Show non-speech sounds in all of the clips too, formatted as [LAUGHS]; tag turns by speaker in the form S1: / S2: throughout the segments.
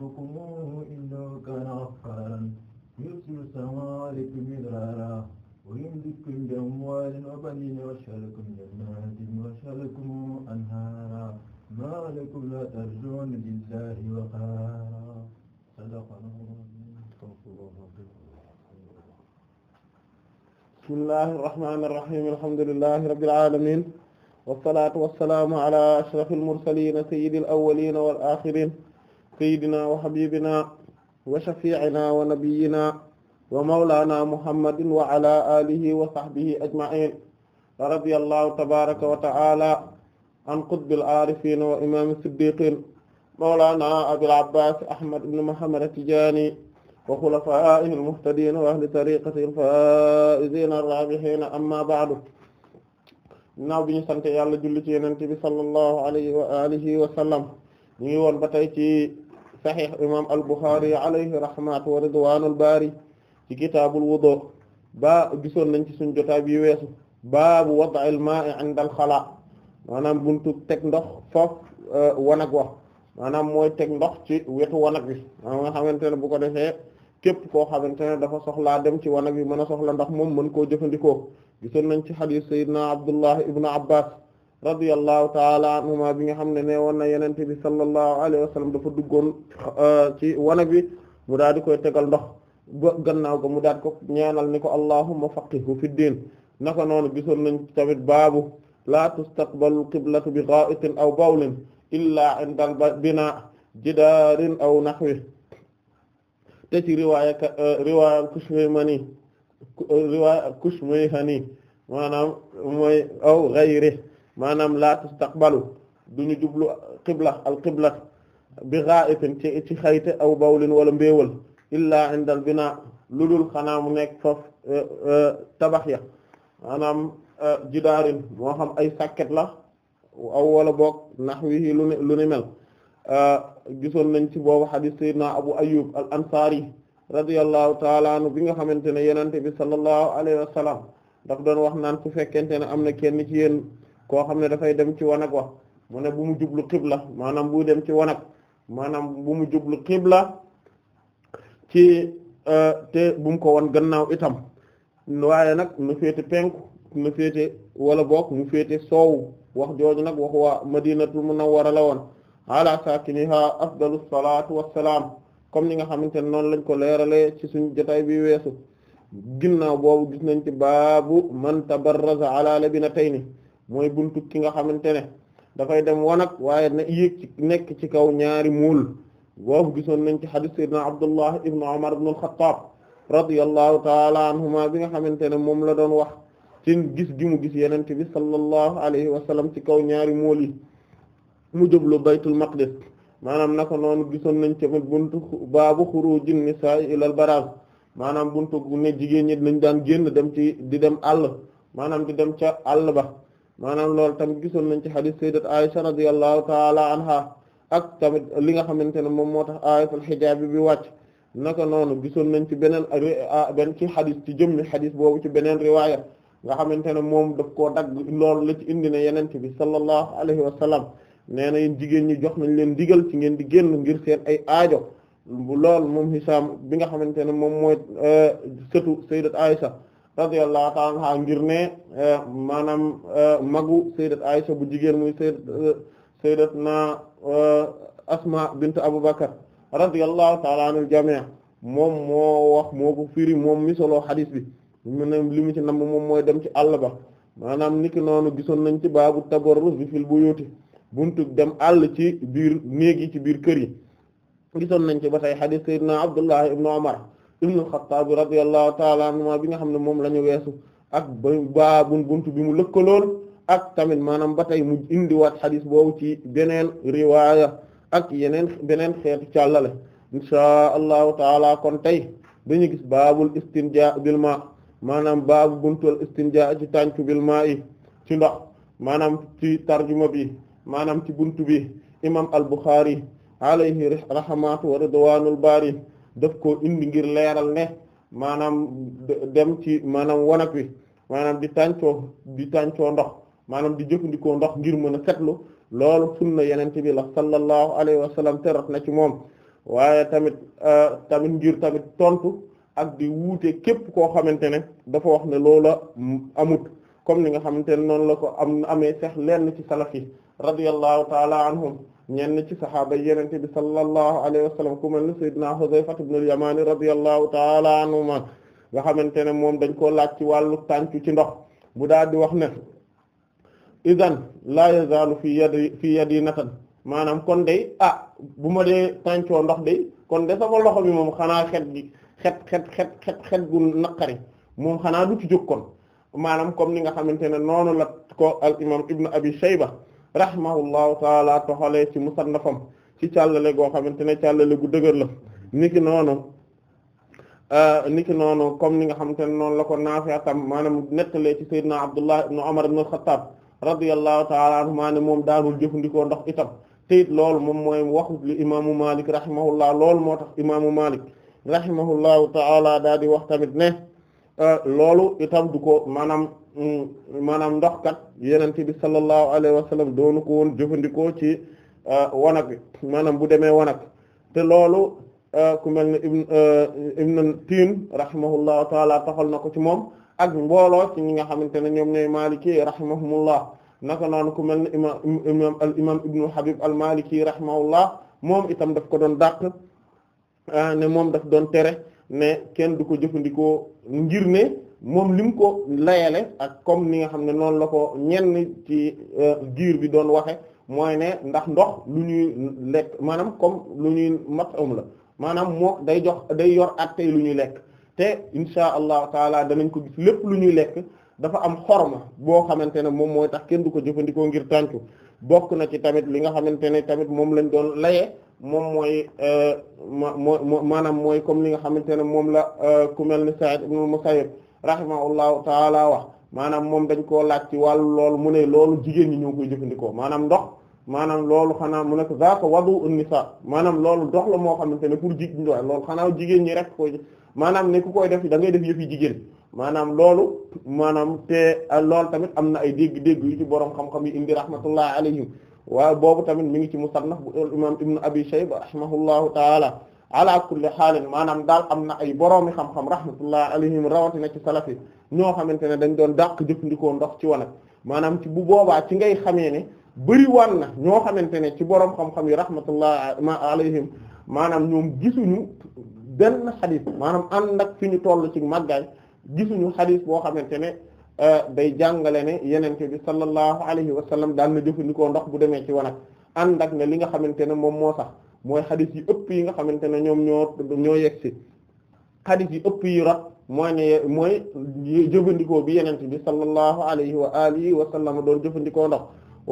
S1: يرزقكم إنه كان غفارا يرسل السماء عليكم مدرارا ويمددكم بأموال وبنين ويجعل لكم جنات ويجعل لكم أنهارا ما لكم لا ترجون لله وقارا صدق الله العظيم
S2: bismillahi irrahmani irrahim alhamdulilahi rabilalamin wasalaatu wassalaamu ala ashraf almursalina sayidi alawalina wal axirin sayyidina wa habibina wa shafi'ina wa nabiyyina wa mawlana muhammadin wa ala alihi wa sahbihi ajma'in radiyallahu tabaraka wa ta'ala an qutbil arifin wa imam siddiqin mawlana abil abbas ahmad ibn muhammad at-tijani wa khulafa'ihi al-muhtadin wa ahli tariqatihi al-fa'izin ar-rabihin amma ba'du naaw bi ñu sant yàlla julli ci yonent bi sallallahu alayhi wa alihi wa sallam ñu ngi woon ba tey ci saxiix imaam al-Bukhari alayhi rahmatu wa ridwaanul baari ci kitaabul wudu baa gisoon nañ ci suñ jotaay bi weesu baabu wad'il maa'i 'inda al-xalaa maanaam buntu teg ndox foof euh, wanag wa maanaam mooy teg ndox ci wetu wanag bi maanaam nga xamante ne bu ko defee képp koo xamante ne dafa soxlaa dem ci wanag bi mën a soxla ndox moom mën koo jëfandikoo gisoon nañ ci xadiis sayyidina Abdullah ibn Abbas radiyallahu taala anhuma bi nga xam ne ne woon na yenente bi sallallahu alayhi wa sallam dafa duggoon uh, ci wanag bi mu daal di koy tegal ndox ba gannaaw ko mu daat ko ñaanal ni ko allahumma faqihu fi diin naka noonu gisoon nañ tamit baabu la tustaqbalu qiblatu bi gha'itin aw bawlin illa inda al bina jidaarin aw nahwi te ci riwaaya uh, riwaaya Kushmayhani uh, riwaaya Kushmayhani maanaam mooy aw ghayri maanaam la tastaqbalu duñu jublu qibla al qibla bi gha'itin ci ci xayte aw bawlin wala mbéewal illa inda al bina lu dul xanaa mu nekk foofu euh, euh, tabax ya maanaam euh, jidaarin moo xam ay sàkket la aw wala boog nahwihi lu ne lu ne mel gisoon nañ ci boobu hadith sayyidina abu ayyub al ansari radiyallahu taala anhu bi nga xamante ne yenente bi sallallahu alayhi wa sallam daf wax naan su fekkente ne am na kenn ci yéen koo xam ne dafay dem ci wanag wa mu ne bu mu jublu xibla maanaam bu dem ci wanag maanaam bu mu jublu xibla ci euh, te bum ko wan gannaaw itam waaye nag na féete penku na féete wala boog mu féete soow wax jooju nag wax waa madinatul munawwara la woon ala saakiniha afdalu salaam wassalaam comme ni nga xamante ne noonu lañ ko leeralee ci suñu jotaay bi weesu ginnaaw boobu gis nañ ci baabu man tabarraza ala labinatayni mooy buntu ki nga xamante ne dafay dem wanag waaye na nekk ci kaw ñaari muul boobu gisoon nañ ci hadith sayyidina Abdullah ibn Umar ibn al-Khattab radiyallahu taala bi nga xamante ne moom la doon wax ci gis gimu mu gis yenent bi sallallahu alayhi wa ci kaw ñaari muul yi mu jublu baytul maqdis maanaam naka noon gisoon nañ tamit buntu baabu xurujin nisaa ilal baraz maanaam buntu ne jigéen ñi nañ daan génn dem ci di dem àll maanaam di dem ca àll ba maanaam loolu tamit gisoon nañ ci xadis sayyidat Aisha radiyallahu taala anha ak tamit li nga xamante ne moom moo tax ayatul xijaab bi wàcc naka noonu gisoon nañ ci beneen benn ci xadis ci jëmmi xadis boobu ci beneen riwaaya nga xamante ne moom daf koo dagg loolu la ci indi yeneen yenente bi sallallahu alayhi wa sallam nee na yéen jigéen ñi jox nañ leen digal ci ngeen di génn ngir seen ay aajo lool moom Hisaam bi nga xamante ne moom mooy euh, sëtu sayyidat Aisha radiyallahu ta'ala anha ngir ne eh, maanaam eh, magu sayyidat Aisha bu jigéen muy sayyidat eh, na Asma bint Abu Bakar radiyallahu ta'ala anil jami' moom moo wax moo ko firi moom mi solo xadis bi mu ne mu ci nam moom mooy dem ci àll ba maanaam niki noonu gisoon nañ ci baabu tabarruz bi fil buyuti buntu dem àll ci biir néeg ci biir kër yi gisoon nañ ci ba tey xadis sayyidina Abdullah ibn Umar ibnu Xattaab radiyallahu taala bi nga xam ne moom la ñu weesu ak baabun buntu bi mu lëkkalool ak tamit maanaam ba tey mu indiwaat xadis boobu ci beneen riwaaya ak yeneen beneen xeetu càllale inshaa allahu taala kon tey dañu gis baabul istinjaa bil ma maanaam baabu buntul istinjaa ci tàncu bil ma yi ci ndox maanaam ci tarjuma bi maanaam ci buntu bi imam al Buxaari alayhi rahmatu wa ridwanul baari def ko indi ngir leeral ne maanaam dem ci maanaam wanag wi maanaam di tàncoo di tàncoo ndox maanaam di jëfandikoo ndox ngir mën a setlu loolu sunna yenente bi la sallallahu alayhi wa sallam terat na ci moom waaye tamit euh, tamit ngir tamit tontu ak di wuute képp koo xamante ne dafa wax ne loola amut comme ni nga xamante ne noonu la ko am amee sax lenn ci salaf yi radiyallahu taala anhum na ci saxaaba yenente bi sallallahu alayhi wa sallam ku mel ni sayyidina Hudhayfa ibn al-Yamani radiyallahu ta'ala anhuma nga xamante ne moom dañ koo laaj ci wàllu tàncu ci ndox bu daal di wax ne idan la yazalu fi yadi fi yadi natan maanaam kon day ah bu ma dee tàncoo ndox day kon de sama loxo bi moom xanaa xet gi xet xet xet xet gu naqari moom xanaa du ci jóg kon maanaam comme ni nga xamante ne noonu la ko al imam ibnu abi shayba rahimahullahu taala toxalee ci musannafam ci càllale goo xamante ne càllale gu dëgër la niki noonu euh, niki noonu comme ni nga xamante ne noonu la ko Naafi tam maanaam ci sayyidina Abdullah ibn Umar ibn al-Khattab radiyallahu taala anhu maa ne moom daanul jëfandikoo ndox itam te loolu moom mooy waxu li imaamu Malik moo tax imaamu Malik rahimahullahu taala daal di wax tamit ne euh, loolu itam du ko Mm, maanaam ndox kat yonent bi sallallahu alayhi wa sallam doonu ko woon jëfandikoo ci uh, wanag bi maanaam bu demee wanag te loolu uh, ku mel ne ibn uh, ibn Tiin rahimahullahu taala taxal na ko ci moom ak mbooloo ci ñi nga xamante ne ñoom ñooy Maliki rahimahumullah naka noonu ku mel ne imaam al imaam ibnu Habib al Maliki rahimahullah moom itam daf ko doon dàq ne moom daf doon tere ne kenn du ko jëfandikoo ngir ne. moom lim ko layale ak comme ni nga xam ne noonu la ko ñenn ci euh, giir bi doon waxe mooy ne ndax ndox lu ñuy lekk maanaam comme lu ñuy mat am la maanaam moo day jox day yor àtte lu ñuy lekk te insha allahu taala danañ ko gis lépp lu ñuy lekk dafa am xorma boo xamante ne moom mooy tax kenn du ko jëfandikoo ngir tàncu bokk na ci tamit li nga xamante ne tamit moom lañ doon laye moom mooy euh, ma maanaam mooy comme li nga xamante ne moom la euh, ku mel ni Sa'id ibn Musayyib rahimahullahu taala wax maanaam moom dañ koo laaj ci wàllu loolu mu ne loolu jigéen ñi ñoo koy jëfandikoo maanaam ndox maanaam loolu xanaa mu nekk zaaka wadu an-nisaa maanaam loolu dox la moo xamante ne pour jig ndox loolu xanaa jigéen ñi rek koy maanaam ne ku koy def da ngay def jigéen maanaam loolu maanaam te loolu tamit am na ay dégg-dégg yu ci borom xam-xam yi indi rahmatullah alayhim waaye boobu tamit mi ngi ci musannaf bu imam ibnu abi shayba rahimahullahu taala ala kulli xaalin maanaam daal am na ay boroomi xam-xam rahmatullah alayhim rawatina ci salafi ñoo xamante ne dañ doon dàq jëfandikoo ndox ci wanag maanaam ci bu boobaa ci ngay xamee ne bëri wan na ñoo xamante ne ci boroom xam-xam yi rahmatullah alayhim maanaam ñoom gisuñu benn xadis maanaam ànd fi ñu toll ci màggaay gisuñu xadis boo xamante ne euh, day jàngale ne yenente bi sallallahu alayhi wa sallam daal na jëfandikoo ndox bu demee ci wanag ànd ak na li nga xamante ne moom moo sax mooy xadis yi ëpp yi nga xamante ne ñoom ñoo ñoo yegsi xadis yi ëpp yi rat mooy ne mooy jëfandikoo bi yenente bi sallallahu alayhi wa alihi wa sallam doon jëfandikoo ndox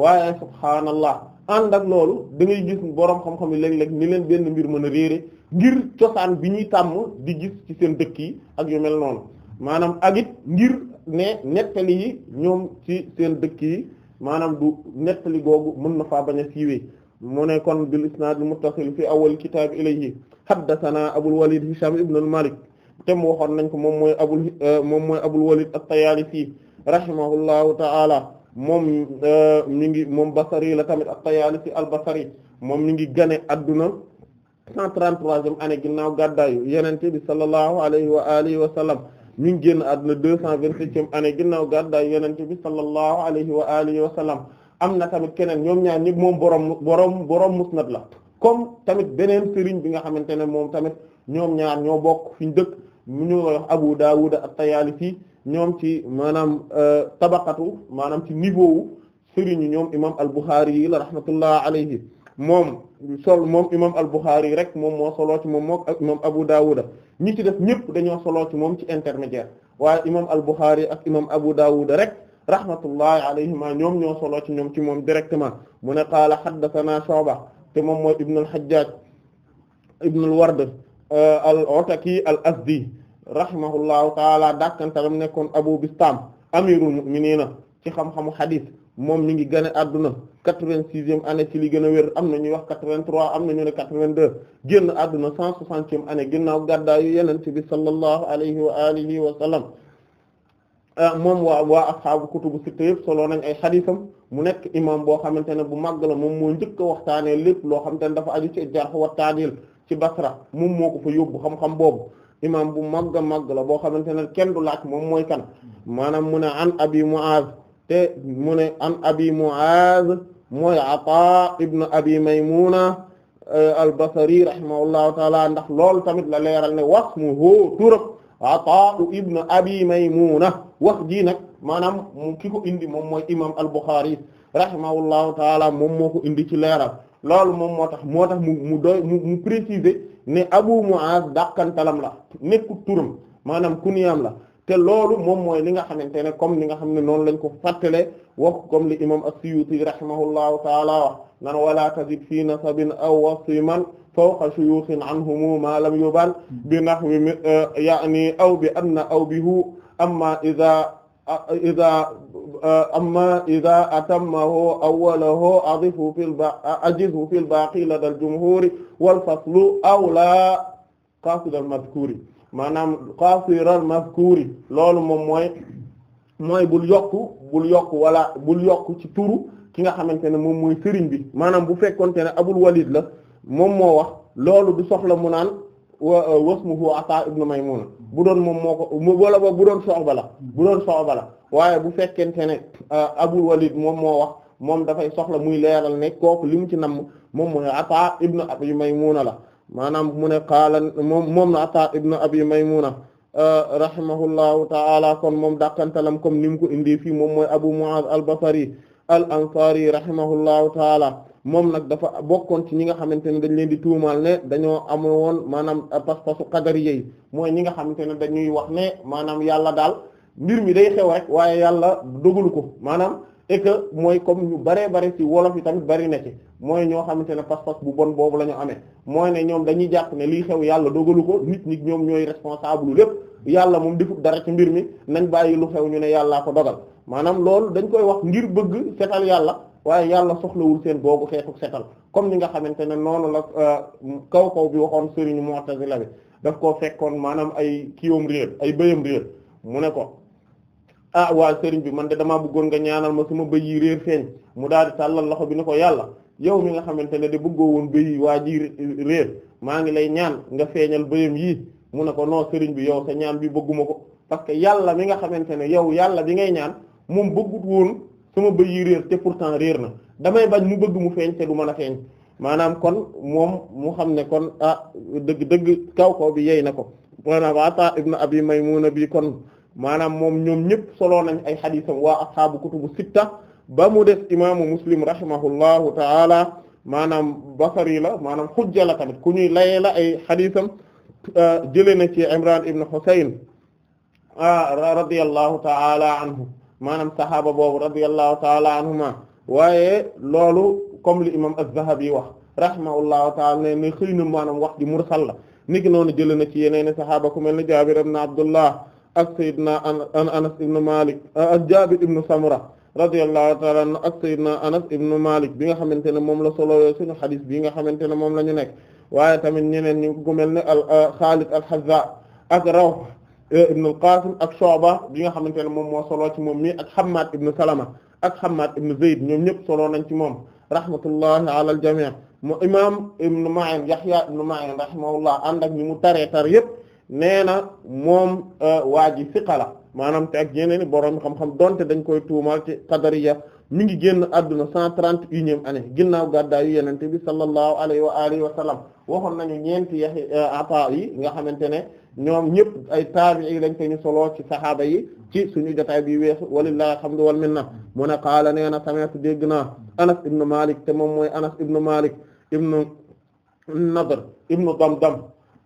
S2: waaye subhaanallah ànd ak loolu da ngay gis boroom xam-xam yi léeg-léeg ni leen benn mbir mën a réere ngir cosaan bi ñuy tàmm di gis ci seen dëkk yi ak yu mel noonu maanaam agit ngir ne nettali yi ñoom ci seen dëkk yi maanaam du nettali googu mën na faa bañ siiwee mu ne kon bil isnaadil muttasil fi awwal kitaab ilayhi haddasanaa abul walid hisham ibn al malik te mu waxoon nañ ko moom mooy abul euh, moom mooy abul walid at-tayaalisi rahimahullahu ta'ala moom euh, mi ngi moom basari la tamit at-tayaalisi al-basri moom mi ngi gane adduna 133e année ginnaaw gàddaayu yonent bi sallallahu alayhi wa alihi wa sallam mi ngi génn adduna 227e année ginnaaw gàddaayu yonent bi sallallahu alayhi wa alihi wa sallam am na tamit keneen ñoom ñaar ñëpp moom borom borom borom musnad la comme tamit beneen sëriñ bi nga xamante ne moom tamit ñoom ñaar ñoo bokk fi ñu dëkk mu ñu wax Abu Dawud at-Tayalisi ñoom ci maanaam euh, tabaqatu maanaam ci niveau wu sëriñu ñoom imam al-Bukhari yi la rahmatullah alayhi moom sol moom imam al-Bukhari rek moom moo soloo ci moom mook ak imam Abu Dawud ñi ci def ñëpp dañoo soloo ci moom ci intermédiaire waaye imam al-Bukhari ak imam Abu Dawud rek rahmatullahi alayhima ñoom ñoo solo ci ñoom ci moom directement mu ne qaala haddathana Shu'ba te moom mooy ibn al-Hajjaj ibn al-Ward euh, al-Ataki al-Azdi rahimahullahu taala dàkkantalam nekkoon Abu Bistam amirul mu'minina ci xam-xamu hadith moom mi ngi gane adduna quatre-vingt-sixième année ci li gën a am na ñu wax quatre-vingt-trois am na ñu ne quatre-vingt-deux génn adduna cent soixantième année ginnaaw gàddaayu Yonent bi sallallahu alayhi wa alihi wa sallam Euh, moom waa waa ashaabu kutubu sitta yëpp solo nañ ay xadiisam mu nekk imam boo xamante ne bu màgg la moom moo njëkk a waxtaanee lépp loo xamante ne dafa aju ci jarh wa ta'dil ci Basra moom moo ko fa yóbbu xam-xam boobu imam bu màgg a màgg la boo xamante ne kenn du laaj moom mooy kan maanaam mu ne an abi Mu'aaz te mu ne an abi Mu'aaz mooy Ataa ibn abi Maymuna euh, al-Basri rahimahullahu taala ndax loolu tamit la leeral ne wasmuhu turab Ataa'u ibn Abi Maymuna wax ji nag maanaam ki ko indi moom mooy imam al-Bukhari rahimahullahu taala moom moo ko indi ci leeral loolu moom moo tax moo tax mu mu doy mu préciser ne Abu Mu'az dàqantalam la nekkul turam maanaam kuniyam la te loolu moom mooy li nga xamante ne comme li nga xam ne noonu lañ ko fàttale wax comme li imam as-Suyuti rahimahullahu taala wax nan wala tazid fii nasabin aw wasiman fawqa shuyukhin anhum ma lam yuban bi nahwi e, yaani aw bi anna aw bihu amma idha idha e, amma idha atammahu awwalahu adifu fil ajizu fil baqi lada al-jumhuri wal faslu aw la qasida al-madhkuri maanaam xaasiral mazkuuri loolu moom mooy mooy bul yokk bul yokk wala bul yokk ci turu ki nga xamante ne moom mooy sëriñ bi maanaam bu fekkonte ne abul walid la moom moo wax loolu du soxla mu naan wasmuhu ata ibnu maymuna bu doon moom moo ko wala bu doon soxba la bu doon soxba la waaye bu fekkente ne uh, abul walid moom moo wax moom dafay soxla muy leeral ne kooku li mu ci namm moom mooy ata ibnu may maymuna la maanaam mu ne qaala moom moom na Ataa ibn Abi Maymuna uh, rahimahullahu ta'ala kon moom dàqantalam comme ni mu ko indi fii moom mooy Abu Mu'az al-Basri al-Ansari rahimahullahu ta'ala moom nag dafa bokkoon ci ñi nga xamante ne dañ leen di tuumaal ne dañoo amoon maanaam pas-pasu qadari yi mooy ñi nga xamante ne dañuy wax ne maanaam yàlla daal mbir mi day xew waaye yàlla dogalu ko maanaam et que mooy comme ñu baree bari si wolof yi tamit bari na ci mooy ñoo xamante ne pas-pas bu bon boobu la ñu amee mooy ne ñoom dañuy jàpp ne liy xew yàlla dogalu ko nit ñi ñoom ñooy responsable lépp yàlla moom defut dara ci mbir mi nañ bàyyi lu xew ñu ne yàllaa ko dogal maanaam loolu dañ koy wax ngir bëgg setal yàlla waaye yàlla soxlawul seen boobu xeetu setal comme ni nga xamante ne noonu la euh, kaw kaw bi waxoon sëriñu Mu'tazila bi daf koo fekkoon maanaam ay kiiwam réer ay bëyam réer mu ne ko ah waa sëriñ bi man de damaa bëggoon nga ñaanal ma suma bëy yi réer feeñ mu daal di tàllal loxo bi ne ko yàlla yow mi nga xamante ne de bëggoo woon bëy yi waa ji réer maa ngi lay ñaan nga feeñal bëyam yii mu ne ko non sëriñ bi yow ñaan bi bëgguma ko parce que yàlla mi nga xamante ne yow yàlla bi ngay ñaan moom bëggut woon suma bëy yi réer te pourtant réer na damay bañ mu bëgg mu feeñ te du mën a feeñ maanaam kon moom mu xam ne kon ah dëgg dëgg kaw kaw bi yey na ko maanaam ata ibnu abi maymuna bi kon maanaam moom ñoom ñëpp solo nañu ay xadiisam waa asxaabu kutubu sitta ba mu des imaamu muslim rahimahullahu taala maanaam basari la maanaam xujja la tamit ku ñuy layee la ay xadiisam euh, jëlee na ci Imran ibn Husayn ah, radiyallahu taala anhu maanaam saxaaba boobu radiyallahu taala anhuma waaye loolu comme li imam az-Zahabi wax rahimahullahu taala ne ne xëy na maanaam wax ji mursal la niki noonu jëlee na ci yeneen saxaaba ku mel ne Jaabir ibn Abdullah ak Seydina Anas ibn Malik ak Jaabir ibn Samura radiyallahu ta'ala ak Seydina Anas ibn Malik bi nga xamante ne moom la solowee suñu xadis bi nga xamante ne moom la ñu nekk waaye tamit ñeneen ñu ko mel ne al euh, Xaalid al-Hazza ak Rawh euh, ibn al-Qasim ak Shu'ba bi nga xamante ne moom moo soloo ci moom mii ak Hammad ibn Salama ak Hammad ibn Zayd ñoom ñëpp soloo nañ ci moom rahmatullahi ala al-jami' mu imaam ibn Ma'in Yahya ibn Ma'in rahimahullah ànd ak ñi mu taree yëpp nee na moom euh, waa ji siqala maanaam te ak yeneen i borom xam-xam donte dañ koy tuumal ci qadariya mi ngi génn adduna cent trente et unième année ginnaaw gàddaa yu yenente bi sallallahu alayhi wa alihi wa sallam waxoon nañu ñeenti yaxi euh, ata yi nga xamante ne ñoom ñëpp ay taabii lañ ko ñu soloo ci saxaaba yi ci suñu jotaay bi weesu walillahi alhamdu wal minna mu ne qaala nee na sami'tu dégg naa anas ibnu malik te moom mooy anas ibnu malik ibnu nadr ibnu damdam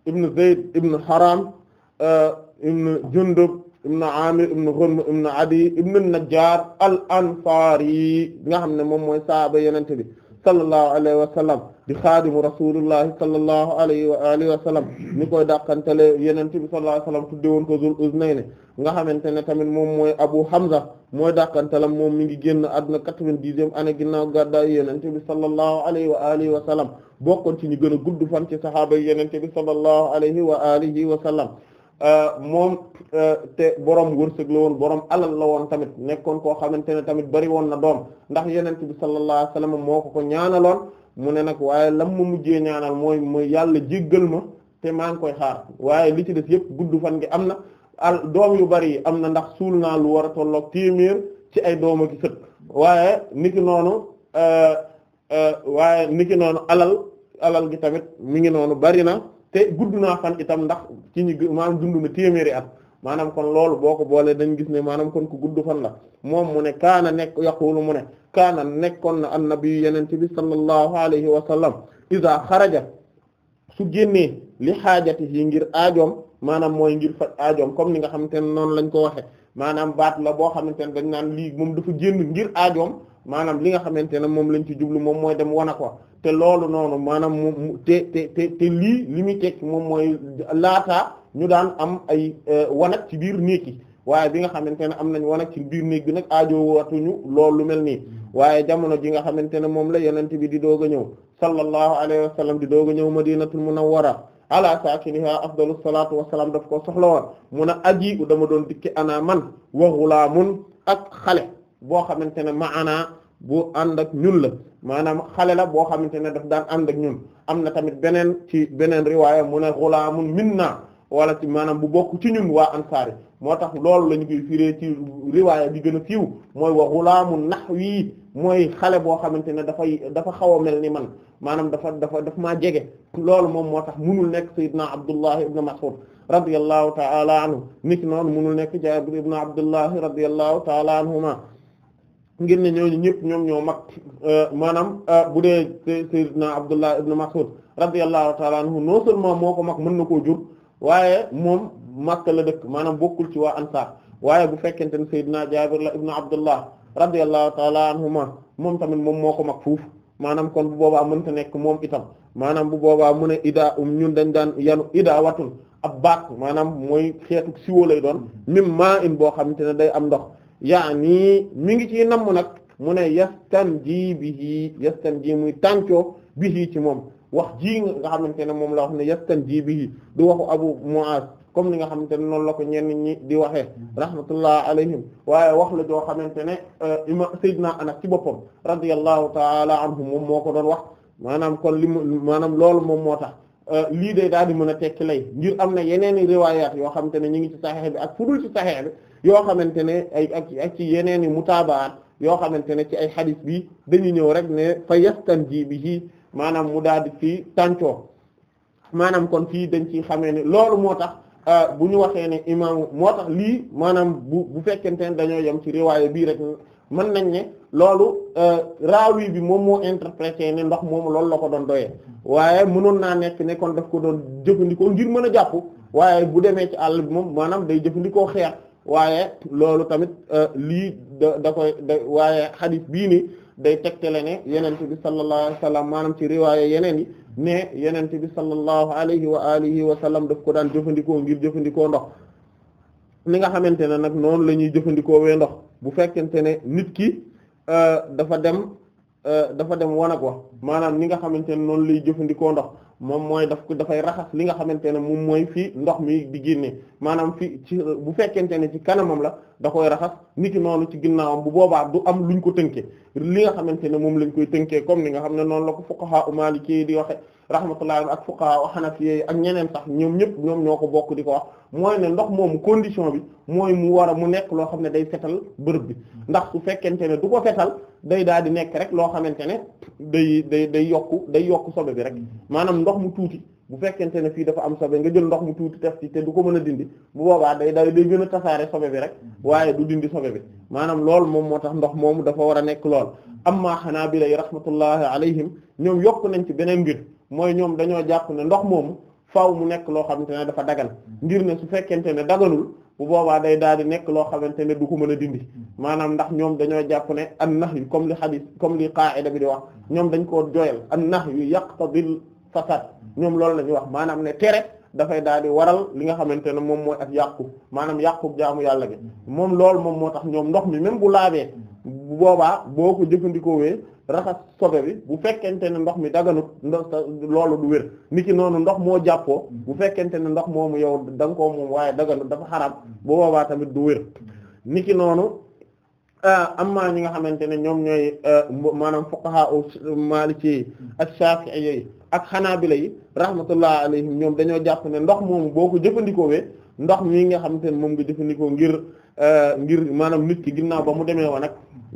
S2: ibn Zayd ibn Haram eh, ibn Jundub ibn Amir ibn Ghunm ibn Adi ibn Najjar al-Ansari nga xam ne moom mooy saaba yenente bi sallallahu alayhi wa sallam di xaadimu rasuulullahi sallallahu alayhi wa alihi wa sallam ni koy dàqantele yeneen bi sallallahu alayhi wa sallam tudde woon ko zul uznayni nga xamante ne tamit moom mooy abu hamza mooy dàqantelam moom mi ngi génn àdduna quatre-vingt-dixième année ginnaaw gàddaay yenente bi sallallahu alayhi wa alihi wa sallam bokkoon ci ñu gën a gudd fan ci sahaaba yi yenente bi sallallahu alayhi wa alihi wa sallam euh, moom euh, te borom wërsëg la woon borom alal la woon tamit nekkoon koo xamante ne tamit bari woon na doom ndax yenente bi sallallahu alayhi wa sallam moo ko ko mu ne nag waaye lam ma mujjee ñaanal mooy mooy yàlla jéggal ma te maa ngi koy xaar waaye li ci des yëpp gudd fan gi am na al doom yu bari am na ndax suul naa lu war a tolloog tiimiir ci ay doom ak sët waaye niki noonu euh, euh, waaye niki noonu alal alal gi tamit mi ngi noonu bari na te gudd naa fan itam ndax ci ñi maanaam dund na téeméeri at. maanaam kon loolu boo ko boolee dañ gis ne maanaam kon ku guddu fan la moom mu ne kaana nekk yaqulu mu ne kaana nekkoon na annabi yeneen bi sallallahu alayhi wa sallam iza xaraja su génnee li xaajati yi ngir aajoom maanaam mooy ngir faj aajoom comme ni nga xamante ne noonu lañ ko waxe maanaam baat la boo xamante ne dañ naan lii moom dafa génn ngir aajoom maanaam li nga xamante ne moom lañ ci jublu moom mooy dem wana ko te loolu noonu maanaam mu te te lii li muy tekki moom mooy laataa ñu daan am ay euh, wanag ci biir néeg yi waaye bi nga xamante ne am nañ wanag ci biir néeg bi nag aajo watuñu loolu lu mel nii waaye jamono ji nga xamante ne moom la yonent bi di doog a ñëw sallallahu alayhi wa sallam di doog a ñëw madinatul munawwara ala saakiniha afdalu salaatu wa salaam daf ko soxla woon mun a aji dama doon dikki ana man wa ghulaamun ak xale boo xamante ne maanaa bu ànd ak ñun la maanaam xale la boo xamante ne daf daan ànd ak ñun am na tamit beneen ci beneen riwaaya mu ne ghulaamun minna wala ci maanaam bu bokk ci ñun waa ansaar moo tax loolu lañu koy firee ci riwaaya bi gën a siiw mooy wa xulaamu nahwi mooy xale boo xamante ne dafay dafa xaw a mel ni man maanaam dafa dafa daf maa jege loolu moom moo tax munul nekk sayyidna Abdullah ibn Mas'ud radiyallahu ta'ala anhu nit noonu munul nekk Jaabir ibn Abdullah radiyallahu ta'ala anhuma ngir ne ñooñu ñëpp ñoom ñoo mag euh, maanaam euh, bu dee sayyidna Abdullah ibn Mas'ud radiyallahu ta'ala anhu non seulement moo ko mag mën na koo jur waaye moom Makka la dëkk maanaam bokkul ci waa ansaar waaye bu fekkente ne Seydina Jaabir la ibnu Abdullah radiyallahu taala anhuma moom tamit moom moo ko mag fuuf maanaam kon bu boobaa te nekk moom itam maanaam bu boobaa mu ne idaa um ñun dañ daan yanu idaa watun ab baat maanaam mooy xeetu siwo lay doon mim maa in boo xamante ne day am ndox yaani mi ngi ci namm nag mu ne yastan ji bihi yastan ji muy tàncoo bihi ci moom wax ji nga xamante ne moom la wax ne yastanji bihi du waxu Abu Muaz comme li nga xamante ne noonu la ko ñenn ñi di waxee rahmatullah alayhim waaye wax la joo xamante ne euh, ima Seydina Anas ci boppam radiyallahu taala anhu moom moo ko doon wax maanaam kon li maanaam loolu moom moo tax euh, lii day daal di mën a tekki lay ngir am na yeneeni riwaayaat yoo xamante ne ñu ngi ci saxeex bi ak fu dul ci saxeex bi yoo xamante ne ay ak ak ci yeneeni mutaabaat yoo xamante ne ci ay xadis bi dañu ñëw rek ne fa yastanji bihi maanaam mu daal di ci tàncoo maanaam kon fii dañ ci xamee ne loolu moo tax euh, bu ñu waxee ne imaam moo tax lii maanaam bu bu fekkente ne dañoo yem ci riwaaya bii rek mën nañ ne loolu euh, raawi bi moom moo interprété ne ndox moomu loolu la ko doon doyee waaye mënoon naa nekk ne kon daf ko doon jëfandikoo ngir mën a jàppu waaye bu demee ci àll bi moom maanaam day jëfandikoo xeex waaye loolu tamit euh, lii da da koy da waaye xadiis bii nii day tegtale ne yeneen bi sallallahu alayhi wa sallam maanaam ci riwaaya yeneen yi ne yenente bi sallallahu alayhi wa alihi wa sallam daf ko daan jëfandikoo ngir jëfandikoo ndox ni nga xamante ne nag noonu la ñuy jëfandikoo wee ndox bu fekkente ne nit ki euh, dafa dem Euh, dafa dem wanag wa maanaam ni nga xamante ne noonu lay jëfandikoo ndox moom mooy daf ko dafay raxas li nga xamante ne moom mooy fii ndox mi di génne maanaam fii ci bu fekkente ne ci kanamam la da koy raxas niki noonu ci ginnaawam bu boobaa du am lu luñ ko tënkee li nga xamante ne moom lañ koy tënkee comme ni nga xam ne noonu la ko fuqaha Maliki di waxe rahmatullahi ak fuqaha hanafiyye ak ñeneen sax ñoom ñëpp ñoom ñoo ko bokk di ko wax mooy ne ndox moomu condition bi mooy mu war a mu nekk loo xam ne day setal bërëb bi ndax su fekkente ne du ko setal day daal di nekk rek loo xamante ne day day day yokku day yokku sobe bi rek maanaam ndox mu tuuti bu fekkente ne fii dafa am sobe nga jël ndox mu tuuti tef te du ko mën a dindi bu boobaa day day day gën a tasaare sobe bi rek waaye du dindi sobe bi maanaam loolu moom moo tax ndox moomu dafa war a nekk lool amma Hanaabila yi rahmatullahi alayhim ñoom yokk nañ ci beneen mbir mooy ñoom dañoo jàpp ne ndox moomu faw mu nekk loo xamante ne dafa dagan mm-hmm. ngir ne su fekkente ne daganul bu boobaa day daal di nekk loo xamante ne du ko mën a dindi mm-hmm. maanaam ndax ñoom dañoo jàpp ne an nahyu comme li xadis comme li qaida bi di wax mm-hmm. ñoom dañ koo joyal an nahyu yaqtadil fasad ñoom loolu la ñuy wax maanaam ne tere dafay daal di waral li nga xamante ne moom mooy ak yàqu maanaam yàqu jaamu yàlla bi moom lool moom moo tax ñoom ndox mi même bu laabee bu boobaa boo ko jëfandikoowee raxas sobe bi bu fekkente ne ndox mi daganut ndox loolu du wér niki noonu ndox moo jàppoo mm. bu fekkente ne ndox moomu yow da koo moom waaye daganut dafa xaraam mm. bu boobaa tamit du wér niki noonu euh, amma ñi nga xamante ne ñoom ñooy euh, maanaam fuqaha maliki mm. ak shafi'i ak xanaabila yi rahmatullah alayhim ñoom dañoo jàpp ne ndox moomu boo ko jëfandikoo wee ndox mii nga xamante ne moom nga jëfandikoo ngir euh, ngir maanaam nit ki ginnaaw ba mu demee wa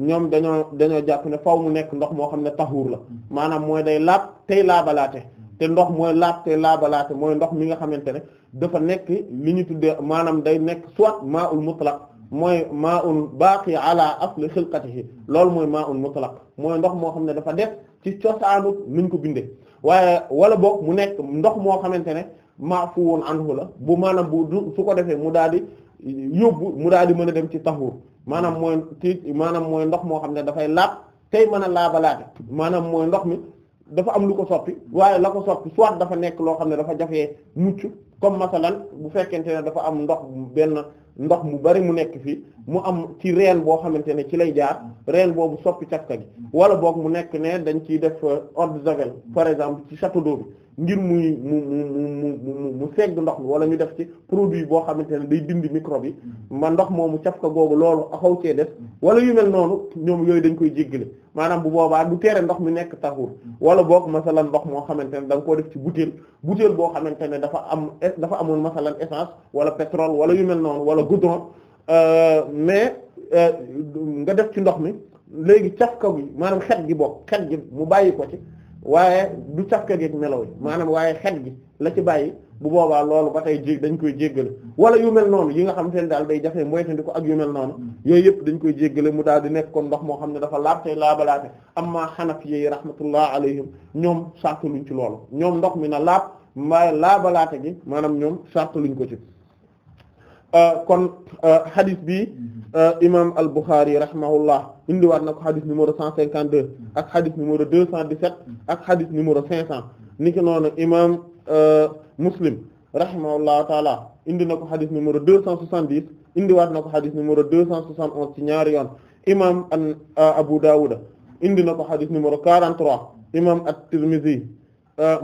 S2: ñoom dañoo dañoo jàpp ne faw mu nekk ndox moo xam ne taxuur la maanaam mooy day laab tey laabalaate te ndox mooy laab tey laabalaate mooy ndox mi nga xamante ne dafa nekk li ñu tuddee maanaam day nekk soit maa'ul mutlaq mooy maa'un baaqi ala asli xilqatihi loolu mooy maa'ul mutlaq mooy ndox moo xam ne dafa def ci cosaanu nuñ ko bindee waaye wala boog mu nekk ndox moo xamante ne maafuun anhu la bu maanaam bu su ko defee mu daal di yóbbu mu daal di mën a dem ci taxuur maanaam mooy tiit maanaam mooy ndox moo xam ne dafay laab tey mën a laabalaate maanaam mooy ndox mi dafa am lu ko soppi waaye la ko soppi soit dafa nekk loo xam ne dafa jafe mucc comme masalan bu fekkente ne dafa am ndox benn ndox mu bari mu nekk fii mu am ci reen boo xamante ne ci lay jaar reen boobu soppi cafka gi wala boog mu nekk ne dañ ciy def eau de javel par exemple ci château d'eau bi ngir muy mu mu mu mu mu segg ndox mi wala ñu def ci produit boo xamante ne day dindi microbe yi mm-hmm. ma ndox moomu caf ka googu loolu xaw cee def mm-hmm. wala yu mel noonu ñoom yooyu dañ koy jéggale maanaam bu boobaa du tere ndox mi nekk taxur mm-hmm. wala boog masalan ndox moo xamante ne da nga koo def ci butéel butéel boo xamante ne dafa am dafa amoon masalan essence wala pétrole wala yu mel noonu wala goudron euh, mais euh, nga def ci ndox mi léegi caf ka gi maanaam xet gi bokk xet gi mu bàyyi ko ci waaye du cafka geeg melaw yi maanaam waaye xet gi la ci bàyyi bu boobaa loolu ba tey jég dañ koy jéggale wala yu mel noonu yi nga xam te ne daal day jafe moytandi ko ak yu noonu yooyu yëpp dañ koy jéggale mu daal di nekk kon ndox moo xam ne dafa laabtey laabalaate amma xanafi yi rahmatullah alayhim ñoom sàkkaluñ ci loolu ñoom ndox mi na laab mbaaye laabalaate gi maanaam ñoom sàkkaluñ ko ci Euh, kon euh, hadith bi euh, imam al Bukhari rahimahullah indiwaat na ko hadith numéro 152 ak hadith numéro 217 ak hadith numéro 500 niki noonu imam Muslim rahimahullah taala indi na ko hadith numéro 270 indiwaat na ko hadith numéro 271 ci ñaari yoon imam an Abu Dawud indi na ko hadith numéro 43 imam at-Tirmidhi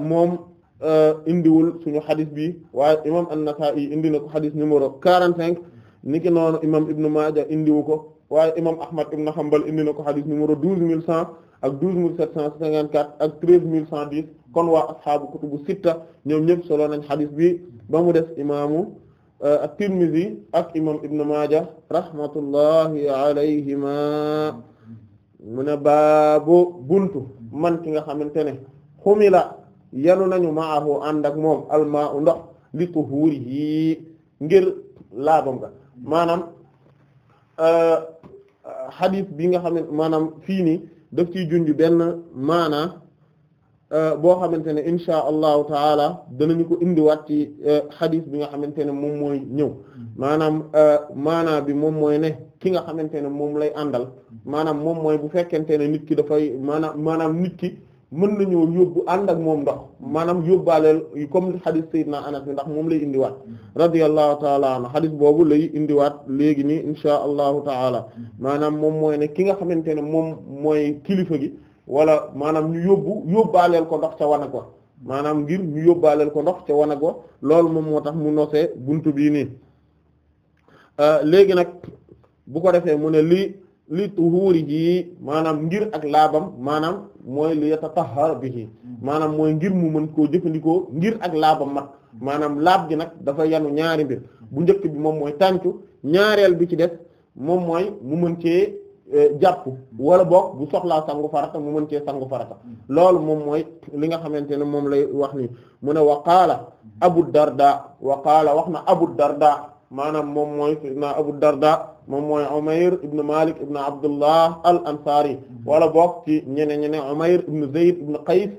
S2: moom. Euh, indiwul suñu xadis bi waaye imam an-Nasa'i indi na ko xadis numéro 45 niki noonu imam Ibn Maaja indiwu ko waaye imam Ahmad ibn Hanbal indi na ko xadis numéro 12100 ak 12754 ak 13110 kon waa asxaabu kutubu sitta ñoom ñëpp solo nañ xadis bi ba mu des imaamu euh, at-Tirmidhi ak imam Ibn Maaja rahmatullahi alayhima mu ne baabu buntu man ki nga xamante ne xumila yanu nañu ma ànd ak moom almaa u ndox li tuhurihi ngir laabam ga maanaam euh, xadis bi nga xam ne maanaam fii nii daf ciy junj benn maanaa euh, boo xamante ne insha allahu taala danañu ko indiwaat ci euh, xadis bi nga xamante ne moom mooy ñëw maanaam maanaa bi moom mooy ne ki nga xamante ne moom lay àndal maanaam moom mooy bu fekkente ne nit ki dafay maanaam maanaam nit ki mën nañoo yóbbu ànd ak moom ndox maanaam yóbbaaleel comme xadis na anas bi ndax moom lay indiwaat radiyallahu taala anhu xadis boobu lay indiwaat léegi nii insha allahu taala maanaam moom mooy ne ki nga xamante ne moom mooy kilifa gi wala maanaam ñu yóbbu yóbbaaleel ko ndox ca wanag wa maanaam ngir ñu yóbbaaleel ko ndox ca wanag wa loolu moom moo tax mu nosee buntu bii nii euh, léegi nag bu ko defee mu ne li li tuhuuri ji maanaam ngir ak laabam maanaam mooy li bi ci maanaam mooy ngir mu mën koo jëfandikoo ngir ak laabam mat maanaam laab gi nag dafa yanu ñaari mbir bu njëkk bi moom mooy tàncu ñaareel bi ci def moom mooy mu mën cee eh, jàpp wala boog bu soxlaa sangu farata mu mën cee sangu farata loolu moom mooy li nga xamante ne moom lay wax ni mu ne waqaala abu darda waqaala wax na abu darda maanaam moom mooy sayyidina Abu Darda moom mooy Umayr ibn Malik ibn Abdullah al ansari wala bokk ci ñene ñene Umayr ibn Zayd ibn Qays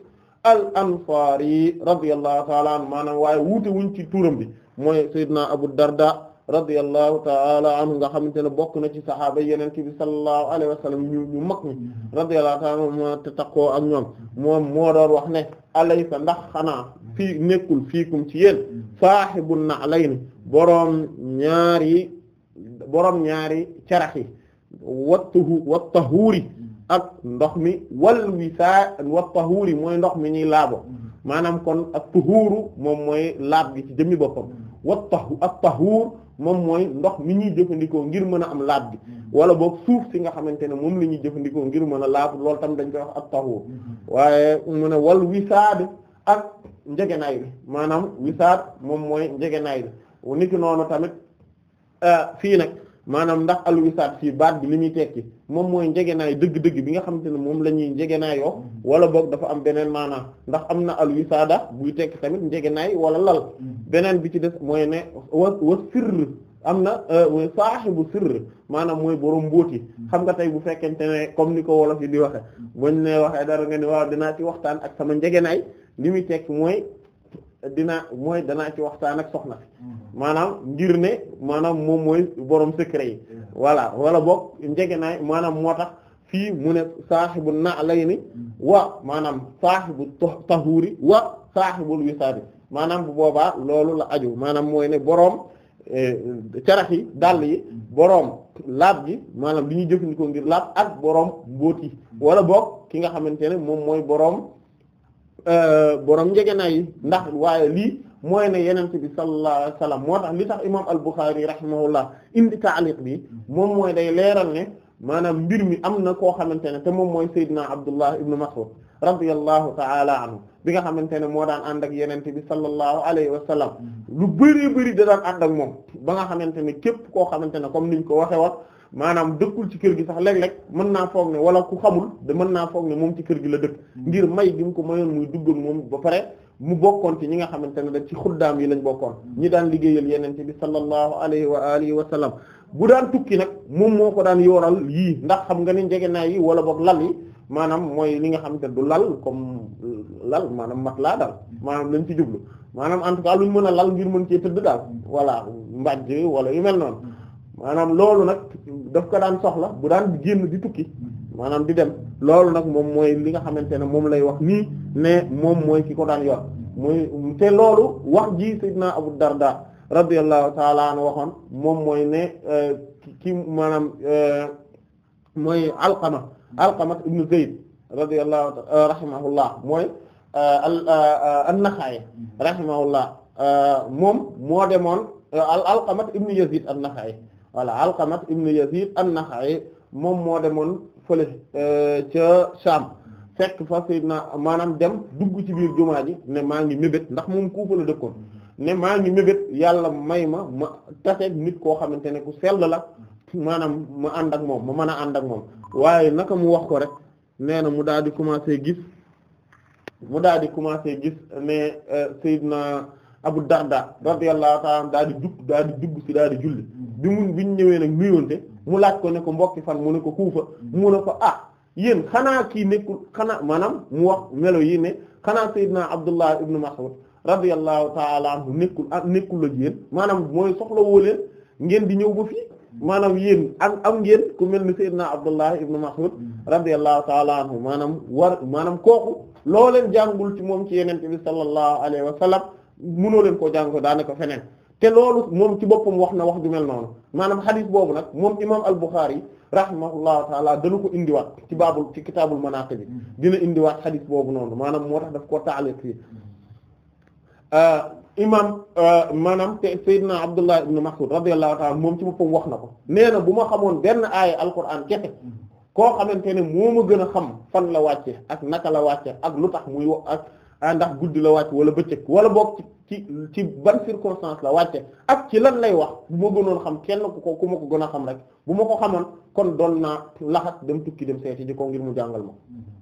S2: al ansari radiyallahu ta'ala anhu maanaam waaye wuute wuñ ci turam bi mooy sayyidina Abu Darda radiyallahu ta'ala anhu nga xamante ne bokk na ci saxaaba yenente bi sallallahu alayhi wa sallam ñu ñu mag ñi radiyallahu ta'ala anhu te takkoo ak ñoom moom moo doon wax ne alaysa ndax xanaa fii nekkul fiikum ci yéen saahibun na'layni boroom ñaari boroom ñaari carax yi wattuhu wattahuuri ak ndox mi wal wisaa wattahuuri mooy ndox mi ñuy laabo maanaam kon a tuhuuru moom mooy laab gi ci jëmmi boppam wattahu tahuur moom mooy ndox mi ñuy jëfandikoo ngir mën a am laab bi mm-hmm. wala boog suuf si nga xamante ne moom la ñuy jëfandikoo ngir mën a laab lool tam dañ koy wax ak taxawu mm-hmm. waaye mu ne wal wisaad ak njegenaay bi maanaam wisaad moom mooy njegenaay bi niki noonu tamit eh, fii nag. maanaam ndax alwisaat fii baat bi li muy tekki moom mooy njege naay dëgg-dëgg bi nga xamante ne moom la ñuy njegenaayoo wala boog dafa am beneen maanaam ndax am na alwisaada buy tekki tamit njege naay wala lal mm-hmm. beneen bi ci des mooy ne wa wa sirr am na euh, mooy saaxibu sirr maanaam mooy borom mbóoti mm-hmm. xam nga tey bu fekkente ne comme ni ko wolof yi di waxe mm-hmm. buñ ne waxee dara nga ni wax danaa ci waxtaan ak sama njegenaay li muy tekki mooy dina mooy danaa ci waxtaan ak soxna mm-hmm. maanaam ngir ne maanaam moom mooy boroom secret yi voilà wala boog njege naa maanaam moo tax fii mu ne saaxibu na'layni mm-hmm. wa maanaam bu saaxibu tahuri wa saaxibul wisaadi maanaam bu boobaa loolu la aju maanaam mooy ne boroom eh, carax yi dàll yi mm-hmm. boroom laab gi maanaam li ñuy jëfandikoo ngir laab ak boroom mbóot yi wala boog ki nga xamante ne moom mooy boroom Euh, borom njegenaay yi ndax waaye lii mooy na yenent bi sallallahu alayhi wasallam moo tax li tax imam al-Bukhari rahimahullah indi taaliq bi moom mooy day leeral ne maanaam mbir mi am na koo xamante ne te moom mooy Seydina Abdullah ibn Mas'ud radiyallahu ta'ala anhu bi nga xamante ne moo daan ànd ak yenente bi sallallahu alayhi wa sallam mm-hmm. lu bëri bëri da daan ànd ak moom ba nga xamante ne képp koo xamante ne comme niñ ko waxe wax maanaam dëkkul ci kër gi sax léeg-léeg mën naa foog ne wala ku xamul de mën naa foog ne moom ci kër gi la dëkk hmm. ngir may gi mu ko mayoon muy duggoon moom ba pare mu bokkoon ci ñi nga xamante ne dañ ci xuddaam yi lañ bokkoon hmm. ñi daan liggéeyal yenente bi sallallahu alayhi wa alihi wa sallam bu daan tukki nag moom moo ko daan yooral yii ndax xam nga ni njegenaay yi wala boog lal yi maanaam mooy li nga xamante ne du lal comme lal maanaam mat laa daal hmm. maanaam lañ ci jublu maanaam en tout cas luñ mën a lal ngir mën cee tëdd daal voilà mbàjj wala yu mel noonu maanaam loolu nag daf ko daan soxla bu daan génn di tukki maanaam di dem loolu nag moom mooy li nga xamante ne moom lay wax nii ne moom mooy ki ko daan yor mooy te loolu wax ji sayyidina Abu Darda radiyallahu ta'ala anhu waxoon moom mooy ne euh, ki maanaam euh, mooy Alqama Alqama ibnu Zayd radiyallahu euh, rahimahullah mooy an moom moo demoon Alqama ibnu Yazid an-Naxa'i voilà Alqamat ibn Yazid an-Nakha'i moom moo demoon fële euh, ca Sham fekk fa sayyidna maanaam dem dugg ci biir jumaa ji ne maa ngi mébét ndax moom Kuufa la dëkkoon ne maa ngi mébét yàlla may ma ma tase nit koo xamante ne ku sell la maanaam ma ànd ak moom ma mën a ànd ak moom waaye naka mu wax ko rek nee na mu daal di commencer gis mu daal di commencer gis ne euh, sayyidna Abu Darda radiyallahu ta'ala anhu daal di dugg daal dugg ci daal di julli bi mu bi ñu ñëwee nag nuyoonte mu laaj ko ne ko mbokki fan mu ne ko Kuufa mu ne ko ah yéen xanaa kii nekkul xanaa maanaam mu wax melo yi ne xanaa Seydina Abdullah ibn Mas'ud radiyallahu ta'ala anhu nekkul ah nekkul ak yéen maanaam mooy soxla woo ngeen di ñëw ba fi maanaam yéen am am ngeen ku mel ni Seydina Abdullah ibn Mas'ud radiyallahu ta'ala anhu maanaam war maanaam kooku looleen leen jàngul ci moom ci yenente bi sallallahu alayhi wa munoo leen koo jàng ko daanaka feneen te loolu moom ci boppam wax na wax ju noonu maanaam xadiis boobu nag moom imaam al-Bukhari rahimahullahu taala dana ko indiwaat ci baabul ci kitaabul manaqib bi mm-hmm. dina indiwaat xadiis boobu noonu maanaam moo tax daf koo taaliq fii
S3: mm-hmm.
S2: euh, imam euh, maanaam te Seydina Abdullah ibn Mas'ud radiyallahu taala moom ci boppam wax na ko nee na bu ma xamoon benn aaya alquran kese mm-hmm. koo xamante ne moo ma gën a xam fan la wàcce ak naka la wàcce ak lu tax muy ak a ah, ndax guddi la wàcc wala bëccëg wala boog ci ci ban circonstance la wàcce ak ci lan lay wax bu ma gënoon xam kenn ku ko ku ma ko gën a xam rek bu ma ko xamoon kon doon naa laxas dem tukki dem seeti ji ko ngir mu jàngal ma mm-hmm.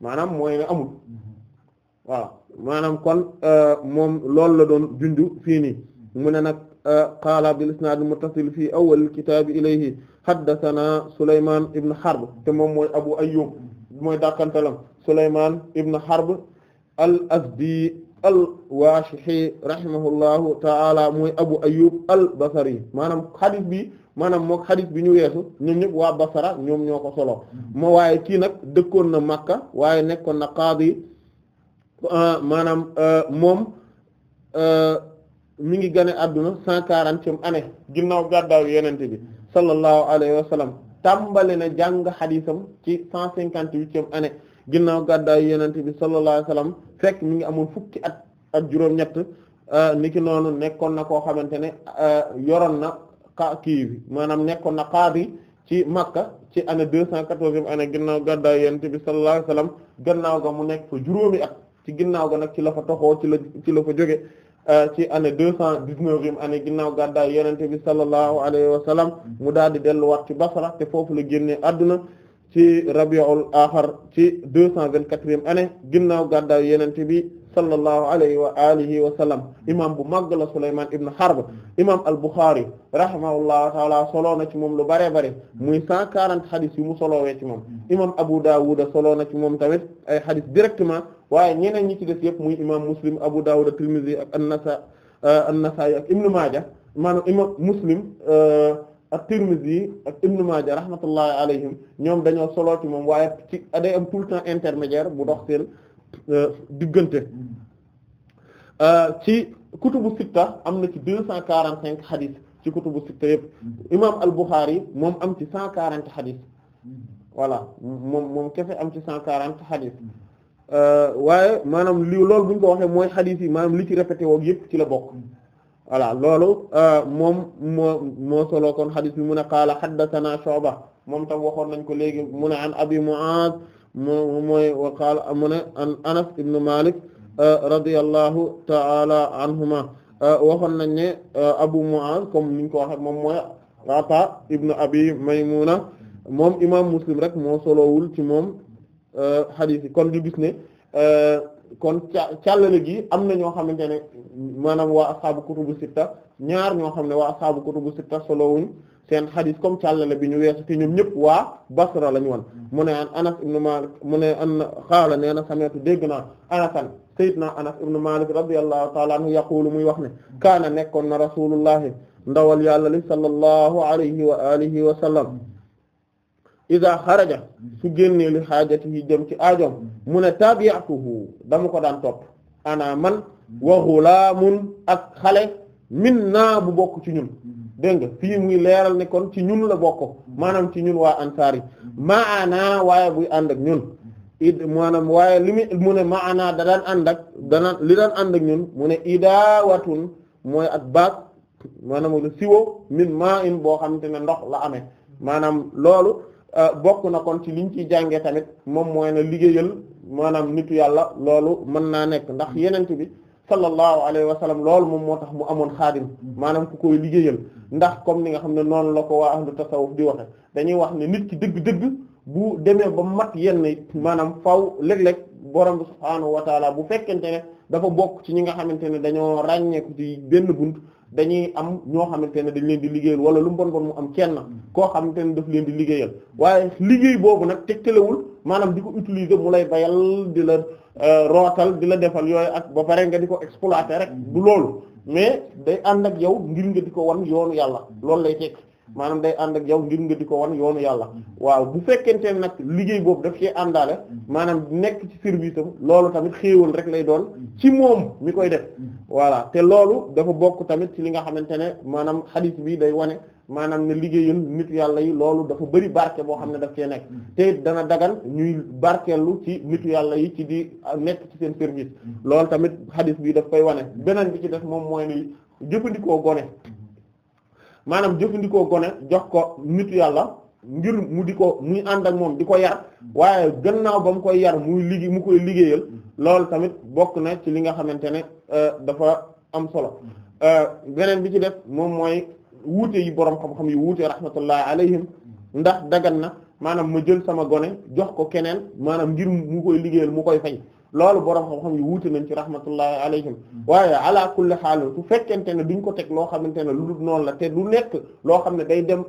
S2: maanaam mooy ne amul mm-hmm. waaw maanaam kon euh, moom loolu la doon junju fii nii mm-hmm. mu ne nag euh, qaala bil isnaad muttasil fii awwal kitaab ilayhi haddathana Sulaymaan ibn Harb te moom mooy Abu Ayyub mooy dàkkantalam Sulaymaan ibn Harb al asdi al washihi rahimahullahu taala mooy abu ayyub al basari maanaam xadis bi maanaam mook xadis bi ñu weesu ñoom ñëpp waa basara ñoom ñoo ko solo moo waaye kii nag dëkkoon na makka waaye nekkoon na qaadi maanaam moom mi ngi gane adduna cent quarantième année ginnaaw gàddaaw yenente bi sallallahu alayhi wa sallam tàmbali na jàng xadisam ci cent cinquante-huitième année ginnaaw gàddaayu yonent bi sallallahu alayhi wasallam fekk mi ngi amoon fukki at ak juróom-ñett euh, niki noonu nekkoon na koo xamante ne euh, yoroon na ka kii bi maanaam nekkoon na qaadi ci Makka ci année deux cent quatorzième année ginnaaw gàddaayu yonent bi sallallahu alayhi wasallam gannaaw ga mu nekk fa juróomi at ci ginnaaw ga nag ci la fa ci la ci la fa jóge euh, ci année deux cent dix-neuvième année ginnaaw gàddaay yeneen bi sallallahu alayhi wa sallam mu daal di delluwaat ci Basra te foofu la génne adduna ci rabiul axir ci deux cent vingt-quatrième année ginnaaw gàddaaw yenente bi sallallahu alayhi wa alihi wa sallam imam bu màgg la Sulayman ibn Harb imam al-Bukhari rahimahullahu taala soloo na ci moom lu bare bare muy cent quarante xadis yu mu solowee ci moom imam Abu Dawud soloo na ci moom tamit ay xadis directement waaye ñeneen ñi ci def yëpp muy imam Muslim Abu Dawud Tirmidhi ak an-Nasa an-Nasa'i ak Ibn Maaja maanaam imam Muslim euh, at-Tirmidhi ak Ibn Maaja rahmatullahi alayhim ñoom dañoo solo moom waaye ci day am tout le temps intermédiaire bu dox seen euh, diggante euh, ci kutubu sitta am na ci deux cent quarante cinq xadis ci kutubu sitta yëpp imaam al-Bukhari moom am ci cent quarante xadis voilà moom moom kese am ci cent quarante xadis euh, waaye maanaam lii lool bu ñu ko waxee mooy xadis yi maanaam li ci répété woog yëpp ci la bokk. voilà loolu euh, moom moo moo solo kon xadis bi mu ne qaala haddathana Shu'ba moom tam waxoon nañ ko léegi mu ne an Abi Mu'aaz mu mooy wa mu ne Anas ibn Malik euh, radiyallahu ta'ala anhuma euh, waxoon nañ ne Abu Mu'aaz comme niñ ko waxee moom mooy Ata ibn Abi Maymuna moom imaam Muslim rek moo solowul ci moom xadis yi kon ñu ne kon ca càllale gi am na ñoo xamante ne maanaam waa ashaabu kutubu sitta ñaar ñoo xam ne waa ashaabu kutubu sitta solowuñ seen xadis comme càllale bi ñu weesu te ñoom ñëpp waa Basra lañu woon mu ne an Anas ibn Malik mu ne an xaala nee na sametu dégg na anasan sayyidna Anas ibn Malik radiyallahu ta'ala anhu yaqulu muy wax ne kaana nekkoon na rasulullahi ndawal yàlla li sallallahu alayhi wa alihi wa sallam iza xaraja su génnee li xaajati yi jëm ci ajoom mu ne tabi'atuhu dama ko daan topp ana man wa mun ak xale min naa bu bokk ci ñun dégg nga fii muy leeral ne kon ci ñun la bokk maanaam ci ñun waa ansaar yi maana waaye buy ànd ak ñun id waaye li mu mu ne maana da daan li daan ànd ak ñun mu ne idaawatun mooy ak baag maanaam la siwo min maa in boo xam xamante ne ndox la amee maanaam loolu Euh, bokk na koon ci li ñu ciy jàngee tamit moom mooy na liggéeyal maanaam nit yàlla loolu mën naa nekk ndax yenent bi sallallahu alayhi wa sallam loolu moom moo tax mu amoon xaadim maanaam ku koy liggéeyal ndax comme ni nga xam ne noonu la ko waa ahlu tasawuf di waxe dañuy wax ne nit ki dëgg-dëgg bu demee ba mat yenn maanaam faw léeg-léeg borom bi subhaanahu wa bu fekkente ne dafa bokk ci ñi nga xamante ne dañoo ràññeeku ci benn bunt dañuy am ñoo xamante ne dañ leen di liggéeyal wala lu mu bon mu am kenn koo xamante ne daf leen di liggéeyal waaye liggéey boobu nag telewul maanaam di ko utiliser mu lay bayal di la euh, rootal di la defal yooyu ak ba pare nga di ko exploiter rek du loolu mais day ànd ak yow ngir nga di ko wan yoonu yàlla loolu lay tekk maanaam day ànd ak yow ngir nga di ko wan yoonu yàlla waaw bu fekkente nag liggéey boobu daf cee àndaale maanaam nekk ci service am loolu tamit xéewal rek lay doon ci moom mi koy def voilà te loolu dafa bokk tamit ci li nga xamante ne maanaam xadis bi day wane maanaam liggéeyun nit yàlla yi loolu dafa bëri barke boo xam ne daf cee nekk te dana dagan ñuy barkeelu ci nitu yàlla yi ci di nekk ci seen service loolu tamit xadis bi daf koy wane beneen bi ci def moom mooy ni jëfandikoo gone maanaam jëfandikoo gone jox ko nitu yàlla ngir mu di ko muy ànd ak moom di ko yar waaye gannaaw ba mu koy yar muy liggéey mu koy liggéeyal loolu tamit bokk na ci li nga xamante ne euh, dafa am solo euh, beneen bi ci def moom mooy wuute yi boroom xam-xam yi wuute rahmatullahi alayhim ndax dagan na maanaam ma jël sama gone jox ko keneen maanaam ngir mu koy liggéeyal mu koy fay loolu borom xam-xam yi wuute nañ ci rahmatullahi alayhim waaye ala kulli xaal su fekkente ne duñ ko teg loo xamante ne lu dul noonu la te du nekk loo xam ne day dem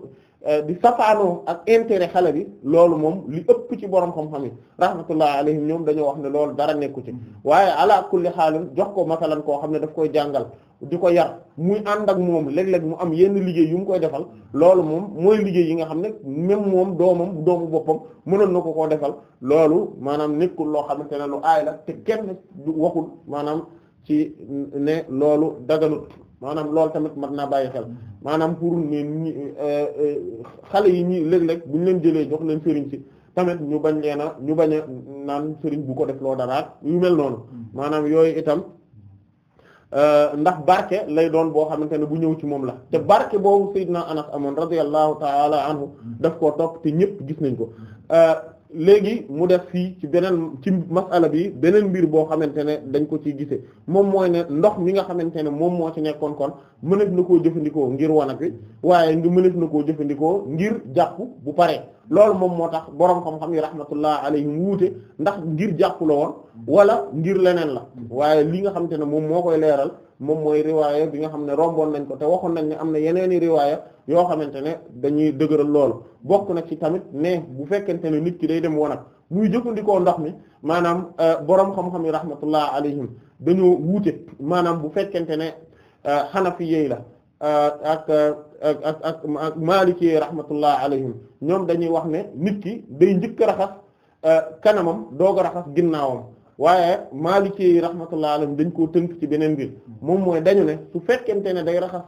S2: Euh, di safaanoo ak intérêt xale bi loolu moom li ëpp ci borom xam-xam yi rahmatullah alayhim ñoom dañoo wax ne loolu dara nekku ci mm-hmm. waaye ala kulli xaalin jox ko masalan koo xam ne daf koy jàngal di ko yar muy ànd ak moom léeg-léeg mu am yenn liggéey yu mu koy defal loolu moom mooy liggéey yi nga xam ne même moom doomam doomu boppam mënoon na ko koo defal loolu maanaam nekkul loo xam ne lu aay la te kenn waxul maanaam ci ne loolu daganut maanaam loolu tamit mat naa bàyyi xel maanaam pour ne ñi xale yi ñi léeg-léeg bu ñu leen jëlee jox leen sëriñ si tamit ñu bañ leen a ñu bañ naan sëriñ bu ko def loo dara yu mel noonu mm. maanaam yooyu itam euh, ndax barke lay doon boo xamante ne bu ñëw ci moom la te mm. barke boobu Seydina Anas amoon radiyallahu ta'ala anhu mm. def koo toog te ñëpp gis nañ ko euh, léegi mu def fii ci beneen ci masala bi beneen mbir boo xamante ne dañ ko ciy gise moom mooy ne ndox mi nga xamante ne moom moo ci nekkoon kon mëneef na koo jëfandikoo ngir wanag wi waaye nga mëneef na koo jëfandikoo ngir jàpp bu pare loolu moom moo tax boroom xam-xam yi rahmatullah alayhim wuute ndax ngir jàpp woon wala ngir leneen la waaye li nga xamante ne moom moo koy leeral moom mooy riwaaya bi nga xam ne romboon nañ ko te waxoon nañ ne am na yeneeni riwaaya yoo xamante ne dañuy dëgëral loolu bokk na ci tamit ne bu fekkente ne nit ki day dem wanag muy jëfandikoo ndox mi maanaam euh, boroom xam-xam yi rahmatullah alayhim dañu wuute maanaam bu fekkente ne xanafi euh, yey la euh, ak ak ak ak ak Maliki rahmatullah alayhim ñoom dañuy wax ne nit ki day njëkk a raxas euh, kanamam doog a raxas ginnaawam waaye Maliki rahmatullah alayhim dañ koo tënk ci beneen biir moom mooy dañu ne su fekkente ne day raxas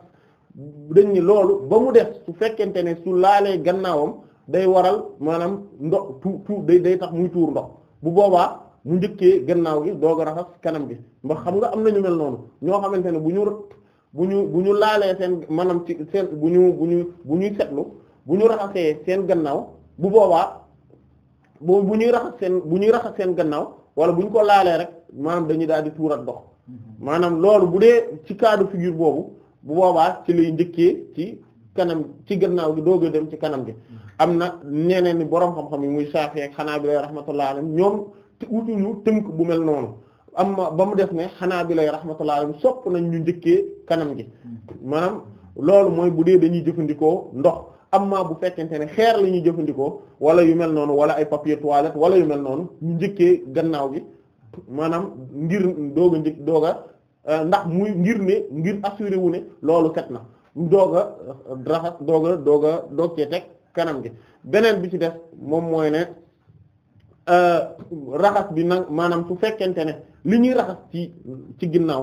S2: dañ ni loolu ba mu def su fekkente ne su laalee gannaawam day waral maanaam ndox tu tu day tax muy tuur ndox bu boobaa mu njëkkee gannaaw gi doog a raxas kanam gi ndax xam nga am na mel noonu ñoo xamante ne bu ñu bu ñu bu ñu laalee seen maanaam ci seen bu ñu bu ñu bu ñuy setlu bu ñu raxasee seen gannaaw bu boobaa bu bu ñuy raxas seen bu ñuy raxas gannaaw wala bu ñu ko laalee rek maanaam dañuy daal di tuurat dox
S3: mm-hmm.
S2: maanaam loolu bu dee ci cas de boobu bu boobaa ci lay njëkkee ci kanam ci gannaaw gi doog a dem ci kanam gi mm-hmm. am na ñeneen ni boroom xam-xam yi muy Shafi'i ak Hanabila rahmatullah alayhim ñoom utuñu tënk bu mel noonu am amma ba mu def ne Hanabila rahmatullahi alayhim sopp nañ ñu njëkkee kanam gi
S3: hmm.
S2: maanaam loolu mooy bu dee dañuy jëfandikoo ndox am amma bu fekkente ne xeer la ñuy jëfandikoo wala yu mel noonu wala ay papier toilette wala yu mel noonu ñu njëkkee gannaaw gi maanaam ngir doog a njëkk doog a euh, ndax muy ngir ne ngir assuré wu ne loolu kat na doog a euh, raxas doog a doog a doog teg kanam gi beneen bi ci def moom mooy ne Euh, raxas bi nag maanaam su fekkente ne li ñuy raxas ci ci ginnaaw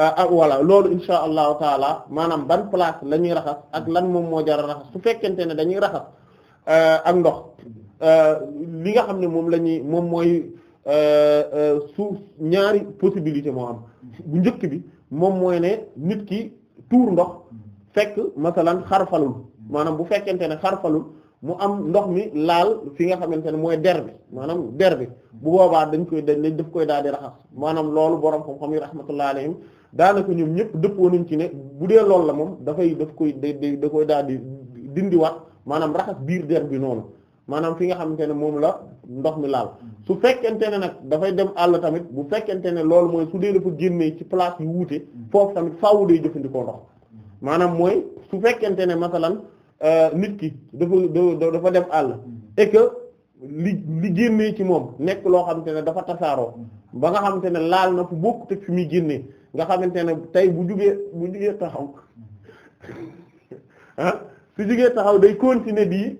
S2: euh, ak voilà loolu insha allahu taala maanaam ban place la ñuy raxas ak lan moom moo jar a raxas su fekkente ne dañuy raxas euh, ak ndox li nga xam ne moom la ñuy moom mooy su ñaari possibilité moo am bu njëkk bi moom mooy ne nit ki tuur ndox fekk masalan xarfalul maanaam bu fekkente ne xarfalul mu am ndox mi laal fi nga xamante ne mooy der bi maanaam der bi bu boobaa dañ koy dañ daf koy daal di raxas maanaam loolu borom xam-xam yi rahmatullah daanaka ñoom ñëpp dëppoo nañ ci ne bu dee loolu la moom dafay daf koy day da koy daal di dindiwaat maanaam raxas biir der bi noonu maanaam fi nga xamante ne moom la ndox mi laal su fekkente ne nag dafay dem àll tamit bu fekkente ne loolu mooy su dee dafa génnee ci place yu wuute foofu tamit faaw day jëfandikoo ndox maanaam mooy su fekkente ne masalan Euh, nit ki dafa dafa dem àll mm-hmm. et que li li génnee ci moom nekk loo xamante ne dafa tasaaroo mm-hmm. ba nga xamante ne laal na fu bokk teg fi muy génnee nga xamante ne tey bu jugee bu jugee taxaw mm-hmm. [LAUGHS] ah su jugee taxaw day continuer di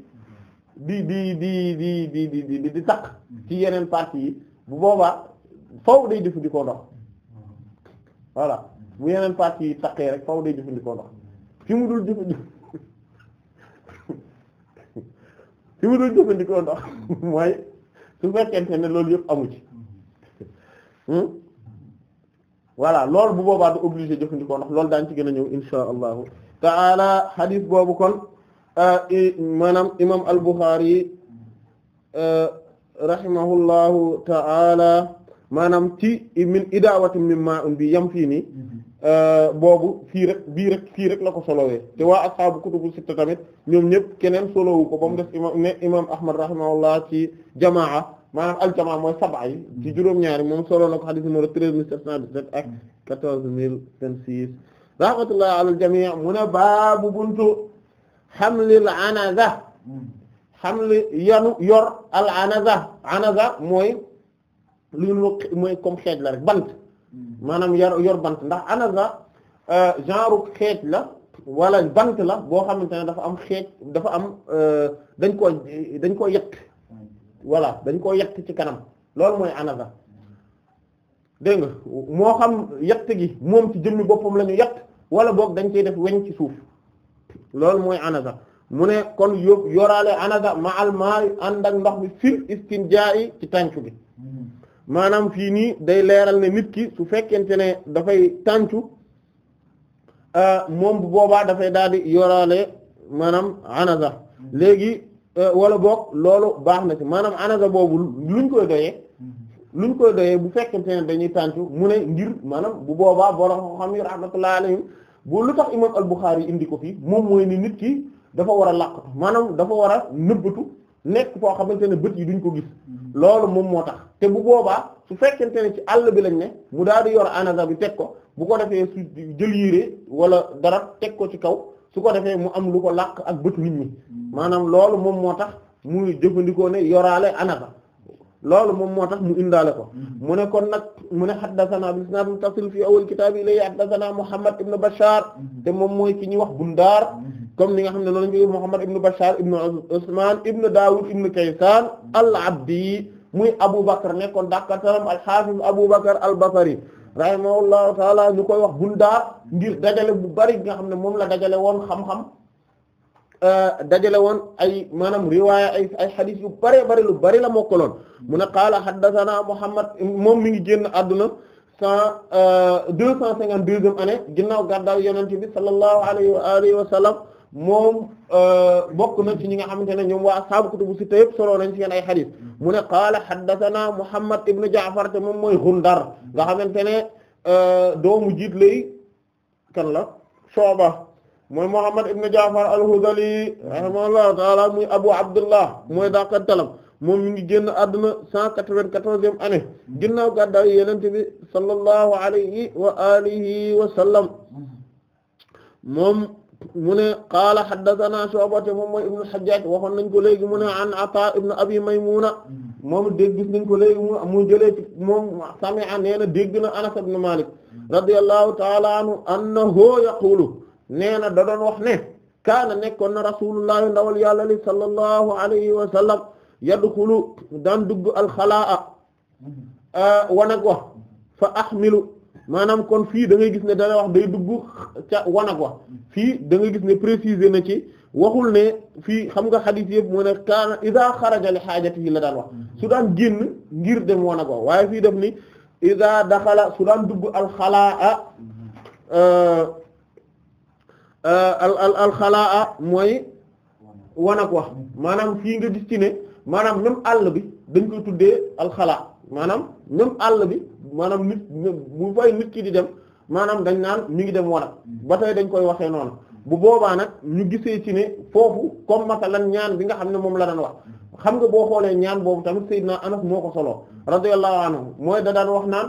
S2: di di di di di di di di takk ci yeneen parties yi bu boobaa faw day jëfandikoo ndox voilà bu yeneen parties yi takkee rek faw day jëfandikoo ndox fi mu dul jëfandikoo fi mu doon jëfandikoo ndox [LAUGHS] mooy su fekkente ne loolu yëpp amu ci hmm? voilà lool bu boobaa du obligé jëfandikoo ndox lool daañu ci gën a ñëw insha ta taala xadis boobu kon eh, maanaam imam al-Bukhari eh, rahimahullahu taala maanaam ci min idaawatin min ma'in bi yam fii nii mm-hmm. Euh, boobu fii rek bii rek fii rek la ko solowee te waa ashaabu kutubu sitta tamit ñoom ñëpp keneen solowu ko ba mu def imam ne imam ahmad rahimahullah ci jamaa maanaam al mooy saba yi ci juróom-ñaari moom solo na ko xadis numéro treize mille sept cent dix-sept ak quatorze mille vingt-six rahmatullah alal jamii mu ne baabu buntu xamlil anaza xamli yor al anaza mooy lu ñu mooy comme xeej la rek bant maanaam yar yor bant ndax anaza euh, genre xeej la walla bant la boo xamante ne dafa am xeej dafa am euh, dañ ko dañ koo yett voilà dañ koo yett ci kanam loolu mooy anaza dégg nga moo xam yett gi moom ci jëmmi boppam lañu ñu yett wala boog dañ koy def weñ ci suuf loolu mooy anaza mu ne kon yób yoraale anaza ma almaay ànd ak ndox mi fil istinjaa yi ci tàncu gi maanaam fii nii day leeral ne nit ki su fekkente ne dafay tàncu euh, moom bu boobaa dafay daal di yoraale maanaam anaza léegi euh, wala boog loolu baax na ci maanaam anaza boobu luñ koy doyee luñ koy doyee bu fekkente ne dañuy tàncu mu ne ngir maanaam bu boobaa borom xam yi rahmatullahi alayhim bu lu tax imam al yi indi ko fii moom mooy ni nit ki dafa war a làqatu maanaam dafa war a nëbbatu nekk foo xamante ne bët yi duñ ko gis loolu moom moo tax te bu boobaa su fekkente ne ci àll bi lañ ne mu daal di yor anaga bi teg ko bu ko defee su jël yére wala dara teg ko ci kaw su ko defee mu am lu ko làq ak bët nit ñi maanaam loolu moom moo tax mu jëfandikoo ne yoraale anaga loolu moom moo tax mu indaale ko mu ne kon nag mu ne haddathana bi isnad muttasil fi awwal kitab ilay haddathana Muhammad ibn Bashar te moom mooy ki ñuy wax Bundar comme ni nga xam ne noonu lañu ko Muhammad ibn Bashar ibn Usman ibn Dawud ibn Kaysan al-Abdi Abu Bakr nekkoon dàqataram Abu Bakr al-Basri rahimahullahu taala ñu koy wax bundaar ngir dajale bu bari nga xam ne moom la dajale woon xam-xam euh, dajale woon ay maanaam riwaaya ay ay xadiis yu bare bari lu bari la mokkaloon mu ne qaala haddathana Muhammad moom mi ngi génn àdduna cent euh, deux cent cinquante-deuxième année ginnaaw gàddaaw yonent bi sallallahu alayhi wa alihi wa sallam moom euh, bokk na ci ñi nga xamante ne ñoom waa ashaabu kutubu sitta yëpp solo nañ ci seen ay xadis mu ne qaala haddathana Muhammad ibn Ja'far te moom mooy Gundar nga xamante ne euh, doomu jiit lay kan la Shu'ba mooy Muhammad ibn Ja'far mu hudhali rahimahullahu mu muy Abu Abdullah mooy daakan talam moom mi ngi génn àdduna cent quatre-vingt-quatorzième année ginnaaw gàddaay yenente bi sallallahu alayhi wa alihi wa sallam moom mu ne qaala haddathana Shu'ba moom mooy ibnu al-Hajjaj waxoon nañ ko léegi mu ne an Ataa ibnu Abi Maymuna moom dégg gis nañ ko léegi mu mu jëlee ci moom sami'a nee na dégg na Anas ibnu Malik radiyallahu ta'ala anhu annahu yaqulu nee na da doon wax ne kaana nekkoon na rasulullahi ndawal yàlla li sallallahu alayhi wa sallam yadxulu daan dugg alxalaa mm-hmm. uh, wanag wax fa ahmilu maanaam kon fii da ngay gis ne dana wax day dugg ca wa fii da nga gis ne préciser na ci waxul ne fii xam nga xadiis yëpp mu ne kaana iza xaraja li la daal wax mm-hmm. su daan génn ngir dem wanag wa waaye fii def ni iza daxala su daan dugg alxalaa mm-hmm. euh, euh, al alxalaa mooy wanag wa mm-hmm. maanaam fii nga gis ci ne maanaam même àll bi dañ koy tuddee alxalaa maanaam même àll bi maanaam nit bu fay nit ki di dem maanaam dañ naan ñu ngi dem wanag mm. ba tey dañ koy waxee noonu bu boobaa nag ñu gisee ci ne foofu comme masalan ñaan bi nga xam ne moom la daan wax mm. xam nga boo xoolee ñaan boobu tamit Seydina Anas moo ko soloo radiyallahu anhu mooy da daan wax naan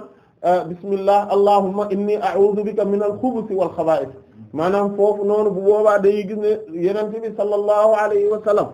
S2: bismillah allahumma inni a'udhu bika min al-khubuthi wal khaba'ith maanaam foofu noonu bu boobaa dañuy gis ne yonent bi sallallahu alayhi wa sallam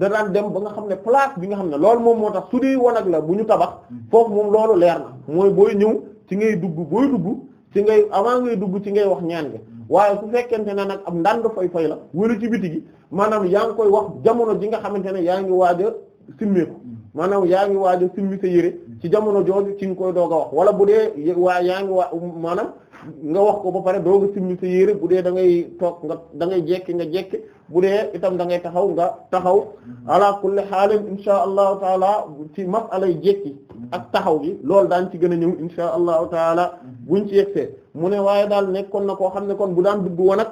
S2: da daan dem ba nga xam ne place bi nga xam ne loolu moom moo tax su dee wanag la bu ñu tabax foofu moom loolu leer na mooy booy ñëw ci ngay dugg booy dugg ci ngay avant ngay dugg ci ngay wax ñaan nga waaye su fekkente ne nag am ndànd fay-fay la wala ci biti gi maanaam yaa ngi koy wax jamono ji nga xamante ne yaa ngi waaj a simmeeku maanaam yaa ngi waaj a simmi sa yére ci jamono jooju ci nga koy doog a wax wala bu dee waa yaa ngi waa maanaam nga wax ko ba pare dooga simmi sa yére bu dee da ngay toog nga da ngay jekki nga jekki bu dee itam da ngay taxaw nga taxaw mm-hmm. ala kulli xaalin insha allahu taala ci masalay jekki mm-hmm. ak taxaw gi loolu daan ci gën a ñëw insha allahu taala mm-hmm. buñ ci yegsee mu ne waaye daal nekkoon na koo xam ne kon bu daan dugg wanag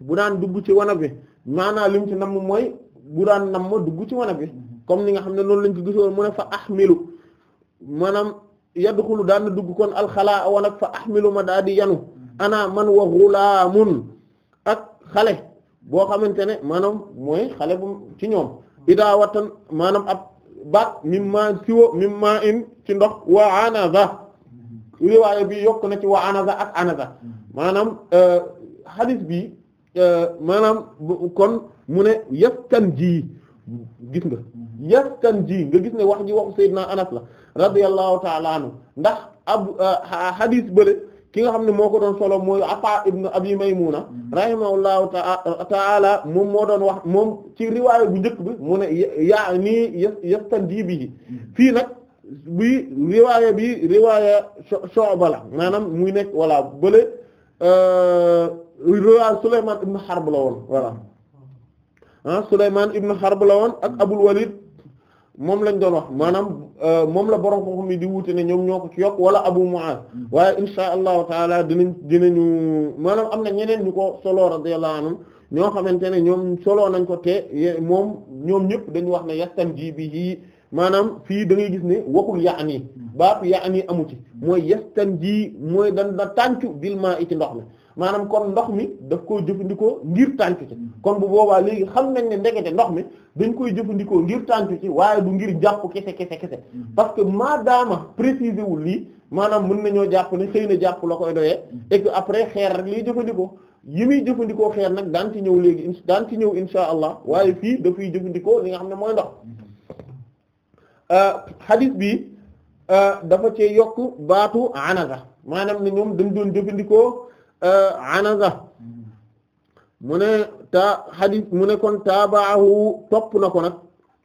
S2: bu daan dugg ci wanag bi maanaam lim ci namm mooy bu daan namm dugg ci wanag bi comme ni nga xam ne noonu lañ ko gisoon mu ne fa ahmilu maanaam yadxulu daan na dugg kon alxalaa wan ak fa ahmilu ma daa di yanu ana man wa xulaamun ak xale boo xamante ne maanaam mooy xale bu ci ñoom idaa watan maanaam ab baat mim ma in ci ndox wa anaza riwaaya bi yokk na ci wa anaza ak anaza maanaam xadis euh, bi euh, maanaam kon mu ne yastan ji gis nga yaskan ji nga gis ne wax ji waxu Seydina Anas la radiyallahu ta'ala anhu ndax ab euh, hadith bële ki nga xam ne moo ko doon solo mooy Ataa ibn Abi Maymuna mm-hmm. rahimahullahu ta'ala moom moo doon wax moom ci riwaayu bu njëkk bi mu ne yaa nii yaskan ji bi mm-hmm. fii nag bi riwaaya bi riwaaya Shu'ba la maanaam muy nekk voilà bële euh, riwaaya ibn Harb la woon voilà ah ibn Harb la woon ak Abul Walid moom lañ doon wax maanaam euh, moom la borom xam-xam di wuute ne ñoom ñoo ko ci yokk wala Abu Mu'az mm. waaye insha allahu taala dinañ dinañu maanaam am na ñeneen ñu ko solo radiyallahu anhum ñoo xamante ne ñoom solo nañ ko te moom ñoom ñëpp dañu wax ne yastan ji bi yii maanaam fii da ngay gis ne waxul yaani mm. baatu yaani amu ci mm. mooy yastan ji mooy dan da tàncu bil maa i ci ndox mi maanaam kon ndox mi daf koy jëfandikoo ngir tàncu ci kon bu boobaa léegi xam nañ ne ndekete ndox mi dañ koy jëfandikoo ngir tàncu ci waaye bu ngir jàpp kese kese mm-hmm. parce que maadaama préciser wul lii maanaam mën nañoo jàpp ne xëy na jàpp la koy doyee mm-hmm. et que après xeer rek liy jëfandikoo yi muy jëfandikoo xeer nag daan ci ñëw léegi in daan ci ñëw insha allah waaye mm-hmm. fii dafay jëfandikoo li nga xam ne mooy ndox euh, bi euh, dafa cee yokk baatu anaga maanaam ne ñoom dañ doon jëfandikoo anaza mu ne ta hadith mu ne kon taabaahu topp na ko nag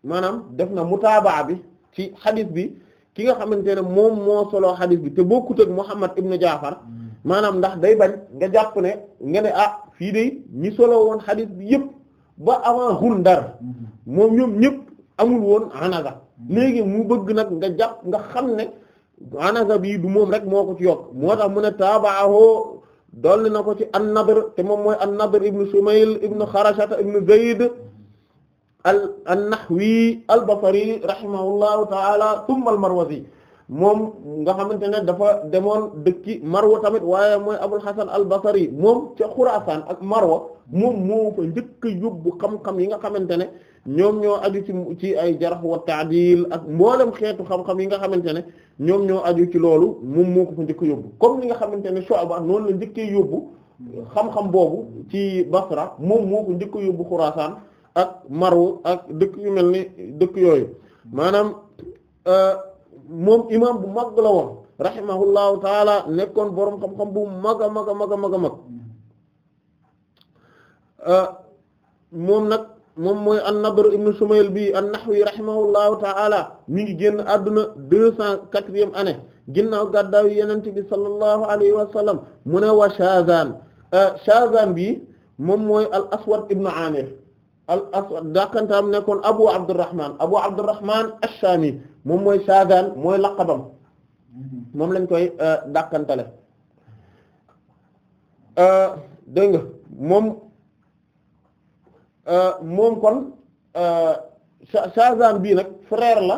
S2: maanaam def na mutaabaa bi ci hadith bi ki nga xamante ne moom moo solo hadith bi te boo bokkut ak Muhammad ibn Jaafar maanaam ndax day bañ nga jàpp ne nga ne ah fii de ñi solo woon hadith bi yëpp ba avant Gundar moom ñoom ñëpp amul woon anaza léegi mu bëgg nag nga jàpp nga xam ne anaza bii du moom rek moo ko yokk moo tax mu ne dolli na ko ci an-Nadr te moom mooy an-Nadr ibn Shumayl ibn Kharashata ibn Zayd al an-Nahwi al-Basri rahimahullahu ta'ala thumma al-Marwazi moom nga xamante ne dafa demoon dëkki Marwa tamit waaye mooy Abul Hasan al-Basri moom ca Khurasan ak Marwa moom moo fa njëkk a yóbbu xam yi nga xamante ne ñoom ñoo aju ci ci ay jarh wa ta'dil ak mboolem xeetu xam-xam yi nga xamante ne ñoom ñoo aju ci loolu moom moo ko fa njëkk yóbbu comme ni nga xamante ne Shu'ba noonu la njëkkee yóbbu xam-xam boobu ci Basra moom moo ko njëkk yóbbu Xuraasaan ak Marw ak dëkk yu mel ni dëkk yooyu maanaam euh, moom imam bu mag la woon rahimahullahu taala nekkoon boroom xam-xam bu mag a mag a mag a mag a mag euh, moom nag moom mooy an-Nadr ibn Shumayl bi an-Nahwi rahimahullahu ta'ala mi ngi génn àdduna deux cent quatrième année ginnaaw gàddaaw Yonent bi sallallahu alayhi wa sallam wa euh, Shazan bi moom mooy al-Aswad ibn Amir al-Aswad daakantaam nekkoon Abu Abdurrahman Abu Abdurrahman ash-Shami moom mooy Shazan mooy laqabam moom lañ koy euh, daakantale euh, Euh, moom kon euh, Shazan bii nag frère la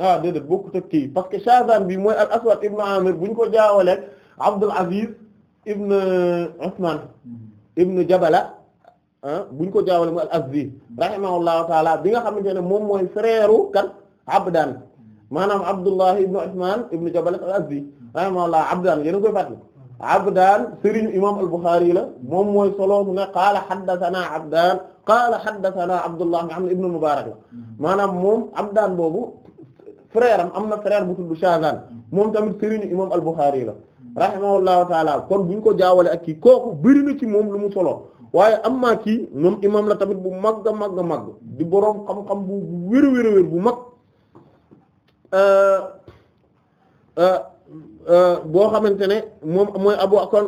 S2: ah déedéet bokkut ak kii parce que Shazan bii mooy al Aswad ibn Amir bu ñu ko jaawalee Abdul Aziz ibn euh, Usman mm-hmm. ibn Jabala ah bu ñu ko jaawalee mooy al Azdi mm-hmm. rahimahullahu taala bi nga xamante ne moom mooy frère kan Abdan mm-hmm. maanaam Abdullahi ibn Usman ibn Jabala al Azdi rahimahullah Abdan yéen a koy fàttali. Abdaan sëriñu imaam al-Bukhari la moom mooy solo mu ne qaala haddathana Abdaan qaala haddathana Abdullah nga am ne ibnu Mubarak la mm-hmm. maanaam moom Abdaan boobu frère am am na frère bu tudd Shazan mm-hmm. moom tamit sëriñu imam al-Bukhari la mm-hmm. rahimahullahu taala kon bu ñu ko jaawale ak kii kooku bëri ci moom lu mu solo waaye am maa kii moom imam la tamit bu mag a mag a mag di boroom xam-xam bu wér a wér bu mag euh, euh, euh, boo xamante ne moom abu kon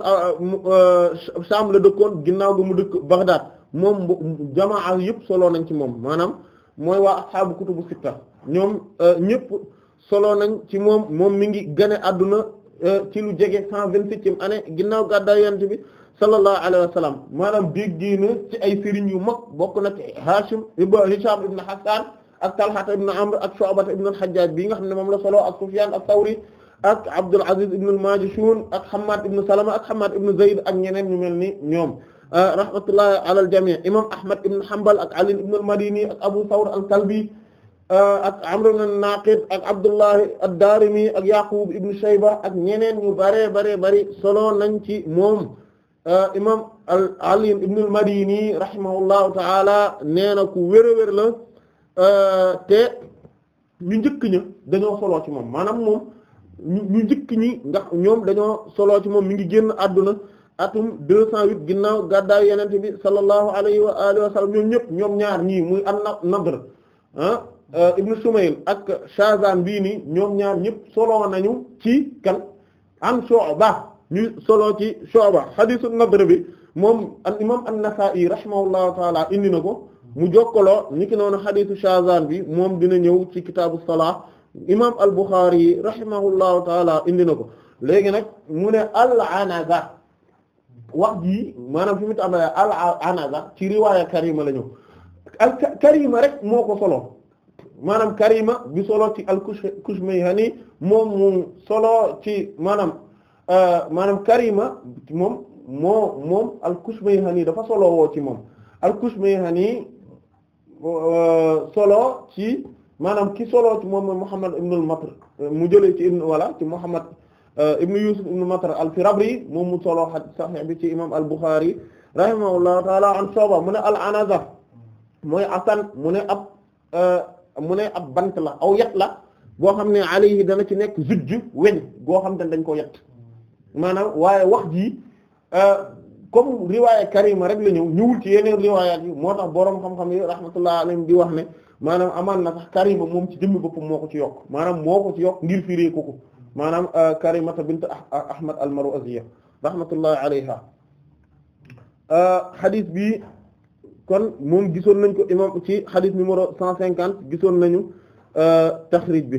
S2: Sham la dëkkoon ginnaaw ga mu dëkk Baghdad moom jamaa yëpp solo nañ ci moom maanaam mooy waa ashaabu kutubu sitta ñoom euh, ñëpp solo nañ ci moom moom mi ngi gane àdduna euh, ci lu jege cent vingt-septième année ginnaaw gàddaay yonent bi sallallahu alayhi wa sallam maanaam déggee na ci ay sëriñ yu mag bokk na ci Hashim ibn Hisham ibn Hassan ak Talhata ibn Amr ak Shu'bata ibn al-Hajjaj bi nga xam ne moom la solo ak Sufyan ath-Thawri ak Abdul Aziz ibn al-Majishun ak Hammad ibn Salama ak Hammad ibn Zayd ak ñeneen ñu mel ni ñoom Ah, rahmatullahi ala al jami' imam ahmad ibn hanbal ak ali ibn al madini ak abu thawr al kalbi ah, ak amr ibn naqid ak abdullahi ad-darimi ak yaqub ibn shayba ak ñeneen ñu bare bare bari solo nañ ci moom ah, imam al ali ibn al madini rahimahullahu ta'ala nee na ku wér la te ñu njëkk ña dañoo solo ci moom maanaam moom ñu njëkk ñi ndax ñoom dañoo solo ci moom mi ngi génn àdduna atum deux cent huit ginnaaw gàddaayu yenente bi sallallahu alayhi wa alihi ñëpp ñoom ñaar ñii muy an Nadr ah euh, Sumayl ak Shazan bii ni ñoom ñaar ñëpp solo nañu ci kan an Shu'ba ñu solo ci Shu'ba hadisu Nadr bi moom al imam an-Nasa'i rahimahullahu taala indi na ko mu jokkaloo ni ki noonu Shazan bi moom dina ñëw ci kitaabu salaah imam al-Bukhari rahimahullahu taala indi na ko léegi nag mu ne al-anaza wax jii maanaam fi mu tax al anaza ci riwaaya karima la ñëw al karima rek moo ko solo maanaam karima bi solo ci al kush Kushmayhani moom moom solo ci maanaam euh, maanaam karima moom moo moom al Kushmayhani dafa solo woo ci moom al Kushmayhani euh, solo ci maanaam ki solo ci moom mooy Muhammad ibn al-Matr mu jëlee ci ibn wala ci Muhammad Euh, ibnu Yusuf ibnu Matar al-Firabri moom mu solo hadith sahih bi ci imam al-Bukhari rahimahullahu taala an Shu'ba mu ne al-anaza mooy asan mu ne ab euh, mu ne ab bant la aw yat la boo xam ne alayhi dana ci nekk zujj weñ goo xam da dañ ko yat maanaam waaye wax jii euh, comme riwaaya karima rek la ñëw ñëwul ci yeneen riwaayaat yi moo tax boroom xam-xam yi rahmatullah alayhim di wax ne maanaam amaan na sax karima moom ci jëmmi boppam moo ko ci yokk maanaam moo ko ci yokk maanaam euh, Karimata bint ah-, ah-, Ahmad al-Marwaziya rahmatullahi alayha xadis euh, bi kon moom gisoon nañ ko imam ci xadis numéro cent cinquante gisoon nañu euh, taxrij bi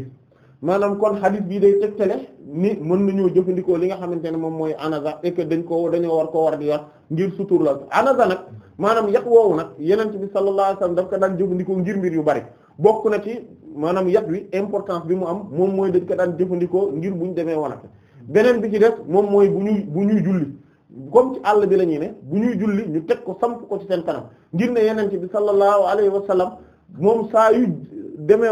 S2: maanaam kon xadis bi day tegtale ni mën nañoo jëfandikoo li nga xamante ne moom mooy anaza et que dañ ko dañoo war koo war di yor ngir sutur la anaza nag maanaam yaq woow nag yeneen bi sallallahu alayhi wasallam daf ka daan jëfandikoo ngir mbir yu bari bokk na ci maanaam yat wi importance bi mu am moom mooy dañ ko daan jëfandikoo ngir bu demee wanag beneen bi ci def moom mooy bu ñuy bu ñuy julli comme ci àll bi la ñuy ne bu ñuy julli ñu teg ko samp ko ci seen kanam ngir ne yeneen bi sallallahu alayhi wa moom saa yu demee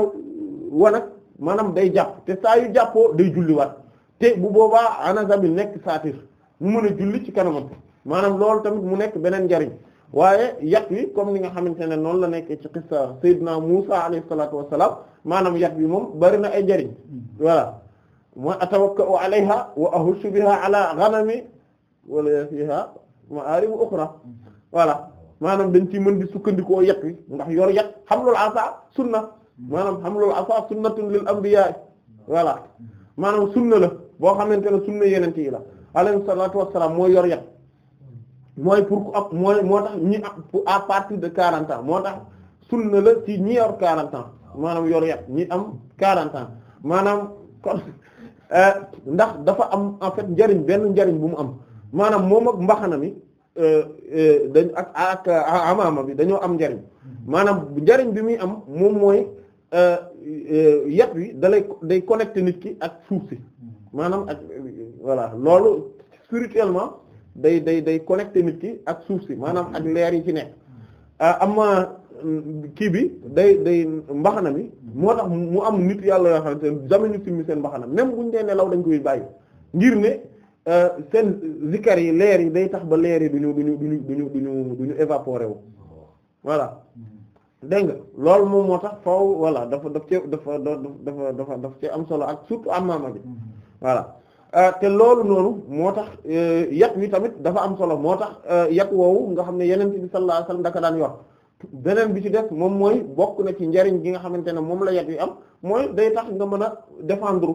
S2: wanag maanaam day jàpp te saa jàppoo day julliwaat te bu boobaa anasa bi nekk saatir mu mën a julli ci kanamam maanaam loolu tamit mu nekk beneen njariñ waaye yat wi comme ni nga xamante ne noonu la nekkee ci xissa Seydina Musa alayhi salaatu wa salaam maanaam yat bi moom bari na ay njariñ voilà mooy atawakka'u alayha wa ahussu biha ala ghanami wa fiha ma'aribu ukhra voilà maanaam dañ ci mën di sukkandikoo yat wi ndax yor yat hamlul asa sunna maanaam hamlul asa sunnatun lil anbiya voilà maanaam sunna la boo xamante ne sunna yeneen yi la alayhi salaatu moo salaam mooy pour ab mooy moo tax ñi à partir de quarante moo tax na la ci ñi yor quarante ans maanaam yor yat ñi am quarante ans maanaam kon euh, ndax dafa am en fait njariñ benn njariñ bu mu am maanaam moom ak mbaxana mi euh, euh, dañ ak ak amaama bi dañoo am njariñ maanaam njariñ bi muy am moom mooy yat wi dalay day connecté nit ki ak suuf si maanaam ak voilà loolu spirituellement day day day connecté nit ki ak suuf si maanaam ak leer yi ci nekk ah, amma mm, kii bi day day mbaxana mi moo tax mu am nit yàlla yoo xamante ne jamais ñu simmi seen mbaxana même buñ dee nelaw dañ koy bàyyi ngir ne ah, seen zikar yi leer yi day tax ba leer yi duñu duñu duñu duñu duñu duñu évaporer wu voilà dégg nga loolu moom moo tax faw voilà dafa daf ci dafa dafa dafa daf ci am solo ak surtout amaama bi mm-hmm. voilà Euh, te loolu noonu moo tax euh, yat wi tamit dafa am solo moo tax euh, yat woowu nga xam ne yeneen bi sallallahu alayhi wasallam daka daan yor beneen bi ci def moom mooy bokk na ci njariñ gi nga xamante ne moom la yat wi am mooy day tax nga mën a défendre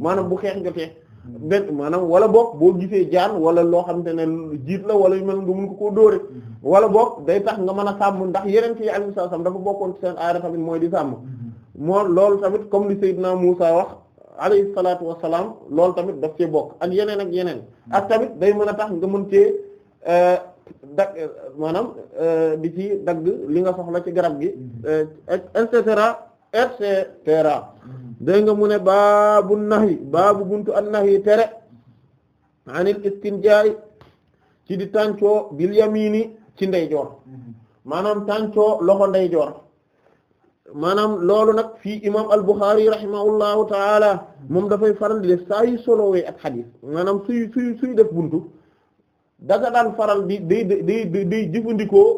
S2: maanaam bu xeex jotee benn maanaam wala boog boo gisee jaan wala loo xam xamante ne jiit la wala yu mel nga mun ko koo dóore wala boog day tax nga mën a sàmm ndax yeneen ci sallallahu alayhi wasallam dafa bokkoon ci seen aada tamit mooy di sàmm mm-hmm. moo loolu tamit comme li Seydina Musa wax alayhi salaatu wa salaam loolu tamit daf cee bokk ak yeneen ak yeneen ak tamit day mën a tax nga mun cee euh, dag maanaam euh, ci dagg li nga soxla ci garab gi euh, et cetera nga mu ne baabu nahyi baabu buntu an nahyi tere anil istinjaa'i ci di tàncoo bil yamini ci ndeyjoor mm-hmm. maanaam tàncoo loxo ndeyjoor maanaam loolu nag fii imam al-Bukhari rahimahullahu taala moom dafay faral di def saa yu solowee ak xadis maanaam suy suy suy def buntu daga daan faral di day day jëfandikoo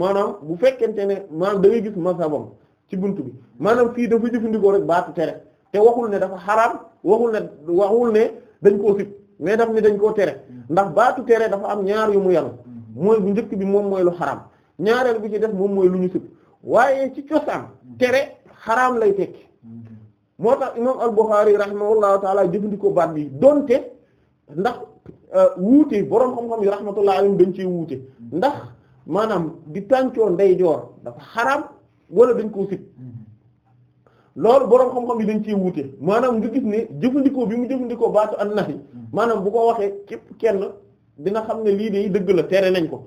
S2: maanaam bu fekkente ne maanaam da gis masabam ci buntu bi maanaam fii dafa jëfandikoo rek baatu tere te waxul ne dafa xaraam waxul ne waxul ne dañ koo sib mais daf ne dañ koo tere ndax baatu tere dafa am ñaar yu mu yàlla mooy bu njëkk bi moom mooy lu xaraam ñaareel bi ci def moom mooy lu ñu sib waaye ci cosaan tere xaraam lay tekki moo tax imam al-Bukhari rahimahullahu taala jëfandikoo baat bi donte ndax euh, wuute boroom xam-xam yi rahmatullahi alayhim dañ cee wuute ndax maanaam di tàncoo ndeyjoor dafa xaraam wala dañ koo sit loolu boroom xam-xam yi dañ cee wuute maanaam nga gis ne jëfandikoo bi mu jëfandikoo baatu an-nahi maanaam bu ko waxee képp kenn dina xam ne lii de dëgg la tere nañ ko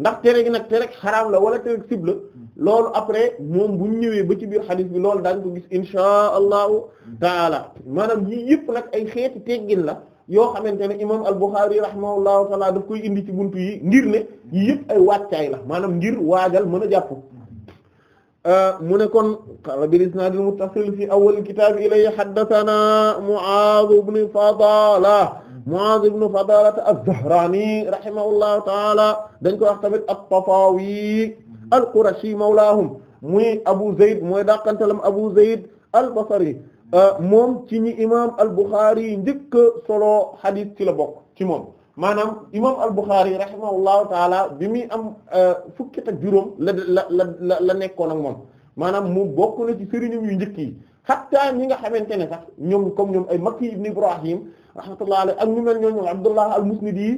S2: ndax tere gi nag tere xaraam la wala tere sib la loolu après moom bu ñëwee ba ci biir xadis bi loolu daañ ko gis insha allahu taala maanaam yii yëpp ay xeeti teggin la yoo xamante ne imam al-Bukhari rahimahullahu taala daf koy indi ci buntu yi ngir ne yii yëpp ay wàccaay la maanaam ngir waajal mën a jàpp euh, mu ne kon qala bil isnad al muttasil fi awwal kitab ilay haddathana Mu'adh ibn Fadala Mu'adh ibn Fadala az-Zahrani rahimahullahu taala dañ ko wax tamit at-Tafawi al-Qurashi mawlaahum muy Abu Zayd mooy dàqantalam Abu Zayd al-Basri euh, moom ci ñi imaam al-Bukhari njëkk solo xadis ci la bokk ci moom maanaam imaam al-Bukhari rahimahullahu taala bi muy am euh, fukki ak juróom la la la la nekkoon ak moom maanaam mu bokk na ci sëriñam yu njëkk yi xatta ñi nga xamante ne sax ñoom comme ñoom ay Makki ibn Ibrahim rahmatullahi alayhi ak ñu mel ñoom al-Musnidi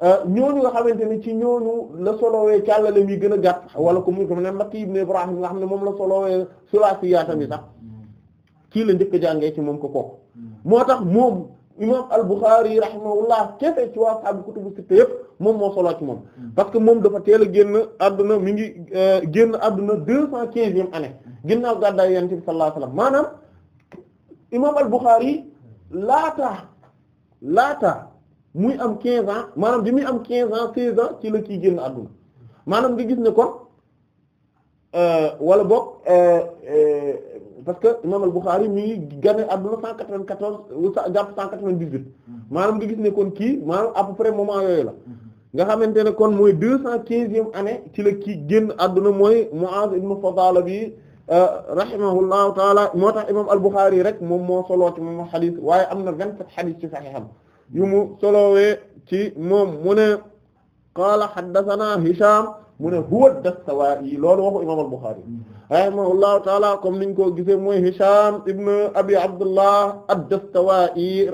S2: Euh, ñooñu nga xamante ni ci ñooñu la solowee càllale mi gën a gàtt wala ko mu ko ne Makki ibn Ibrahim nga xam ne moom la solowee sulaasiyaat bi sax kii la njëkk jàngee ci moom ko kooku moo tax moom imam al-Bukhari rahimahullah kefe ci waa saabu kutubu sitta moom moo soloo moom parce que moom dafa teel a génn àdduna mi ngi euh, génn àdduna deux cent quinzième année ginnaaw gàddaay yonent bi sallallahu alayhi wasallam maanaam imam al-Bukhari laata laata muy am 15 ans maanaam bi muy am 15 ans 16 ans ci la kii génn àdduna maanaam nga gis ne kon euh, wala boog euh, euh, parce que imam al-Bukhari mi ngi gane àdduna 194 jàpp 198 hmm. maanaam nga gis ne kon kii maanaam à peu près yooyu la hmm. nga xamante ne kon mooy 215e année ci la kii génn àdduna mooy Muaz ibn Fadala bi rahimahullahu taala moo tax imam al-Bukhari rek moom moo soloo ci moom xadis waaye am na 27 xadis ci saxiixam yu mu solowee ci moom mu ne qaala haddathana Hisham mu huwa ad-Dastawaa'i waxu imaam al-Bukhari rahimahullahu taala comme niñ ko gisee mooy Hisham ibn Abi Abdullah ad-Dastawaa'i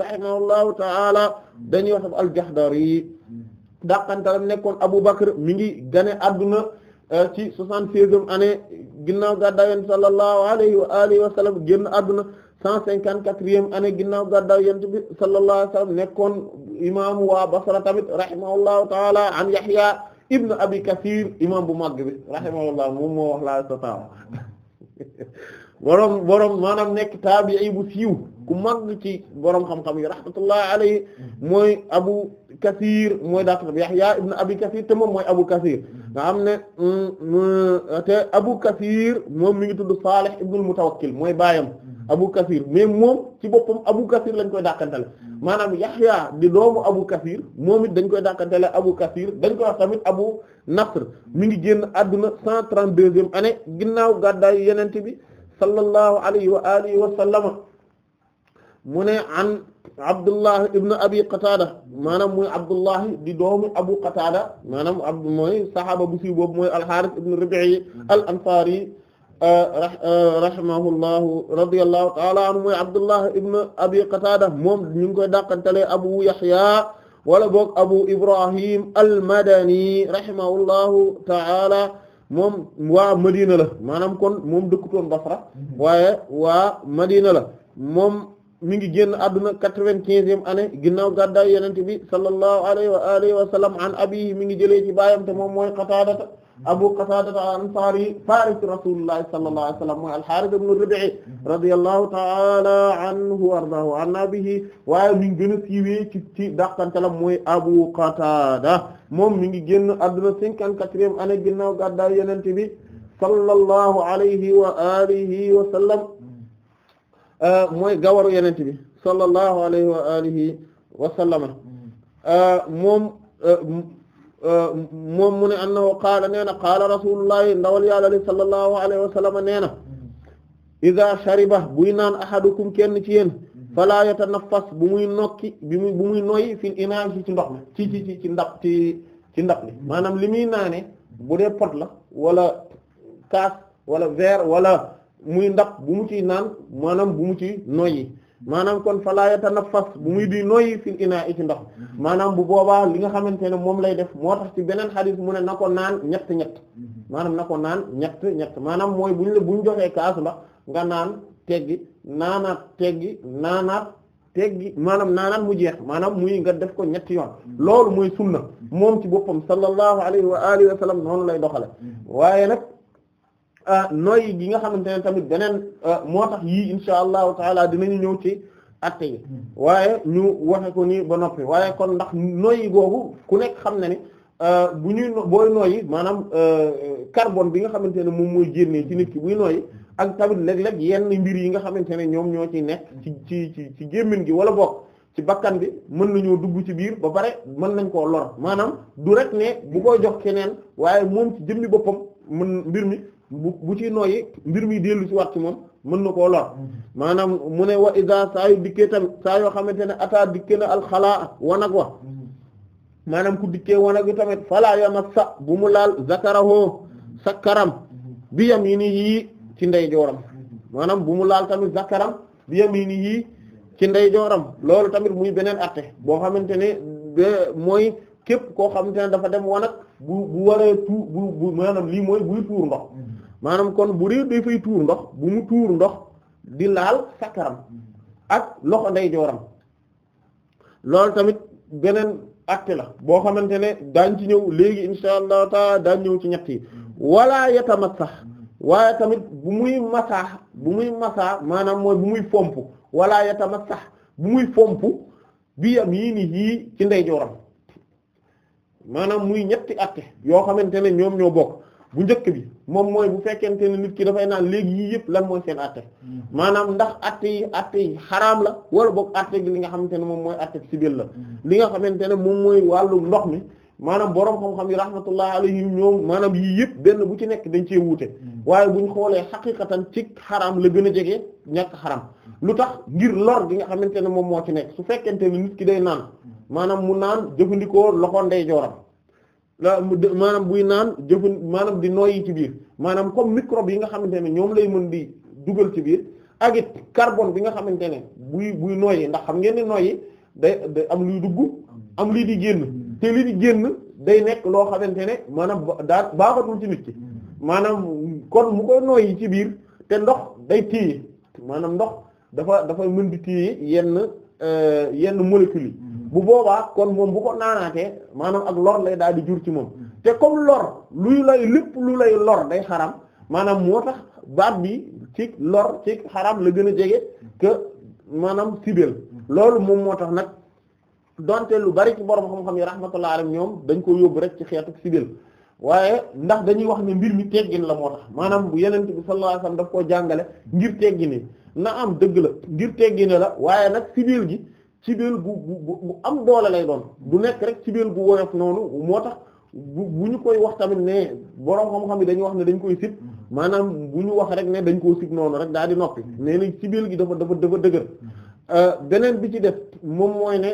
S2: taala dañuy wax al-Jahdari dàqantalam Abu Bakr mi ngi gane adduna euh, ci soixante-seizième année ginnaaw gàddaay sallallahu alayhi wa alihi wa adduna cent cinquante-quatrième année ginnaaw gàddaaw yonent bi sallallahu alayhi wa sallam nekkoon imaamu waa Basra tamit rahimahullahu taala an Yahya ibn Abi Kathir imaam bu màgg bi rahimahullah moom moo wax laa sa tawa borom borom maanaam nekk taabi'i bu siiw ku màgg ci borom xam-xam yi rahmatullahi alayhi mooy Abu Kathir mooy daa ko Yahya ibn Abi Kathir te moom mooy Abu Kathir nga xam ne mm, mm, te Abu Kathir moom mi ngi tudd Salih ibn al-Mutawakkil mooy baayam Abu Kasir mais moom ci boppam Abu Kasir lañ koy dàkkantele mm. maanaam Yaxya di doomu Abu Kasir moom it dañ koy dàkkantele Abu Kasir dañ koy wax tamit Abu Nasr mi ngi génn àdduna cent trente-deuxième année ginnaaw gàddaayu yenente bi sallallahu alayhi wa alihi wa sallama mu ne an Abdullah ibn Abi Qatada maanaam mooy Abdullah di doomu Abu Qatada maanaam ab mooy saxaaba bu siiw boobu mooy al-Harith ibn Euh, rahimahullahu radiyallahu ta'ala anhu Abi Qatada moom ñu ngi koy dàqantele Abu Yahya wala boog Abu Ibrahim al-Madani rahimahullahu ta'ala moom waa Madina la maanaam kon moom dëkkutoon Basra mhm. waaye waa Madina la moom mi ngi génn àdduna quatre-vingt-quinzième ginnaaw gàddaay bi sallallahu alayhi wa alihi an abihi mi ngi jëlee ci baayam te moom mooy Qatada Abu Qatada al-Ansari faris Rasulullah sallallahu alayhi wa sallam mooy al-Harith ibn Rabi' radiyallahu ta'ala anhu wa ardaahu an nabihi waaye mi ngi gën a siiwee ci ci dàqantalam mooy Abu Qatada moom mi ngi génn àdduna cinquante-quatrième année ginnaaw gàddaay Yonent bi sallallahu alayhi wa alihi wa sallam euh, mooy gawaru Yonent bi sallallahu alayhi wa alihi wa sallam euh, moom. Euh, moom mu ne annahu qaala nee na qaala rasulullahi ndawal yàlla li sallallahu alayhi wa sallam nee na shariba buy naan ahadukum kenn ci yéen fala yatanaffas bu muy nokki bi muy bu muy noyyi fil inaa ci ci ndox mi ci ci ci ci ndab ci ci ndab li maanaam li muy naane bu dee pot la wala kaas wala verre wala muy ndab bu mu ciy naan maanaam bu mu ci noyyi maanaam kon falaa yatanaffas bu muy di noyyi fil inaa i ci ndox mhm. maanaam bu boobaa li nga xamante ne moom lay def moo tax ci beneen xadis mu ne na ko naan ñett ñett mhm. maanaam na naan ñett ñett maanaam mooy buñ la buñ joxee kaasu ndox nga naan teggi naanaat teggi naanaat teggi maanaam naanaat mu jeex maanaam muy nga def ko ñetti yoon mhm. loolu muy sunna moom ci boppam sallallahu alayhi wa alihi wa sallam noonu lay doxale waaye nag Ah, noyyi gi nga xamante ne tamit beneen ah, moo tax yii insha allah taala dinañu ñëw ci atte waaye ñu waxe ko ni ba noppi waaye kon ndax noyyi googu ku nekk xam ne ne ah, bu ñuy booy noyyi maanaam carbone bi nga xamante ne moom mooy génnee ci nit ki buy noyyi ak tamit léeg-léeg yenn mbir yi nga xamante ne ñoom ñoo ci nekk ci ci ci ci gémmiñ gi wala bokk ci bakkan bi mën nañoo dugg ci biir ba pare mën nañ koo lor maanaam du rek ne bu koy jox keneen waaye moom ci jëmmi boppam mën mbir mi bu bu ci noyyi mbir mi dellu ci waat ci moom mën na koo lor maanaam mu ne wa isa saa yu dikkee tamit saa yoo xamante ne ataa dikke na alxalaa wanag wa maanaam ku dikkee wanag wi tamit falaa yamassa bu mu laal zakarahoo sakaram bi yamini yii ci ndeyjooram maanaam bu mu laal tamit zakaram bi yamini yii ci ndeyjooram loolu tamit muy beneen atte boo xamante ne mooy képp koo xamante ne dafa dem wanag bu bu waree tuur bu bu maanaam lii mooy buy tuur ndox maanaam kon bu dee dafay tuur ndox bu mu tuur ndox di laal sakaram ak loxo ndeyjooram loolu tamit beneen acte la boo xamante ne daañ ci ñëw léegi insha allahu taala daañ ñëw ci ñetti yi wala yatamat sax waaye tamit bu muy masaa bu muy masaa maanaam mooy bu muy fomp wala yatamat sax bu muy fomp bi am yii ni yii ci ndeyjooram maanaam muy ñetti acte yoo xamante ne ñoom ñoo bokk bu njëkk bi moom mooy bu fekkente ne nit ki dafay naan léegi yii yëpp lan mooy seen atte mm-hmm. maanaam ndax atte yi atte xaraam la wala boog atte gi li nga xamante ne moom mooy atte sibil la mm-hmm. li nga xamante ne moom mooy wàllu ndox mi maanaam borom xam-xam yi rahmatullah alayhim ñoom maanaam yii yëpp benn bu ci nekk dañ cee wute mm-hmm. waaye buñ xoolee xaqiqatan cig xaraam la gën a jege ñàkk xaraam lu tax ngir lor gi nga xam xamante ne moom moo ci nekk su fekkente ne nit ki day naan maanaam mu naan jëfandikoo loxo ndeyjooram maanaam buy naan jëfan maanaam di noyyi ci biir maanaam comme microbe yi nga xamante ne ñoom lay mën di dugal ci biir ak carbon bi nga xamante ne buy buy noyyi ndax xam ngeen ne noyyi day day am luy dugg am lii di génn te lii di génn day nekk loo xamante ne maanaam daa baaxatul ci nit ki maanaam kon mu koy noyyi ci biir te ndox day téye maanaam ndox dafa dafa mën di téye yenn euh, yenn molécules yi bu boobaa kon moom bu ko naanaatee maanaam ak lor lay daal di jur ci moom te comme lor luy lay lépp lu lay lor day xaram maanaam moo tax baat bi ci lor ci xaram la gën a jege que maanaam sibel loolu moom moo tax nag donte lu bari ci borom xam-xam yi rahmatullah alayhim ñoom dañ ko yóbbu rek ci xeetu waaye ndax dañuy wax ne mbir mi teggin la moo maanaam bu yeneen bi sallallahu alayhi daf koo jàngale ngir teggini na am dëgg la ngir teggini la waaye nag sibel gi. cibeel bu bu bu am doole lay doon du nekk rek cibeel bu woyof noonu moo tax bu bu ñu koy wax tamit ne borom xam-xam yi dañuy wax ne dañ koy sib maanaam bu ñu wax rek ne dañ koo sib noonu rek daal di noppi nee na cibeel gi dafa dafa dafa dëgër euh, beneen bi ci def moom mooy ne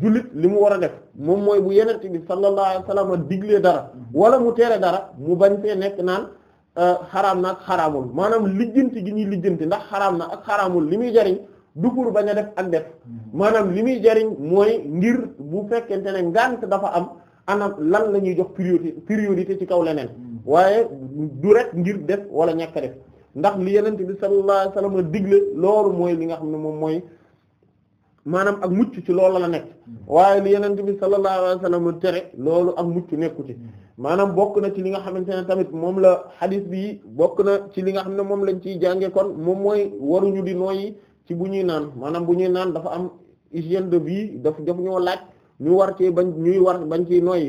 S2: jullit li mu war a def moom mooy bu yenent bi sallallahu alayhi wasallam diglee dara wala mu tere dara mu bañ fee nekk naan euh, xaraam na ak xaraamul maanaam lijjanti gi ñuy lijjanti ndax xaraam na xaraamul li muy jariñ du pour bañ a def ak def maanaam li muy jariñ mooy ngir bu fekkente ne ngant dafa am anam lan la ñuy jox priorité priorité ci kaw leneen waaye du rek ngir def wala ñàkk def ndax li yenente bi sallallahu alayhi wasallam digle loolu mooy li nga xam ne moom mooy maanaam ak mucc ci loolu la nekk waaye li yenente bi sallallahu alayhi wasallam tere loolu ak mucc nekku ci maanaam bokk na ci li nga xamante ne tamit moom la xadis bi bokk na ci li nga xam ne moom lañ ciy jànge kon moom mooy waruñu di nooyi ci bu ñuy naan maanaam bu ñuy naan dafa am hygiène de vie daf daf ñoo laaj ñu war ci bañ ñuy war bañ ci noyyi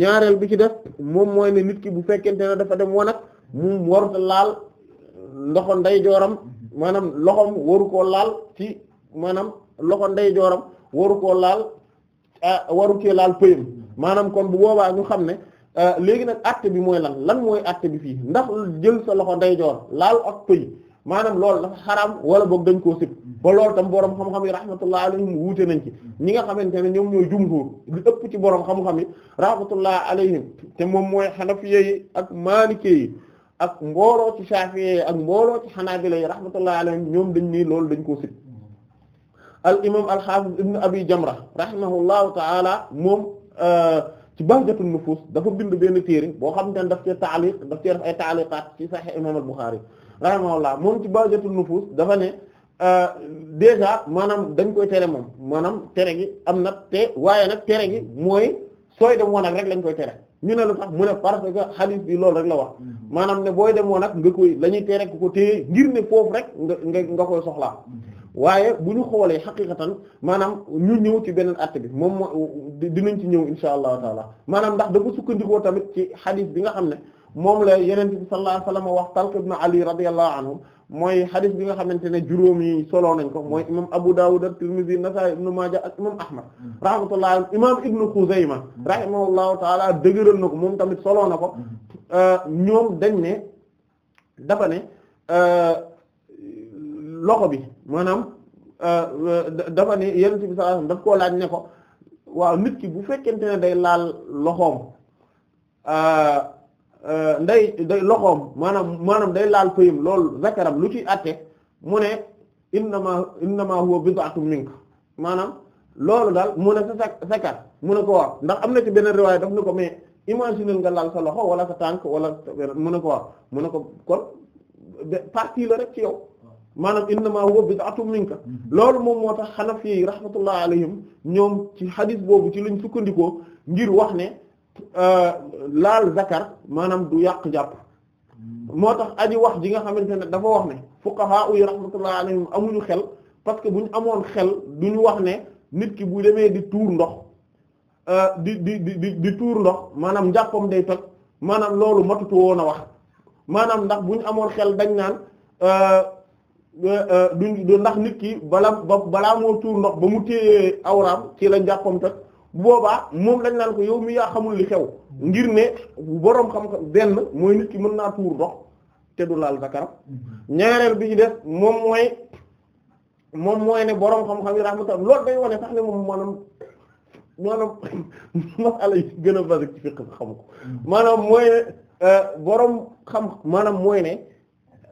S2: ñaareel bi ci def moom mooy ne nit ki bu fekkente ne dafa dem wanag mu waruta laal loxo ndeyjooram maanaam loxoom waru koo laal ci maanaam loxo ndeyjooram waru koo laal waru cee laal pëyam maanaam kon bu boobaa ñu xam ne léegi nag acte bi mooy lan lan mooy acte bi fii ndax jël sa loxo ndeyjoor laal ak pëy maanaam loolu dafa xaraam wala boog dañ koo sib ba loolu tam borom xam-xam yi rahmatullah alayhim wuute nañ ci ñinga nga xamante ne ñoom ñooy jumhur li ëpp ci borom xam-xam yi rahmatullah alayhim te moom mooy xanafiye ak maalikee yi ak mboro ci saafiyee ak mbooloo ci xanaabila yi rahmatullah alayhim ñoom dañ ni loolu dañ koo sib al imam al hafiz ibn abi jamra rahimahullahu taala moom euh, ci bahjatun nufus dafa bind benn téere boo xam ne daf cee taaliq daf cee def ay taaliqaat ci sahih imam al bukhari rahimahullah moom ci bajatul nufus dafa ne euh, déjà maanaam dañ koy tere moom maanaam tere gi am na te waaye nag tere gi mooy sooy dem woon ak rek lañ koy tere ñu ne lu tax mu ne parce que bi loolu rek la wax mm-hmm. maanaam ne booy demoon ak nga koy la tere tere ko téye ngir ne foofu rek nga nga koy soxlaa mm-hmm. waaye bu ñu xoolee xaqiqatan maanaam ñu ñëw ci beneen att bi moom dinañ ci ñëw insha allahu taala maanaam ndax dafa sukkandikoo tamit ci hadith bi nga xam ne moom la yeneen bi sa la wasallam wax Talq ibn Ali radiyallahu anhu mooy xadis bi nga xamante ne juróom yi nañ ko mooy imam Abu Dawud at-Tirmidhi Nasa'i ibn Majah ak imam Ahmad rahmatullahi imam ibn Khuzaymah rahimahullahu ta'ala dëgëral na ko moom tamit soloo na ko ñoom dañ ne dafa ne loxo bi maanaam dafa ne yeneen bi sallallahu alayhi wasallam daf koo laaj ne ko waaw nit ki bu fekkente ne day laal loxoom Euh, nday day loxoom maanaam maanaam day laal pëyam loolu zakaram lu ci àtte mu ne innama innama huwa bid'atun mink maanaam loolu daal mu ne sa zakar mu ne ko wax ndax am na ci beneen riwaay daf ne ko mais imaginer nga laal sa loxo wala sa tànk wala mu ne ko wax mu ne ko kon partie la rek ci yow maanaam innama huwa bid'atun minka loolu moom moo tax Hanafi rahmatullah alayhim ñoom ci hadith boobu ci lañ sukkandikoo ngir wax ne Euh, laal zakar maanaam du yàq jàpp moo tax aji wax ji nga xamante ne dafa wax ne fuqaha uy rahmatullahi alayhim amuñu xel parce que bu ñu amoon xel ñu wax ne nit ki bu demee di tuur ndox euh, di di di di tuur ndox maanaam njàppam day toj maanaam loolu matutu woon a wax maanaam ndax bu ñu amoon xel dañ naan euh, duñ ndax nit ki bala balaa moo tuur ndox ba mu téye awraam ci la njàppam toj boobaa moom lañ naan ko yow mi yaa xamul li xew ngir ne boroom xam-xam benn mooy nit ki mën naa tuur ndox te du laal zakaram ñaareel bi ci def moom mooy moom mooy ne boroom xam-xam yi rahmatullah lool day wane sax ne moom maanaam maanaam [LAUGHS] masala gën a basique ci xamu ko mm. maanaam mooy ne euh, boroom maanaam mooy ne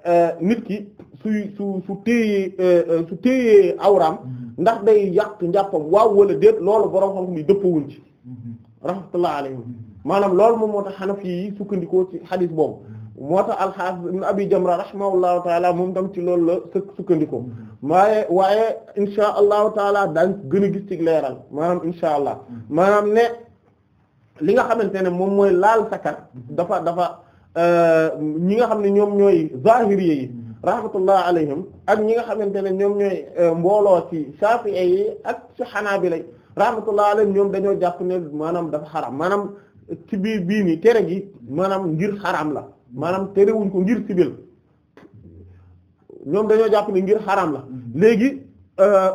S2: Euh, nit ki suy su su téyee euh, euh, su téyee awraam mm-hmm. ndax day yàq njàppam waaw wala déet loolu borom xam-xam yi dëppawuñ ci mm-hmm. rahmatullah alayhi mm-hmm. maanaam loolu moom moo tax xanafi yi sukkandikoo ci xadis boobu moo tax alxaafis ibn abi jamra rahimahullahu taala moom tam ci loolu la sëkk sukkandikoo waaye waaye insha allahu taala daañ gën a gis ci leeral maanaam insha allah maanaam ne li nga xamante ne moom mooy laal sakar dafa dafa ñi nga xam ne ñoom ñooy zahiri yi rahmatullah alayhim ak ñi nga xamante ne ñoom ñooy euh, mbooloo ci shafi'i yi ak ci xanaa hanabila rahmatullah alayhim ñoom dañoo jàpp ne maanaam dafa xaram maanaam ci biir bii nii tere gi maanaam ngir xaram la maanaam terewuñ ko ngir sibil ñoom dañoo jàpp ne ngir xaram la mm-hmm. léegi euh,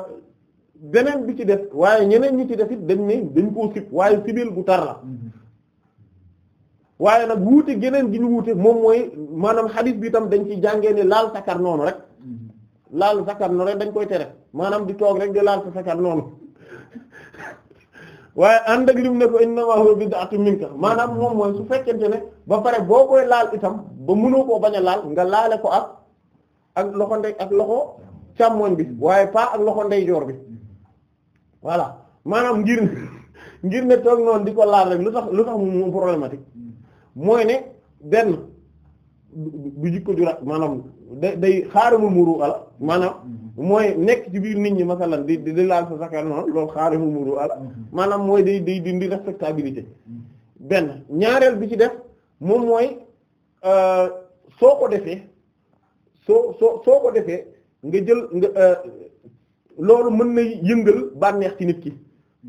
S2: beneen bi ci def waaye ñeneen ñi ci def it dañ dañ koo sib waaye sibil bu tar la mm-hmm. waaye nag wuute geneen gi ñu wuute moom mooy maanaam xadis bi tam dañ ci jàngee ne laal sakar noonu rek laal sakar noonu rek dañ koy tere maanaam di toog rek di laal sa sakar noonu [LAUGHS] waaye ànd maanaam moom mooy su fekkente ne ba pare boo koy laal itam ba mënoo koo baña laal nga laale ko ak ak loxo ndey ak loxo càmmoñ bi waaye pas ak loxo ndeyjoor bi voilà maanaam ngir [LAUGHS] ngir ne toog noonu di ko laal rek lu tax lu tax mu problématique mooy ne benn du jikko ju ra maanaam da day xaarimul muru ala maanaam mhm. mooy nekk ci biir nit ñi masalan di di laal sa sakar noonu loolu xaarimul muru ala mhm. maanaam mooy day day dindi respectabilité mhm. benn ñaareel bi ci def moom mooy euh, soo ko defee soo soo soo ko defee nga jël nga euh, loolu mën na yëngal bànneex ci nit ki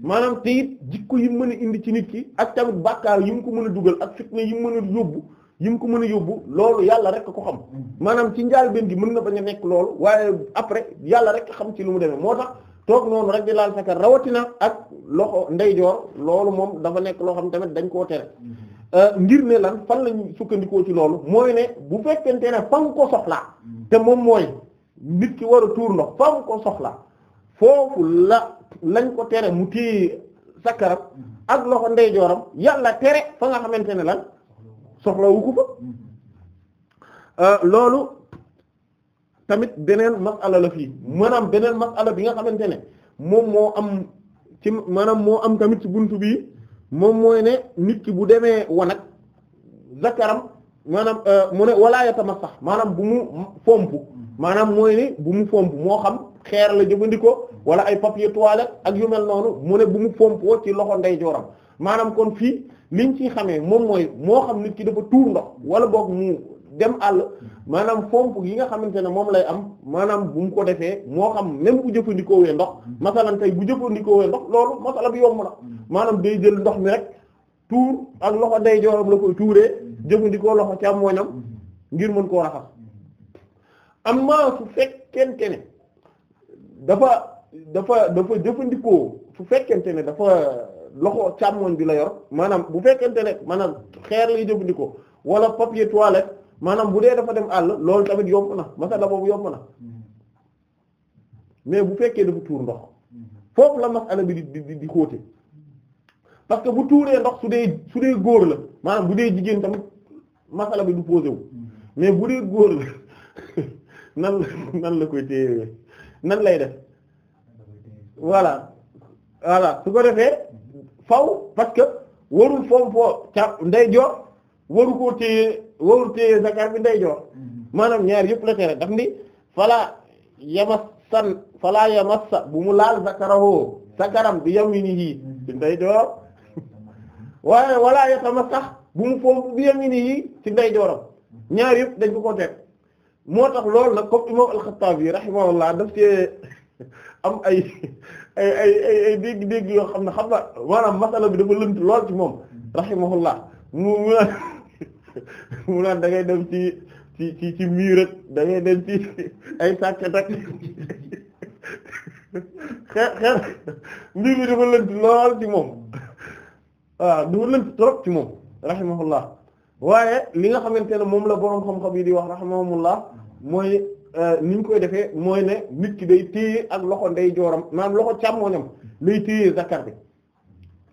S2: maanaam te it jikko yi mën a indi ci nit ki ak tamit bàkkaar yi mu ko mën a dugal ak fitna yi mu mën a yóbbu yi mu ko mën a yóbbu loolu yàlla rek ko xam mm. maanaam ci njaal njaalbeen gi mën na bañ a nekk loolu waaye après yàlla rek xam ci lu mu demee moo tax toog noonu rek di laal sa rawatina ak loxo ndeyjoor loolu moom dafa nekk loo xam tamit dañ koo tere mm-hmm. euh, ngir ne lan fan lañ sukkandikoo ci loolu mooy ne bu fekkente ne fa nga ko soxlaa mm. te moom mooy nit ki war a tuur ndox fa nga soxlaa lañ ko tere mu téye sakkaram ak loxo ndeyjooram yàlla tere fa nga xamante ne lan soxlawu ko fa euh, loolu tamit beneen masala fi fii maanaam beneen masala bi nga xamante ne moom moo am ci maanaam moo am tamit ci buntu bi moom mooy ne nit ki bu demee wanag zakaram maanaam euh, mu ne walaayatama sax maanaam bu mu fomp maanaam mooy ne bu mu fomp moo xam xeer la jëfandikoo wala ay papier toilette ak yu mel noonu mu ne bu mu pompoo ci loxo ndeyjooram maanaam kon fii liñ ci xamee moom mooy moo xam nit ki dafa tuur ndox wala boog mu dem àll maanaam pompe yi nga xamante ne moom lay am maanaam bu mu ko defee moo xam même bu jëfandikoo wee ndox masalan tey bu jëfandikoo wee ndox loolu masala bi yomb maanaam day jël ndox mi rek ak loxo ndeyjooram la koy tuuree jëfandikoo loxo càmmoñam ngir mën koo raxas amma dafa dafa dafa jëfandikoo su fekkente ne dafa loxo càmmoñ bi la yor maanaam bu fekkente ne maanaam xeer lay jëfandikoo wala papier toilette maanaam bu dee dafa dem àll lool tamit yomb na masala boobu yomb na mais bu fekkee dafa tuur ndox foofu la masala bi di di di parce que bu tuuree ndox su dee su dee góor la maanaam bu dee jigéen tamit masala bi du posé mm-hmm. mais bu dee góor la [LAUGHS] nan la nan la koy téye nan lay de voilà voilà su ko defee faw parce que warul foofu foo ca ndeyjoor waru koo téye waru téye zakar bi ndeyjoor mhm. maanaam ñaar yëpp la tere daf ni fala yamassan fala yamassa bu mu laal zakarahoo zakaram bi yaminihi ci ndeyjoor waaye wala yatamassa bu mu foofu bi yaminihi ci ndeyjooram ñaar yëpp dañ ko ko moo tax lool nag comme imam al-Khattabi rahimahullah daf am ay ay ay ay yoo xam ne xam na maanaam masala bi dafa lënt lool ci moom rahimahullah mu mu naan mu naan da ngay dem ci ci ci ci miir ak da ci ay sàkket ak xeer xeer mbir bi dafa lënt lool ci moom waaw dafa lënt trop ci moom rahimahullah waaye li nga xamante ne moom la boroom xam-xam yi di wax rahimahumullah mooy euh, ni ñu koy defee mooy ne nit ki day téye ak loxo ndey jooram maanaam loxo càmmoñam lay téye zakar bi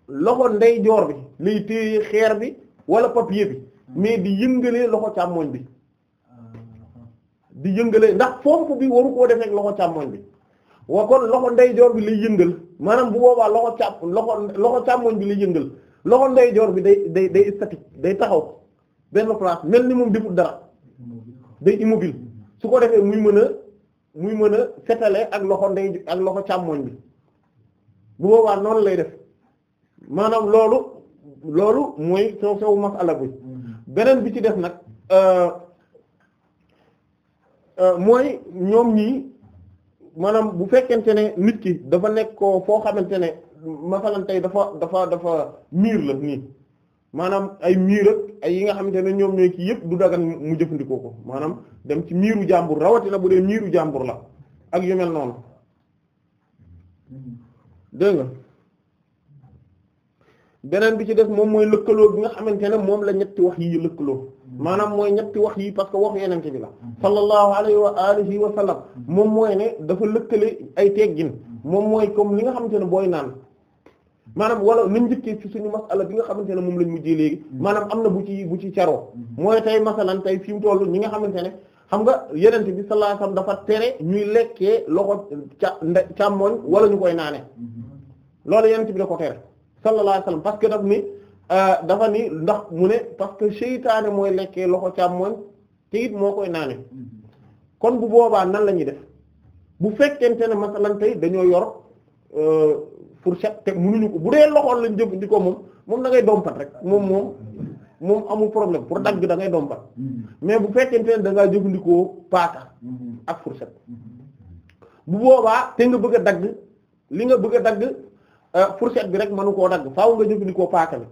S2: loxo ndeyjoor bi lay téye xeer bi wala papier bi mais di yëngalee loxo càmmoñ bi di yëngalee ndax fomp bi waru koo defee loxo càmmoñ bi wa kon loxo ndey bi lay yëngal maanaam bu boobaa loxo cà loxo loxo càmmoñ bi lay yëngal loxo ndey bi day day day statique day taxaw benn place mel ni moom defut dara day immobile su ko defee muy mën a muy mën a setale ak loxo ndey ak loxo càmmoñ bi bu boobaa noonu lay def maanaam loolu loolu mooy soo soow masala bi beneen bi ci def nag euh, euh, mooy ñoom ñii maanaam bu fekkente ne nit ki dafa nekk ko foo xamante ne masalan dafa dafa dafa miir la nii maanaam ay miir ak ay yi nga xamante ne ñoom ñooy kii yëpp du dagan mu jëfandikoo ko maanaam dem ci miiru jàmbur rawatina bu dee miiru jàmbur la ak yu noonu dégg nga beneen bi ci def moom mooy lëkkaloo bi nga xamante ne moom la ñetti wax yii lëkkaloo maanaam mooy ñetti wax yi parce que waxu yenente bi la sallallahu alayhi wa alihi wa sallam moom mooy ne dafa lëkkale ay teggin moom mooy comme li nga xamante ne booy naan maanaam wala nañ njëkkee ci suñu masala bi nga xamante ne moom lañ mujjee léegi mm. maanaam am na bu ci bu ci caroo mm. mooy tey masalan tey fi mu toll ñi nga xamante ne xam nga yenent bi sallallahu dafa tere ñuy lekkee loxo ca càmmooñ wala ñu koy naane mm-hmm. loolu yenent bi da ko tere sallallahu parce que daf ni euh, dafa ni ndax mu ne parce que seytaane mooy lekkee loxo càmmooñ te moo koy naane mm-hmm. kon bu boobaa nan la ñuy def bu fekkente ne masalan tey dañoo yor euh, pour set te mënuñu ko bu dee loxo lañ jëfandikoo moom moom da ngay dompat rek moom moom moom amul problème pour dagg da ngay dompat mais bu fekkente ne da ngaa jëfandikoo paaka ak bu boobaa te nga bëgg a dagg li nga bëgg a dagg euh, fourchette bi rek mënu koo dagg faaw nga jëfandikoo paaka bi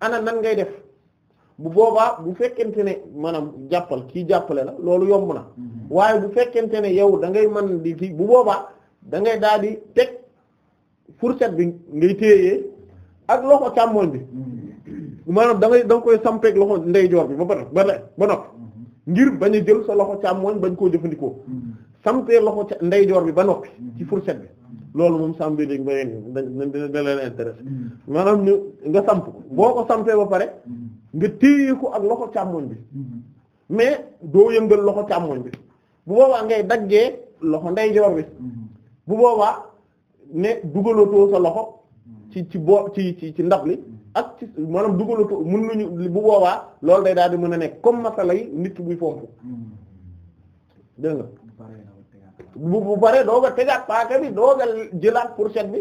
S2: ana nan ngay def bu boobaa bu fekkente ne maanaam jàppal kii jàppale la loolu yomb na mm-hmm. waaye bu fekkente ne yow dangay ngay mën di kii bu boobaa da ngay daal di teg fourchette bi ngay téyee ak loxo càmmoñ bi maanaam da ngay da koy sampeeg loxo ndeyjoor bi ba pare ba ne ba noppi ngir bañ a jël sa loxo càmmoñ bañ koo jëfandikoo sampee loxo ndeyjoor bi ba noppi ci fourchette bi loolu moom sàmp bi léegi ba léegi da leen intéressé maanaam nga samp ko boo ko sampee ba pare nga téye ko ak loxo càmmoñ bi mais doo yëngal loxo càmmoñ bi bu boobaa ngay daggee loxo ndeyjoor bi bu boobaa ne dugalatoo sa loxo ci ci boo ci ci ci ndab li mm-hmm. ak ci maanaam dugalatoo nañu bu boobaa loolu day daal di mën a nekk comme masala yi nit buy fomp mm-hmm. dégg nga bu bu paree ko tegaat paaka bi dooga jëlaat set bi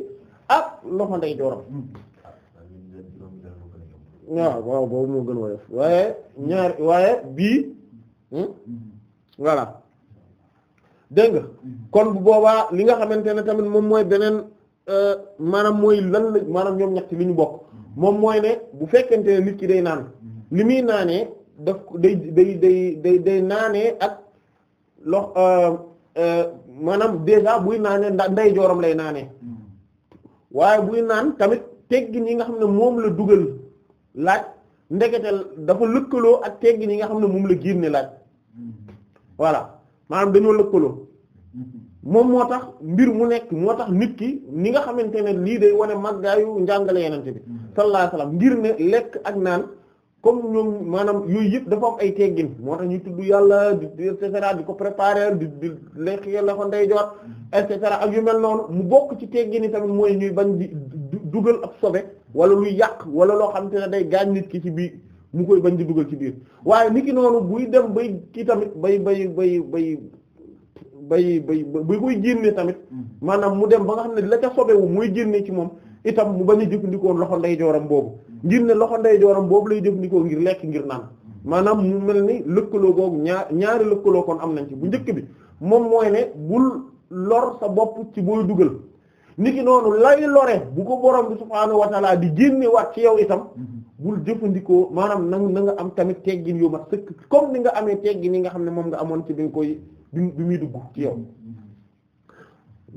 S2: ak loxo ndey jooram mm-hmm. waaw waaw boobu moo gën woyof waaye ñaar waaye bii hmm? voilà dégg nga mhm. kon boobaa li nga xamante ne tamit moom mooy beneen euh, maanaam mooy lan la maanaam ñoom ñett li ñu bokk mhm. moom mooy ne bu fekkente ne nit ki day naan mhm. li muy naanee daf day day day day day naanee ak lox euh, euh, maanaam déjà buy naanee nda nday jooram lay naanee waaye buy naan tamit teggin yi nga xam ne moom la dugal laaj ndekete dafa lëkkaloo ak teggin yi nga xam ne moom la génne laaj voilà maanaam dañoo lëkkaloo
S3: mm-hmm.
S2: moom moo tax mbir mu nekk moo tax nit ki ni nga xamante ne lii day wane màggaayu njàngale yenante bi mm-hmm. sallallahu alayhi ngir ne lekk ak naan comme ñoom maanaam yooyu yëpp dafa am ay teggin moo tax ñuy tudd yàlla di et cetera di ko préparer di di lekk yàlla ko ndey jot mm-hmm. et cetera ak yu mel noonu mu bokk ci teggin yi tamit mooy ñuy bañ di dugal ab sobe wala luy yàq wala loo xam xamante ne day gaañ nit ki ci biir mu koy bañ di dugal ci biir waaye niki noonu buy dem bay kii tamit bay bay bay bay bay bay bay koy génne tamit mm-hmm. maanaam mu dem ba nga xam ne la ca sobewu muy génne ci moom itam mu bañ a jëfandikoo loxo ndeyjooram boobu mm-hmm. ngir ne loxo ndeyjooram boobu lay jëfandikoo ngir lekk ngir naan mm-hmm. maanaam mu mel ni lëkkaloo googu ñaar ñaari lëkkaloo kon am nañ ci bu njëkk bi moom mooy ne bul lor sa bopp ci booy dugal niki noonu lay lore bu ko borom bi subhaanahu wa ta'ala di génne waat ci yow itam bul jëfandikoo maanaam na na nga am tamit teggin yu ma sëkk comme ni nga amee teggin yi nga xam ne moom nga amoon ci bi koy bi muy dugg ci yow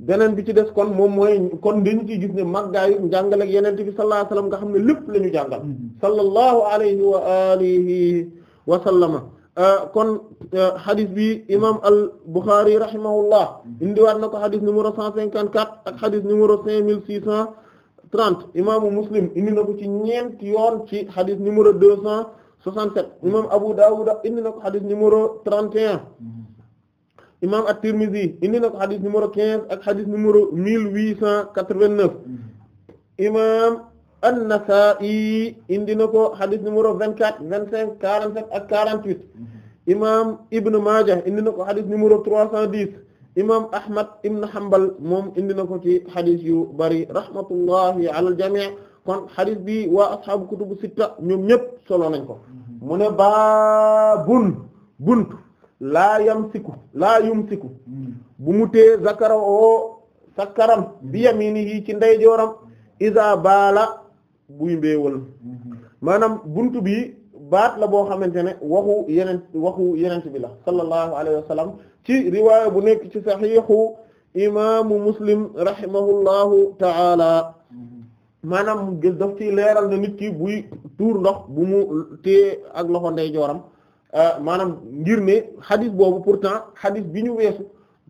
S2: beneen bi ci des kon moom mooy kon dañu ciy gis ne màggaayu njàngale ak yeneen bi sallallahu alayhi wa sallam nga xam ne lépp la ñu jàngal mm-hmm. sallallahu alayhi wa alihi wa sallama euh, kon euh, hadith bi imam al Bukhari rahimahullah mm-hmm. indiwaat na ko hadith numéro 154 ak hadith numéro 5600 30 imaamu muslim indi ko ci ñeenti yoon ci xadis numéro 267 imaam Abu Dawud indi na ko xadis numéro 31 imaam at-Tirmidhi indi na ko xadis numéro 15 ak xadis numéro 1889 imaam an-Nasa'i indi na ko xadis numéro 24 25 47 ak
S3: 48
S2: imaam Ibn Majah indi na ko xadis numéro 310. imam ahmad ibn hanbal moom indi na ko ci xadis yu bari rahmatullahi ala al kon xadis bi waa ashaabu kutubu sitta ñoom ñépp solo nañ ko mu ne baa bun bunt laa yamsiku laa yumsiku bu mu tee zakara oo sakaram bi yaminihi ci ndeyjooram isa baala buy mbeewal mhm. maanaam bunt bi baat la boo xamante ne waxu yeneen waxu yeneen bi la sallallahu alayhi wa ci riwaaya bu nekk ci saxiixu imaamu muslim rahimahullahu taala maanaam gis daf ci leeral na nit ki buy tuur ndox bu mu téye ak loxo ndeyjooram euh, maanaam ngir ne xadis boobu pourtant xadis bi ñu weesu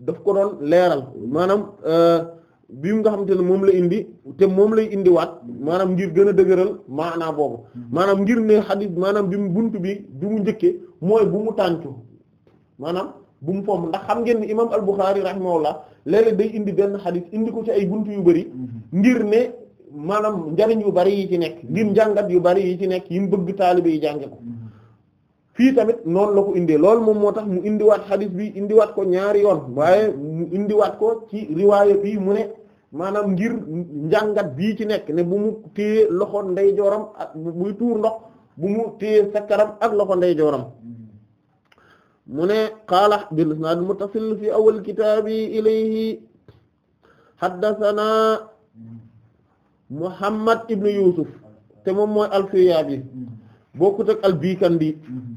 S2: daf ko doon leeral maanaam. Euh, bi mu nga xamante ne moom la indi te moom lay indiwaat maanaam ngir gën a dëgëral maanaam boobu mm-hmm. maanaam ngir ne xadis maanaam bi mu bunt bi bi mu njëkkee mooy bu mu tàncu maanaam bu mu fomm ndax xam ngeen ni imaam al-Bukhari rahimahullah léeg-léeg day indi benn xadis indi ko ci ay bunt yu bari mm-hmm. ngir ne maanaam njariñ yu bari yi ci nekk ngir njàngat yu bari yi ci nekk yi mu bëgg taalibe yi jànge ko mm-hmm. fii tamit noonu la ko indee loolu moom moo tax mu indiwaat xadis bi indiwaat ko ñaari yoon waaye mu indiwaat ko ci riwaaya bii mu ne maanaam ngir njàngat bii ci nekk ne bu mu téye loxo ndeyjooram mu buy tuur ndox bu mu téye sakkaram ak loxo ndeyjooram mu ne qaala bil isnaad muttasil fi awal kitaabi ilayhi haddasanaa Muhammad ibn Yusuf te moom mooy alfiya bi mm-hmm. bokkut ak albikandi mm-hmm.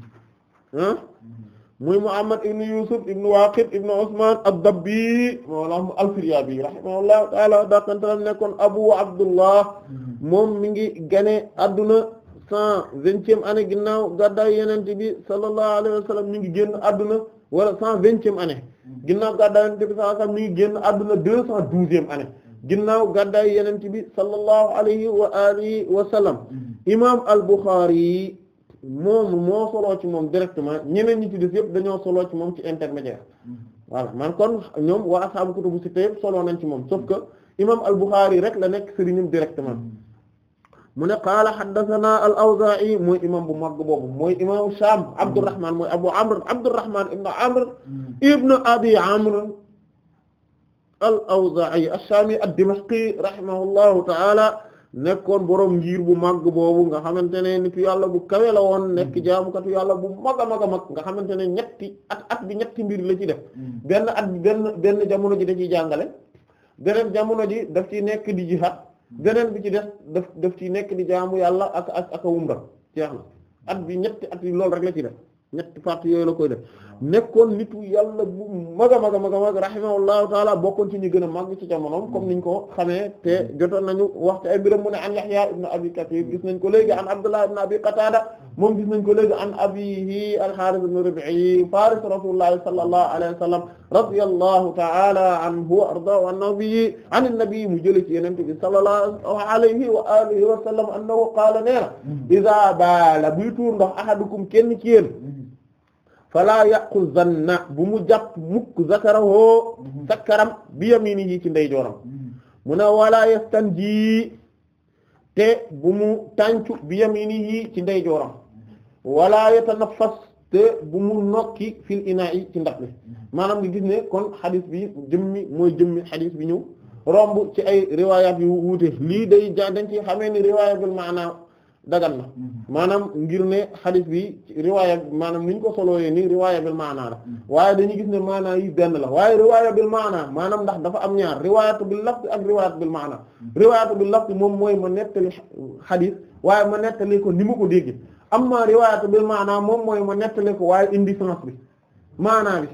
S2: muy Muhammad ibn Yusuf ibn Waqid ibn Usman ad-Dabbi mawlahum al-Firyabi rahimahullahu ta'ala dakantalam nekkoon Abu Abdullah moom mi ngi gane adduna cent vingtième année ginnaaw gàddaay yenente bi sallallahu alayhi wa sallam mi ngi génn adduna wala cent vingtième année ginnaaw gàddaay yenente bi sallallahu alayhi wa sallam mi génn adduna deux cent douzième année ginnaaw gàddaay yenente bi sallallahu alayhi wa alihi wa hmm. imam al moom moo soloo ci moom directement ñeneen ñi ci des yëpp dañoo soloo ci moom ci intermédiaire mm-hmm. voilà man kon ñoom waa ashaabu kutubu sitta yëpp soloo nañ ci moom sauf que imam al-Bukhari rek la nekk sëriñum directement mm-hmm. mu ne qaala haddathana al-Awzaa'i mooy imam bu mag boobu mooy imam Shaam mm-hmm. Abdurrahman mooy Abu Amr Abdurrahman ibn Amr ibn Abi Amr al-Awzaa'i ash-Shaami ad-Dimashqi rahimahullahu ta'ala nekkoon borom ngir bu màgg boobu nga xamante ne nitu yàlla bu kawe la woon nekk mm. jaamukatu yàlla bu mag a mag a mag nga xamante ne ñetti at at bi ñetti mbir la ci def mm. benn at bi benn benn jamono ji da ciy jàngale beneen jamono ji daf ciy nekk di jihaad mm. beneen bi ci def daf daf ciy nekk di jaamu yàlla ak ak ak umra jeex na at bi ñetti at yi loolu rek la ci def ñetti parties yooyu la koy def nekkoon nitu yàlla bu mag a mag a mag a mag rahimahullahu taala ci ñu gën a màgg ci jamonoom comme niñ ko xamee te jotoon nañu wax ci ay mbiram mu ne an Yahya ibn Abi Kathir gis nañ ko léegi an Abdullah ibn Abi Qatada moom gis nañ ko léegi an abihi al-Harith ibn Rib'i faris rasulullahi sallallahu alayhi wa sallam radiyallahu taala anhu wa ardaahu an nabiyyi an an-nabi mu jële ci yenente bi sallallahu alayhi wa alihi wa sallam annahu qaala nee na iza baala buy tuur ndox ahadukum kenn falaa yàqul zanna bu mu jàpp mukk zakarahoo zakaram bi yaminihi ci ndeyjooram mm. mu ne walaa yastanji te bu mu tàncu bi yaminihi ci ndeyjooram mm. wala yatanaffas te bu mu nokki fil inaa'i ci ndax mi mm. maanaam nga gis kon xadis bi jëmmi mooy jëmmi xadis bi ñëw romb ci ay riwaayaat yu wuute lii day ja dañ ci xamee ni dagan na mhm. maanaam ngir ne xadis bi riwaaya maanaam ni ñu ko solooyee nii riwaaya bil maanaa la mhm. waaye dañu gis ne maanaa yi benn la waaye riwaaya bil maanaa maanaam ndax dafa am ñaar riwaayatu bil lafz ak riwaayatu bil maanaa mhm. riwaayatu bil lafz moom mooy ma nettali xadis waaye ma nettali ko ni ma ko dégg amma riwaayatu bil maanaa moom mooy ma nettali ko waaye indi sens bi maanaa bi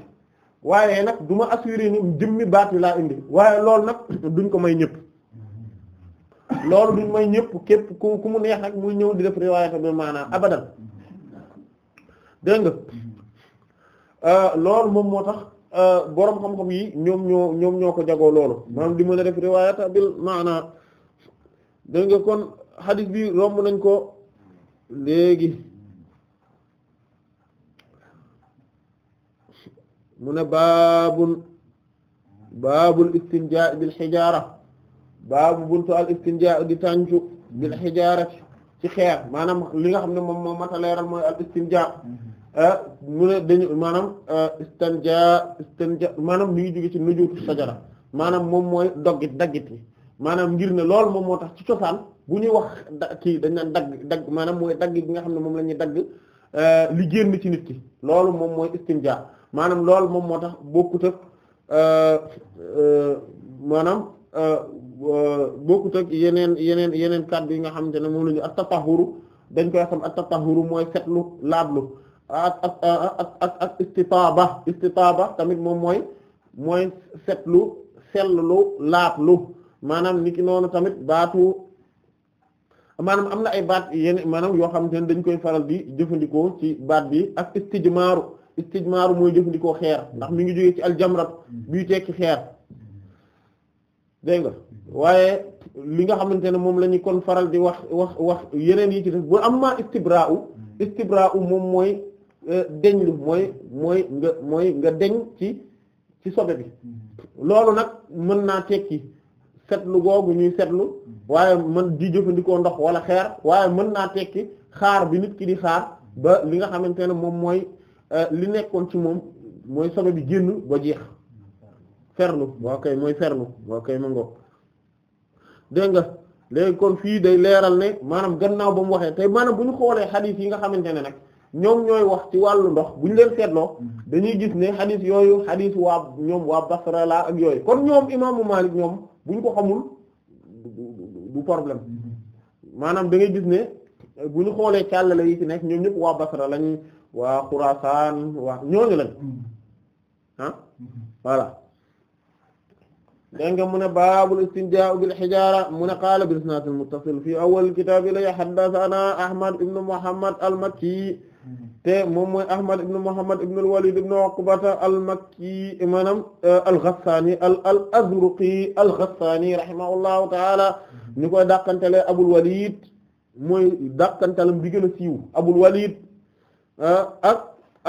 S2: waaye nag du ma assuré ni jëmmi baat bi laa indi waaye loolu nag duñ ko may ñëpp loolu duñ may ñëpp képp ku ku mu neex rek mu ñëw di def riwaayata bi maanaam abadan dégg nga euh, loolu moom moo tax euh, boroom xam-xam yi ñoom ñoo ko jagoo loolu maanaam di mën a def riwaayata bil maanaam dégg nga kon hadith bi romb nañ ko léegi mu ne baabun baabul istinjaa bil xijaara baabu buntu al istinjaa di tàncu bil xijaarati ci xeer maanaam li nga xam ne moom moo mata leeral mooy al istinjaa eh, mu ne dañu maanaam eh, istinjaa istinjaa maanaam li ngi ci nujuutu sajara maanaam moom mooy doggit daggit yi maanaam ngir ne loolu moom moo tax ci cosaan bu ñuy wax da kii dañ naan dagg dagg maanaam mooy dagg gi nga xam ne moom la ñuy dagg eh, li génn ci nit ki loolu moom mooy istinjaa maanaam lool moom moo tax bokkut ak maanaam Euh, bokkut ak yeneen yeneen yeneen kàddu yi nga xamante ne moom la ñu at dañ koy xam at-tatahhuru mooy setlu laablu ak ak ak ak ak tamit moom mooy mooy setlu sellu laablu maanaam niki noonu tamit baatu maanaam am na ay baat yeneen maanaam yoo xam xamante ne dañ koy faral di jëfandikoo ci baat bi ak istijmaaru istijmaaru mooy jëfandikoo xeer ndax mi ngi jógee ci aljamrat mm. buy tekki xeer dégg nga waaye li nga xamante ne moom la ñu kon faral di wax wax wax yeneen yi ci def bu am maa istibra'u istibra'u moom mooy euh, deñlu mooy mooy nga mooy nga deñ ci ci sobe bi
S3: mm-hmm.
S2: loolu nag mën naa tekki setlu googu ñuy setlu mm-hmm. waaye mën di jëfandikoo ndox wala xeer waaye mën naa tekki xaar bi nit ki di xaar ba li nga xamante ne moom mooy euh, li nekkoon ci moom mooy sobe bi génn ba jeex mm-hmm. ferlu waaw kay mooy ferlu waaw kay ma dégg nga léegi kon fii day leeral ne maanaam gannaaw ba mu waxee tey maanaam bu ñu xoolee xadiis yi nga xamante ne nag ñoom ñooy wax ci wàllu ndox bu ñu leen seetloo mm-hmm. dañuy gis ne xadiis yooyu xadiis waa ñoom waa Basra ak yooyu kon ñoom imaamu Maalik ñoom bu ñu ko xamul du problème mm-hmm. maanaam da gis ne bu ñu xoolee càllale yi nekk ñoom ñëpp waa Basra lañ waa Xuraasaan waa ñooñu lañ
S3: mm-hmm.
S2: ah voilà dégg nga mu ne baabul istinjaa bil hijaara mu ne qaala bil isnaad al muttasil fii awwal kitaab ilay haddathanaa Ahmad ibn Muhammad al makki te moom mooy Ahmad ibn Muhammad ibn al walid ibn Uqbata al makki maanaam eh, al Ghassaani al al Azraqi al Ghassaani rahimahullahu ta'ala ñu koy dàqanteel abul walid mooy dàqanteelam bi gën a siiw abul walid eh, ak.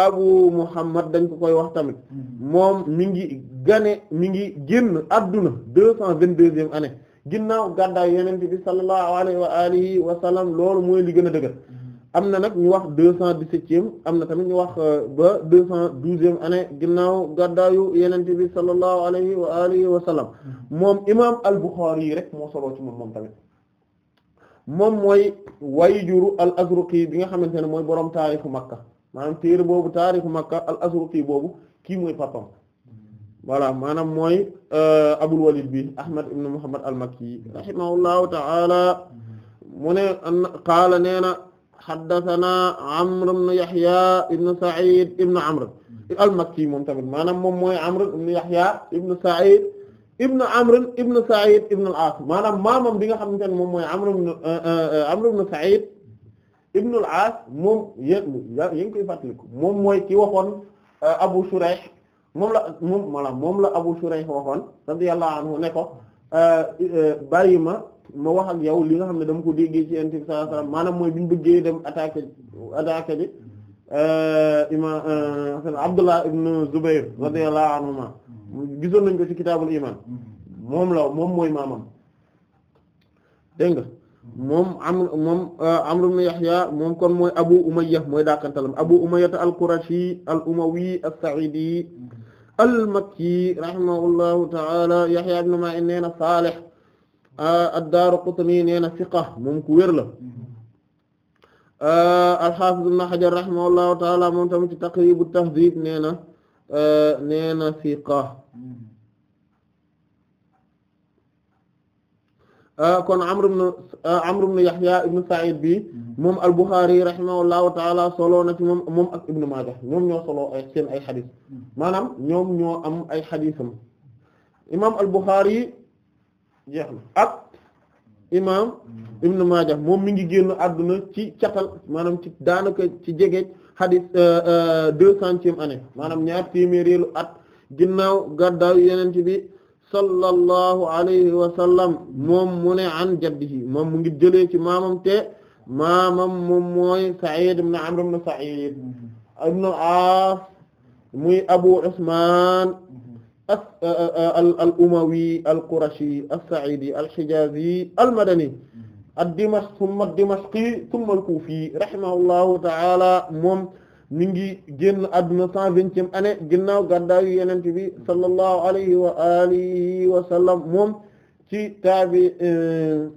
S2: abu muhammad dañ ko koy wax tamit mm-hmm. moom mi ngi gane mi ngi génn adduna deux cent vingt deuxième année ginnaaw gàddaay yeneen bi sallallahu alayhi wa alihi wa loolu mooy li gën a dëgër mm-hmm. am na nag ñu wax deux cent dix-septième am na tamit ñu wax euh, ba deux cent douzième année ginnaaw gàddaayu yeneen bi sallallahu alayhi wa alihi wa mm-hmm. moom imaam al rek moo soloo ci moom moom tamit moom mooy wayjuru al-Azraqi bi nga xamante ne mooy boroom taarixu Makka maanaam téere boobu taarixu Makka al Azraqi boobu kii mooy papam voilà maanaam mooy euh, Abul Walid bi Ahmad ibn Muhammad al Makki rahimahullahu ta'ala mu ne qaala nee na haddathana Amr ibn Yahya ibn Sa'id ibn Amr al Makki moom tamit maanaam moom mooy Amr ibn Yahya ibn Sa'id ibn Amr ibn Sa'id ibn al-As maanaam maamam bi nga xamante ne moom mooy Amr ibn euh, euh, Amr ibn Sa'id ibnul Aas moom yéetlu yaa ngi koy fàttaliku moom mooy ki waxoon euh, Abu Shurayh moom la moom voilà moom la Abu Shurayh waxoon radiyallahu anhu ne ko euh, euh, bàyyi ma ma wax ak yow li nga xam ne dama ko déggee ci maanaam mooy bi ñu bëggee dem attaqué attaqué bi imaam Abdullah ibn Zubayr radiyallahu anhuma gisoon nañ ko ci kitaabul iman moom la moom mooy maamam nga moom am moom euh, Amr ibn Yahya moom kon mooy Abu Umayya mooy daakantalam Abu Umayya al-Qurashi al-Umawi as-Sa'idi al-Makki rahimahullahu ta'ala Yahya ibn Ma'in nee na Salih euh, ad-Daraqutni nee na thiqa moom ku wér la euh, al-Hafiz ibn Hajar rahimahullahu ta'ala moom tamit ci Taqrib at-Tahdhib nee na nee na thiqa Euh, kon Amr ibn euh, Amr ibn Yahya ibn Sa'id bi mhm. moom al-Bukhari rahimahullahu taala solo na ci moom moom ak Ibn Majah ñoom ñoo solo ay seen ay xadis mhm. maanaam ñoom ñoo am ay xadisam imaam al-Bukhari jeex na ak imaam mhm. Ibn Majah moom mi ngi génn àdduna ci catal maanaam ci daanaka ci jege xadis euh, deux centième année maanaam ñaar téeméeri at ginnaaw gàddaaw yeneen ci bi. sallallahu alayhi wa sallam moom mu ne an jaddihi moom mu ngi jëlee ci maamam te maamam moom mooy Sa'id ibn Amr ibn Sa'id ibn al-As muy Abu Usman euh, euh, al umawi al qurashi as-Sa'idi al-Hijazi al-Madani ad-Dimashqi thumma ad-Dimashqi thumma al-Kufi rahimahullahu ta'ala moom mi ngi génn àdduna cent vingtième année ginnaaw gàddaayu yenente bi sallallahu alayhi wa alihi wa sallam moom ci taabi euh,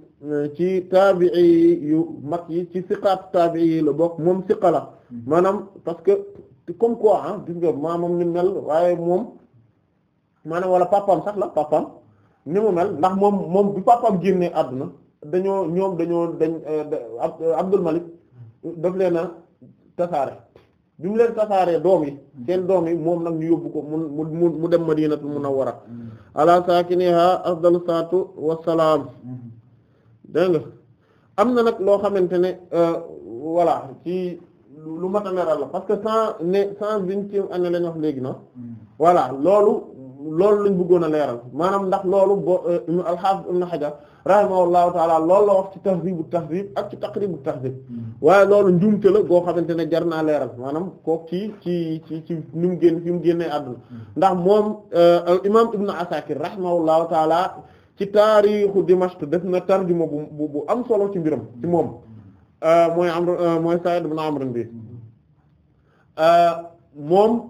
S2: ci taabii yu mag yi ci siqaat taabii yi la bokk moom siqa la maanaam parce que comme quoi ah maamam ni mel waaye moom maanaam wala papam sax la papam ni mu mel ndax moom moom bi papam génnee àdduna dañoo ñoom dañoo dañ euh, Abdul Malik daf leen a tasaare bi mu leen tasaaree doom yi seen doom yi moom nag ñu yóbbu ko mu mu mu dem madinatul munawwara ala saakiniha afdalu salaatu wassalaam dégg nga am na nag loo xamante ne euh, voilà ci lu mat a la parce que cent ne cent vingtième année lañ wax léegi na voilà loolu loolu lañ bëggoon a leeral maanaam ndax loolu bo euh, alxaafis ibn Hajar rahimahullahu taala loolu la wax ci tahzibu tahzib ak ci taqribu tahzib waaye loolu njuumte la goo xamante ne jar naa leeral maanaam kook ci ci ci ci ni génn fi mu génnee àdduna ndax moom euh, imam ibnu asakir rahimahullahu taala ci taarixu Dimashq def na tarjuma bu am solo ci mbiram ci moom euh, mooy amr euh, mooy Sa'id ibn Amr moom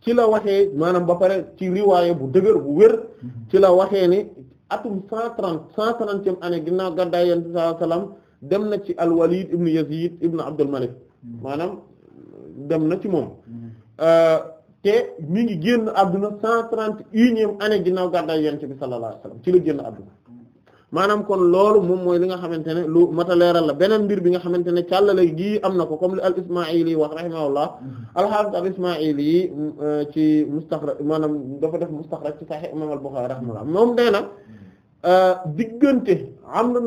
S2: ci la waxee maanaam ba pare ci riwaaye bu dëgër bu wér ci la waxee ni atum cent trente cent trentième année ginnaaw gàddaay yonent bi sallallahu alayhi dem na ci al-Walid ibn Yazid ibn Abdul Malik hmm. maanaam dem na ci moom hmm. euh, te mi ngi na àdduna cent trente et unième année ginnaaw gàddaay yonent bi sallallahu alayhi wasallam ci la génn àdduna maanaam kon loolu moom mooy li nga xamante ne lu mata leeral la beneen mbir bi nga xamante ne càllale gii am na ko comme li al ismaili wax rahimahullah mm-hmm. alxaafis al ismaili yi euh, ci mustaxraj maanaam dafa def mustaxraj ci sahih imam al bukhari rahimahullah moom nee na euh, diggante amr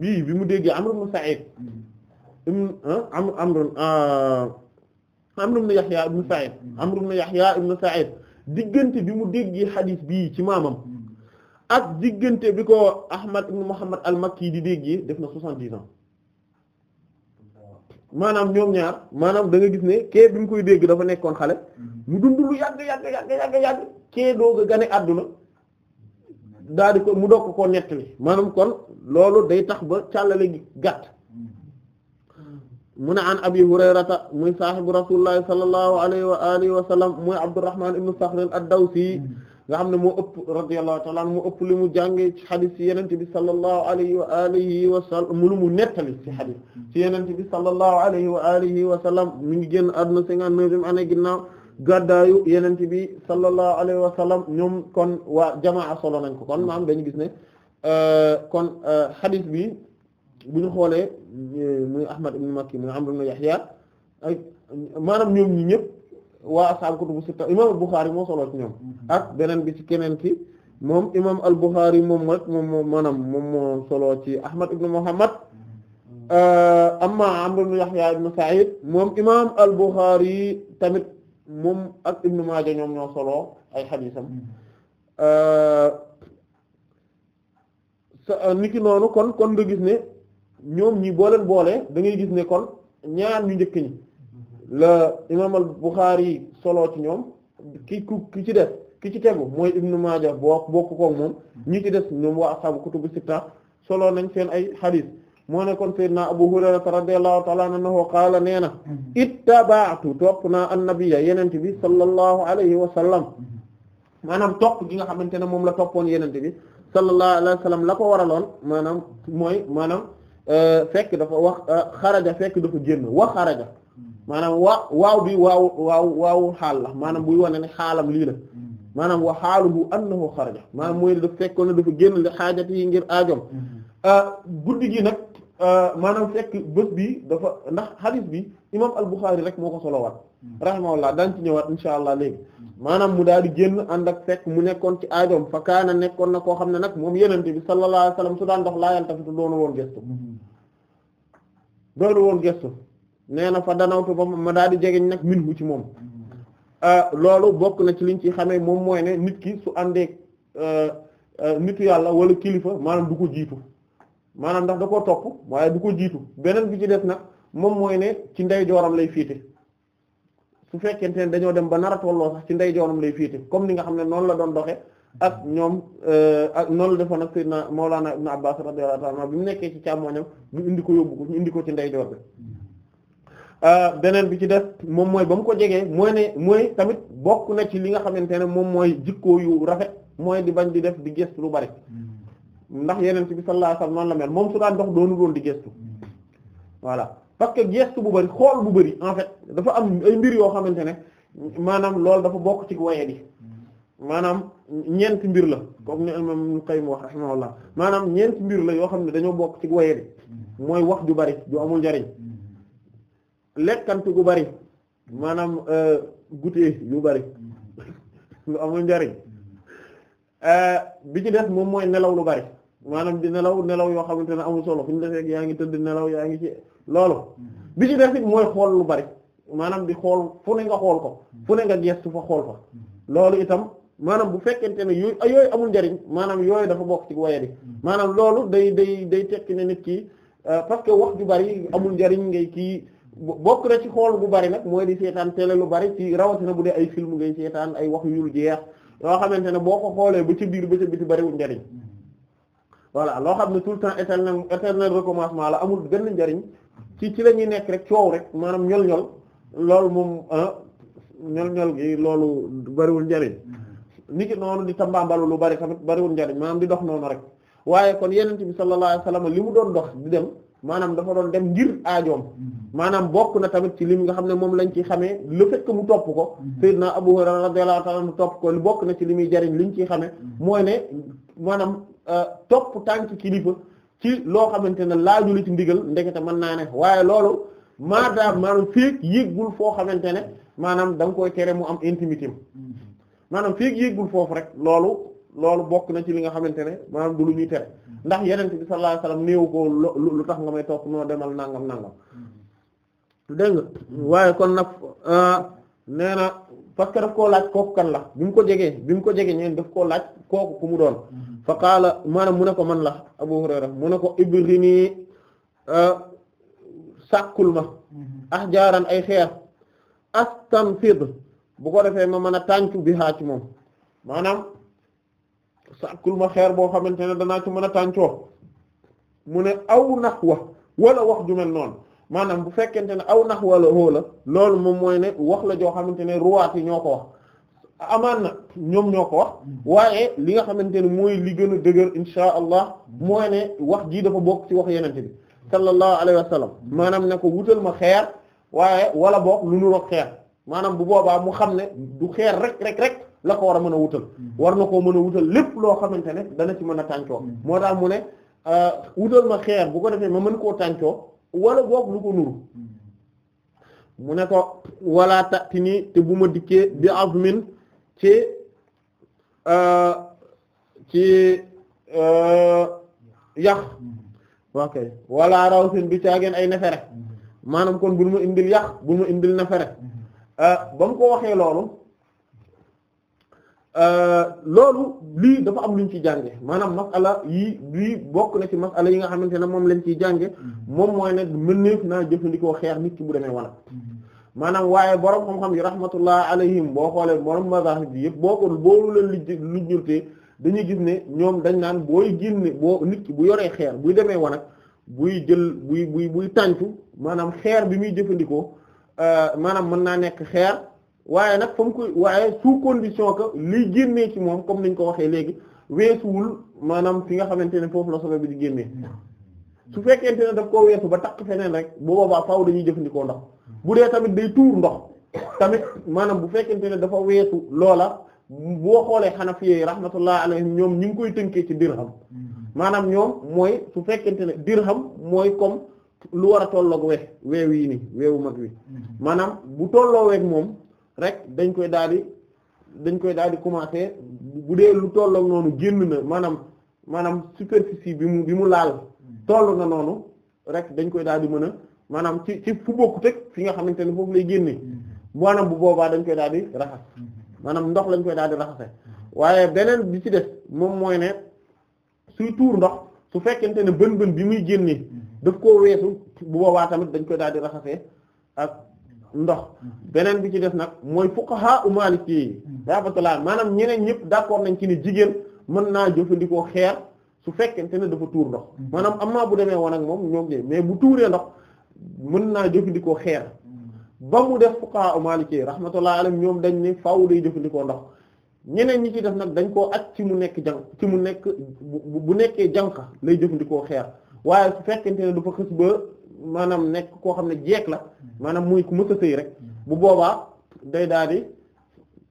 S2: bi bi mu déggee amr ibn sa'id mm-hmm. ibn amr amr euh, amr ibn yahya ibn sa'id mm-hmm. amr ibn diggante bi mu déggee xadiis bi ci maamam ak diggante bi ko Ahmad ibn Muhammad al-Makki di dégg def na soixante-dix ans maanaam ñoom ñaar maanaam da gis ne kee bi mu koy dégg dafa nekkoon xale mu dund lu yàgg yàgg yàgg yàgg kee doog a àdduna daal ko mu dokk koo nettali maanaam kon loolu day tax ba càllale gi gàtt mu ne an abi hurayrata muy saahibu rasulullahi sallallahu alayhi wa alihi wa sallam muy abdurrahman ibn Sakhr ad-Dawsi nga xam ne moo ëpp radiyallahu ta'ala mu ëpp lu mu jàngee ci xadis ci yenente bi sallallahu alayhi wa alihi wa sallam lu mu nettali ci xadis ci yenente bi sallallahu alayhi wa alihi wa sallam mi ngi génn àdduna cinquante-neuvième année ginnaaw gàddaayu yenente bi sallallahu alayhi wa sallam ñoom kon waa jamaa solo nañ ko kon maam dañu gis ne euh, kon euh, xadis bi bu ñu xoolee euh, muy Ahmad ibn Makki muy Amr ibn Yahya ay maanaam ñoom ñi ñëpp waa ashaabu kutubu sitta imam al-Bukhari moo solo ci ñoom mm-hmm. ak beneen bi ci keneen ki moom imam al-Bukhari moom rek moom moo maanaam moom moo solo ci Ahmad ibn Muhammad mm-hmm. euh, amma Amr ibn Yahya ibn Sa'id moom imam al-Bukhari tamit moom ak Ibn Maaja ñoom ñoo solo ay xadiisam mm-hmm. euh, euh, niki noonu kon kon nga gis ne ñoom ñi booleen boole da ngay gis ne kon ñaar ñu njëkk ñi la imaam al-Bukhari solo ci ñoom ki ki ci def ki ci tegu mooy Ibn Maaja boo bokk koog moom mm-hmm. ñi ci des ñoom waa ashaabu kutubu sitta solo nañ seen ay xadiis moo ne kon sayyidina Abu Hurayrata radiyallahu ta'ala anhu qaala nee na mm-hmm. ittaba'tu topp naa annabiyya yenente bi sallallahu alayhi wa sallam mm-hmm. maanaam topp gi nga xamante ne moom la toppoon yenente bi sallallahu alayhi wa sallam la ko waraloon maanaam mooy maanaam euh, fekk dafa wax euh, xaraja fekk dafa génn wax xaraja maanaam waaw waaw bi waaw waaw waawu xaal la maanaam buy wane ne xaalam lii na mm-hmm. maanaam wa xaaluhu annahu xaraja maanaam mooy ne dafa fekkoon ne dafa génn li xaajat yi ngir aajom mm-hmm. euh, guddi gi nag euh, maanaam fekk bés bi dafa ndax xadis bi imam al-Bukhari rek moo ko solowaat mm-hmm. rahimahullah daan ci ñëwaat insha allah léegi maanaam mu daal di génn ànd ak fekk mu nekkoon ci aajom fa kaana nekkoon na koo xam ne nag moom yenente bi sallallahu alayhi wasallam su daan dox laa yaltafitu doonu woon gestu doonu woon gestu nee na fa danawtu ba ma daal di jegeñ nag min hu ci moom euh, loolu bokk na ci liñ ci xamee moom mooy ne nit ki su àndeeg euh, euh, nitu yàlla wala kilifa maanaam du ko jiitu maanaam ndax da koo topp waaye du ko jiitu beneen bi ci def nag moom mooy ne ci ndeyjooram lay féete su fekkente ne dañoo dem ba nara a tolloo sax ci ndeyjooram lay féete comme ni nga xam ne noonu la doon doxe ak ñoom ak noonu la defoon ak Seydina Mawlana Ibn Abbas radiyallahu anhu bi mu nekkee ci càmmoñam ñu indi ñu indi ko ci ndeyjoor Euh, beneen bi ci def moom mooy ba mu ko jegee mooy ne mooy tamit bokk na ci li nga xamante ne moom mooy jikko yu rafet mooy di bañ di def di gëstu lu bari
S3: mm.
S2: ndax yeneen bi sallallahu alayhi wasallam noonu la mel moom su daan dox doonu doon di gëstu mm. voilà parce que gëstu bu bari xool bu bari en fait dafa am ay mbir yoo xamante ne maanaam loolu dafa bokk ci waye di
S3: mm.
S2: maanaam ñeenti mbir la comme ni imam Qayyim wax rahimahullah maanaam ñeent mbir la yoo xam ne dañoo bokk ci waye mooy wax ju bari ju njariñ lekkante gu bari maanaam euh, goûter yu bari lu amul njariñ euh, bi ci def moom mooy nelaw lu bari maanaam di nelaw nelaw yoo xamante ne amul solo fu ñu defee yaa ngi tëdd nelaw yaa ngi ci loolu bi ci des it mooy xool lu bari maanaam di xool fu ne nga xool ko fu ne nga gestu fa xool fa loolu itam maanaam bu fekkente ne yooyu yooyu amul njariñ maanaam yooyu dafa bokk ci waye di maanaam loolu day day day tekki ne nit ki euh, parce que wax ju bari amul njariñ ngay kii bokk na ci xool bu bari nag mooy di seetaan télé lu bari ci rawatina bu dee ay film ngay seetaan ay wax yul jeex yoo xamante ne boo ko xoolee ba ci biir ba ci biti bariwul njariñ voilà loo xam ne tout le temps éternel éternel recommencement la amul benn njariñ ci ci la ñuy nekk rek coow rek maanaam ñol-ñol loolu moom ah, ñol-ñol gi loolu bariwul njariñ nit ki noonu di tambaambalu lu bari tamit bariwul njariñ maanaam di dox noonu rek waaye kon yeneen bi sallallahu alayhi li mu doon dox di dem. maanaam dafa doon dem ngir aajoom mm-hmm. maanaam bokk na tamit ci lim nga xam ne moom lañ ci xamee le fait mu topp ko mm-hmm. sayyidna Abu Hurayra radiyallahu ta'ala mu topp ko bokk na ci li muy jariñ liñ ci xamee mm-hmm. mooy ne maanaam euh, topp tànk kilifa ci loo xamante ne laaju ci ndigal ndekete mën naa ne waaye loolu maadaam maanaam féeg yéggul foo xamante ne maanaam da nga koy mu am intimité maanaam féeg yéggul foofu rek loolu loolu bokk na ci li nga xamante ne maanaam du lu ñuy tere ndax yeneen bi sallallahu alayhi wasallam néew ko lu tax nga may topp noo demal nangam nangam
S3: mm-hmm.
S2: dégg nga waaye kon nag ah, nee na parce que daf laaj kooku kan la bi mu ko jegee bi mu ko jegee ñeen daf koo laaj ko ku mu doon mm-hmm. fa qaala maanaam mu ne ko man la Abu Hurayra mu ne ko ibrini ah, sàkkul ma mm-hmm. ahjaaran ay xeer astanfid bu ko defee ma mën a tàncu bi haa moom maanaam sàkkul ma xeer boo xamante ne danaa ci mën a tàncoo mu ne aw nax wa wala wax ju mel noonu maanaam bu fekkente ne aw nax wala wala loolu moom mooy ne wax la joo xamante ne ruwaat yi ñoo ko wax amaan na ñoom ñoo ko wax waaye li nga xamante ne mooy li gën a dëgër insha allah mooy ne wax jii dafa bokk ci wax yenente bi sallallahu alayhi wa sallam maanaam ne ko wutal ma xeer waaye wala bokk lu nu xeer maanaam bu boobaa mu xam ne du xeer rek rek rek la ko war a mën a wutal war na koo mën a wutal lépp loo xamante ne dana ci mën a tàncoo moo daa mu ne euh, wutal ma xeer bu ko defee ma mën koo tàncoo wala boog lu ko nuru mu ne ko wala tati nii te bu ma dikkee bi azmin ci euh, ci euh, yax ok wala rawsin bi caageen ay nefere maanaam kon bul ma indil yax bul ma indil nefere Euh, ba mu ko waxee loolu euh, loolu lii dafa am lu ñu ci jànge maanaam masala yi lii bokk na ci masala yi nga xamante ne moom lañ ciy jànge mm-hmm. moom mooy ne mëneef naa jëfandikoo xeex nit ki bu demee wala mm-hmm. maanaam waaye borom xam-xam yi rahmatullah alayhim boo xoolee boroom mazahib bi yëpp boo ko boolu leen lu lu jurtee dañuy gis ne ñoom dañ naan booy génne boo nit ki bu yoree xeer buy demee wanag buy jël buy buy buy tàncu maanaam xeer bi muy jëfandikoo Euh, maanaam mën naa nekk xeer waaye nag fa mu koy waaye sous condition ko liy génnee ci moom comme niñ ko waxee léegi weesuwul maanaam fi nga xamante ne foofu la sobe bi di génnee su fekkente ne daf koo weesu ba takk feneen rek bu boobaa faw dañuy jëfandikoo ndox bu dee tamit day tuur ndox tamit maanaam bu fekkente ne dafa weesu loola boo xoolee Hanafiyyi rahmatullah alayhim ñoom ñu ngi koy tënkee ci dirham mm-hmm. maanaam ñoom mooy su fekkente ne dirham mooy comme lu war a tolloog we weew yi ni weewu mag wi mhm. maanaam bu tolloo weeg moom rek dañ koy daal di dañ koy daal di commencer bu dee lu tolloog noonu génn na maanaam maanaam superficie bi mu bi mu laal mhm. toll na noonu rek dañ koy daal di mën a maanaam ci ci fu bokku teg fi nga xamante ne foofu lay génnee mhm. maanaam bu boobaa dañ koy daal di raxas maanaam ndox lañ koy daal di raxase waaye beneen bi ci des moom mooy ne suy tuur ndox su fekkente ne bën bën bi muy génnee daf koo weesu bu boobaa tamit dañ koy daal di raxasee ak ndox mm-hmm. beneen bi ci def nag mooy fuqaha u maliki yi mm-hmm. rahmatullah maanaam ñeneen ñëpp d'accord nañ ci ne jigéen mën naa jëfandikoo xeer su fekkente ne dafa tuur ndox mm-hmm. maanaam am naa bu demee woon ak moom ñoom mais bu tuuree ndox mën naa jëfandikoo xeer ba mu def fuqaha u maliki yi rahmatullah ñoom dañ ne faaw day jëfandikoo ndox ñeneen ñi ci def nag dañ koo ak ci mu nekk jànq ci mu nekk bu nekkee jànq lay jëfandikoo xeer waaye su fekkente ne dafa xës ba maanaam nekk koo xam ne jeek la maanaam muy ku mës a sëy rek bu boobaa day daal di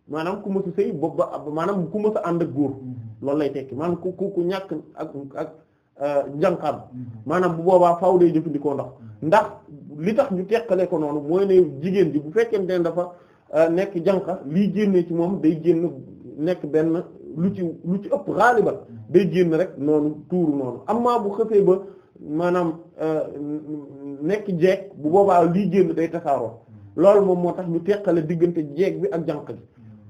S2: maanaam ku mës a sëy boobu ba maanaam ku mës ànd ak góor mm-hmm. loolu lay tekki maanaam ku ku ku ñàkk ak ak euh, njànqam mm-hmm. maanaam bu boobaa faaw day jëfandikoo ndox mm-hmm. ndax li tax ñu teqale ko noonu mooy ne jigéen ji bu fekkente ne dafa euh, nekk jànqa lii génnee ci moom day génn nekk benn lu ci lu ci ëpp xaaliban day génn rek noonu tuuru noonu amaa bu xësee ba maanaam euh, nekk jeeg bu boobaa lii génn day tasaaroo loolu moom moo tax ñu teqale diggante jeeg bi ak jànq bi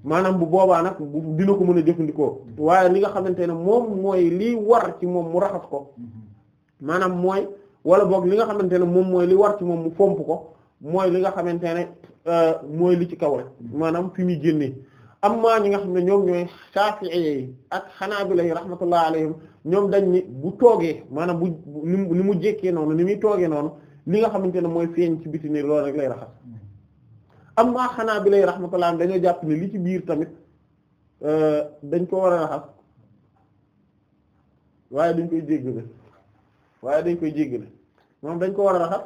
S2: maanaam bu boobaa nag dina ko mën a jëfandikoo waaye li nga xamante ne moom mooy lii war ci moom mu raxas ko maanaam mooy wala boog li nga xamante ne moom mooy li war ci moom mu fomp ko mooy li nga xamante ne euh, mooy li ci kaw rek maanaam fi muy génnee amma ñi nga xam ne ñoom ñooy Shafi'i ak Hanabila rahmatullah alayhim ñoom dañ ni bu toogee maanaam bu ni mu jékkee noonu ni muy toogee noonu li nga xamante ne mooy feeñ ci biti ni rek lay raxas amma Hanabila rahmatullah dañoo jàpp ne li ci biir tamit euh, dañ koo war a raxas waaye dañ koy jéggale waaye dañ koy jéggale moom dañ ko war a raxas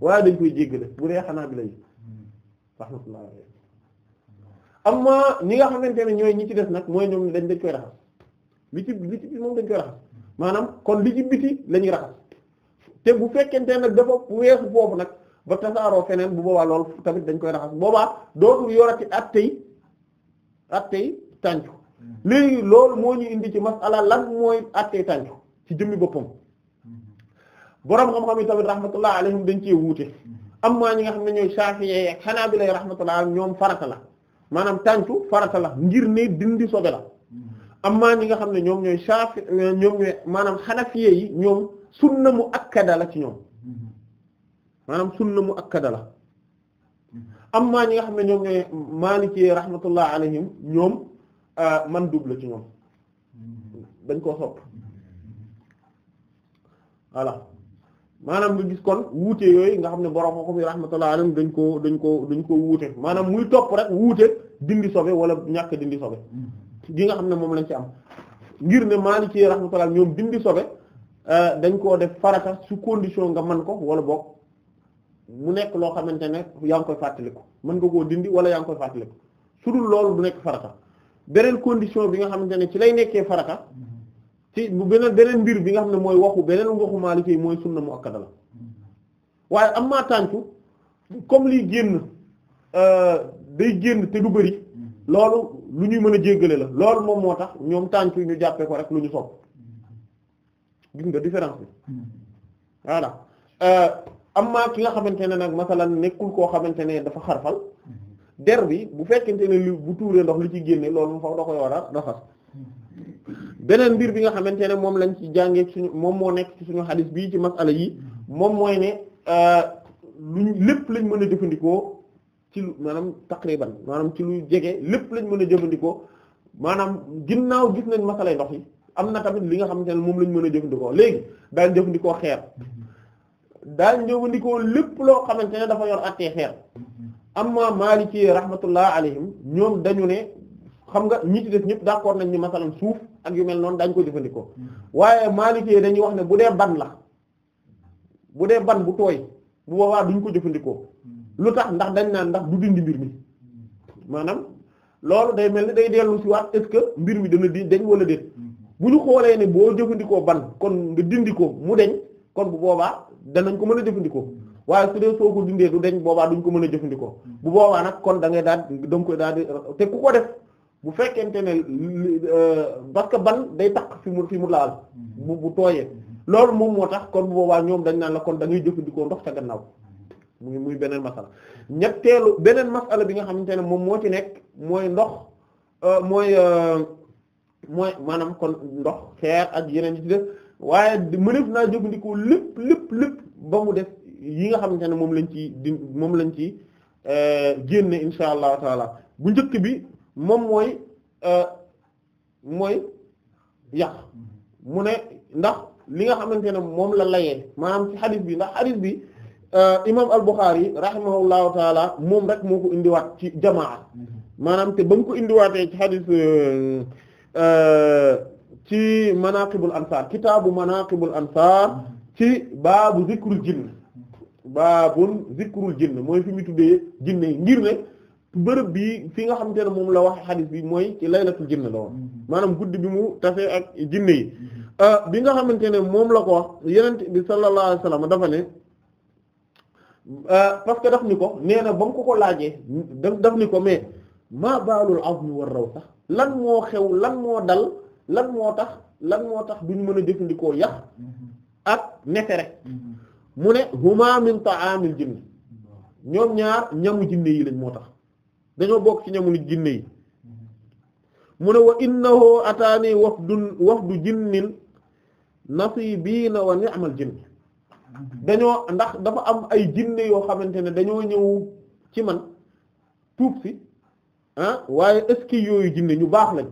S2: waaye dañ koy jéggale bu dee bi lay hmm. alayhim amma ñi nga xamante ne ñooy ñi ci des nag mooy ñoom dañ dañ koy raxas li ci li ci moom dañ koy raxas maanaam kon li ci biti la ñuy raxas te bu fekkente nag dafa weesu foofu nag ba tasaaroo feneen bu boobaa lool tamit dañ koy raxas boobaa dootul yorati at tey at tey tàncu mm-hmm. léegi loolu moo ñu indi ci masala lan mooy at tey tàncu ci jëmmi boppam mm-hmm. borom xam-xam yi tamit rahmatullah alayhim dañ cee wuute mm-hmm. am maa ñi nga xam ne ñooy Shafi'i ak Hanabila rahmatullah ñoom farata la. maanaam tàncu farata la ngir ne dindi sobe la amma ñi nga xam ne ñoom ñooy Shafi ñoom ñooy maanaam Hanafiye yi ñoom sunna mu akkada la ci ñoom maanaam sunna mu akkada la am amma ñi nga xam ne ñoom ñooy Maliki rahmatullah alayhim ñoom euh, man double ci ñoom dañ koo sopp voilà maanaam nga gis kon wuute yooyu nga xam ne borom xam-xam yi rahmatullah alayhim dañ ko dañ koo dañ koo wuute maanaam muy topp rek wuute dindi sobe wala ñàkk dindi sobe gi nga xam ne moom lañ ci am ngir ne Maliki rahmatullah ñoom dindi sobe euh, dañ koo def farata su condition nga man ko wala bokk mu nekk loo xamante ne yaa ngi koy fàttaliku mën ko koo dindi wala yaa ngi koy fàttaliku su dul loolu bu nekk farata beneen condition bi nga xamante ne ci lay nekkee farata ci bu beneen beneen mbir bi nga xam ne mooy waxu beneen waxu Maliki yi mooy sunna muakkada la waaye am maa tàncu comme liy génn euh, day génn te du bëri loolu lu ñuy mën a jéggale la loolu moom moo tax ñoom tàncu ñu jàppee ko rek lu ñu sopp gis nga différence bi voilà euh, am maa ki nga xamante ne nag masalan nekkul koo xamante ne dafa xarfal der bi bu fekkente ne lu bu tuuree ndox li ci génne loolu mu faw da koy war a raxas beneen mbir bi nga xamante ne moom lañ ci jàngee suñu moom moo nekk ci suñu xadis bii ci masala yi moom mooy ne euh, luñ lépp lañ mën a jëfandikoo ci lu maanaam taqriban maanaam ci lu jege lépp lañ mën a jëfandikoo maanaam ginnaaw gis nañ masalay ndox yi am na tamit li nga xamante ne moom lañ mën a jëfandikoo léegi daañ jëfandikoo xeer daal jëfandikoo lépp loo xamante ne dafa yor attee xeer amma Maliki rahmatullah alayhim ñoom dañu ne xam nga ñi ci def ñëpp nañ ni masalan suuf ak yu mel noonu daañu ko jëfandikoo waaye Maliki dañuy wax ne bu dee ban la bu dee ban bu tooy bu boobaa duñ ko jëfandikoo lu tax ndax dañ naan ndax du dindi mbir mi maanaam loolu day mel ni day dellu ci waat est mbir mi dana di dañ wala déet bu ñu xoolee ne boo jëfandikoo ban kon nga dindi ko mu deñ kon bu boobaa danañ ko mën a jëfandikoo waaye su dee soo ko dindee du duñ ko mën a jëfandikoo bu boobaa nag kon da ngay daal da koy daal te ku ko def. bu fekkente ne euh, parce que ban day takk fi mu fi mu laal
S3: mm-hmm. bu
S2: bu tooyee mm-hmm. loolu moom moo tax kon boobaa ñoom dañ naan la kon da ngay jëfandikoo ndox ca gannaaw mm-hmm. muy muy beneen masala ñetteelu beneen masala bi nga xamante ne moom moo ci nekk mooy ndox euh, mooy euh, mooy maanaam kon ak yeneen yi ci def naa jëfandikoo lépp lépp lépp ba mu def yi nga xamante ne moom lañ ci di moom lañ ci génne insha allah taala bu njëkk bi moom mooy euh, mooy yàq mu ne ndax li nga xamante ne moom la layee maanaam ci xadis bi ndax xadis bi euh, imam al-Bukhari rahimahullahu taala moom rek moo ko indiwaat ci jamaa maanaam te ba mu ko indiwaatee ci xadis euh, ci manaqibul ansar kitaabu manaqibul ansar ci baabu zikrul jinn baabun zikrul jinn mooy fi mu tuddee jinne ngir ne bërëb bii fi nga xamante ne moom la wax xadis bi mooy ci laylatul jinne la woon mm-hmm. maanaam guddi bi mu tafee ak jinne yi mm-hmm. euh, bi nga xamante ne moom la ko wax yenent bi sallallahu alayhi wasallam dafa ne euh, parce que daf ni ko nee na ba mu ko ko laajee daf daf ni ko mais maa baalul mu war raw sax lan moo xew lan moo dal lan moo tax lan moo tax duñu mën a jëfandikoo yax mm-hmm. ak nefere mu ne huma min ta'amil jinne ñoom ñaar ñamu jinne yi lañ moo tax dañoo bokk ci ñamul jinne yi mu ne wa innahu ataani wafdun wafdu jinnin nasibiina wa ni'mal jinn dañoo ndax dafa am ay jinne yoo xamante ne dañoo ñëw ci man tuub si ah waaye est yooyu jinne ñu baax lañ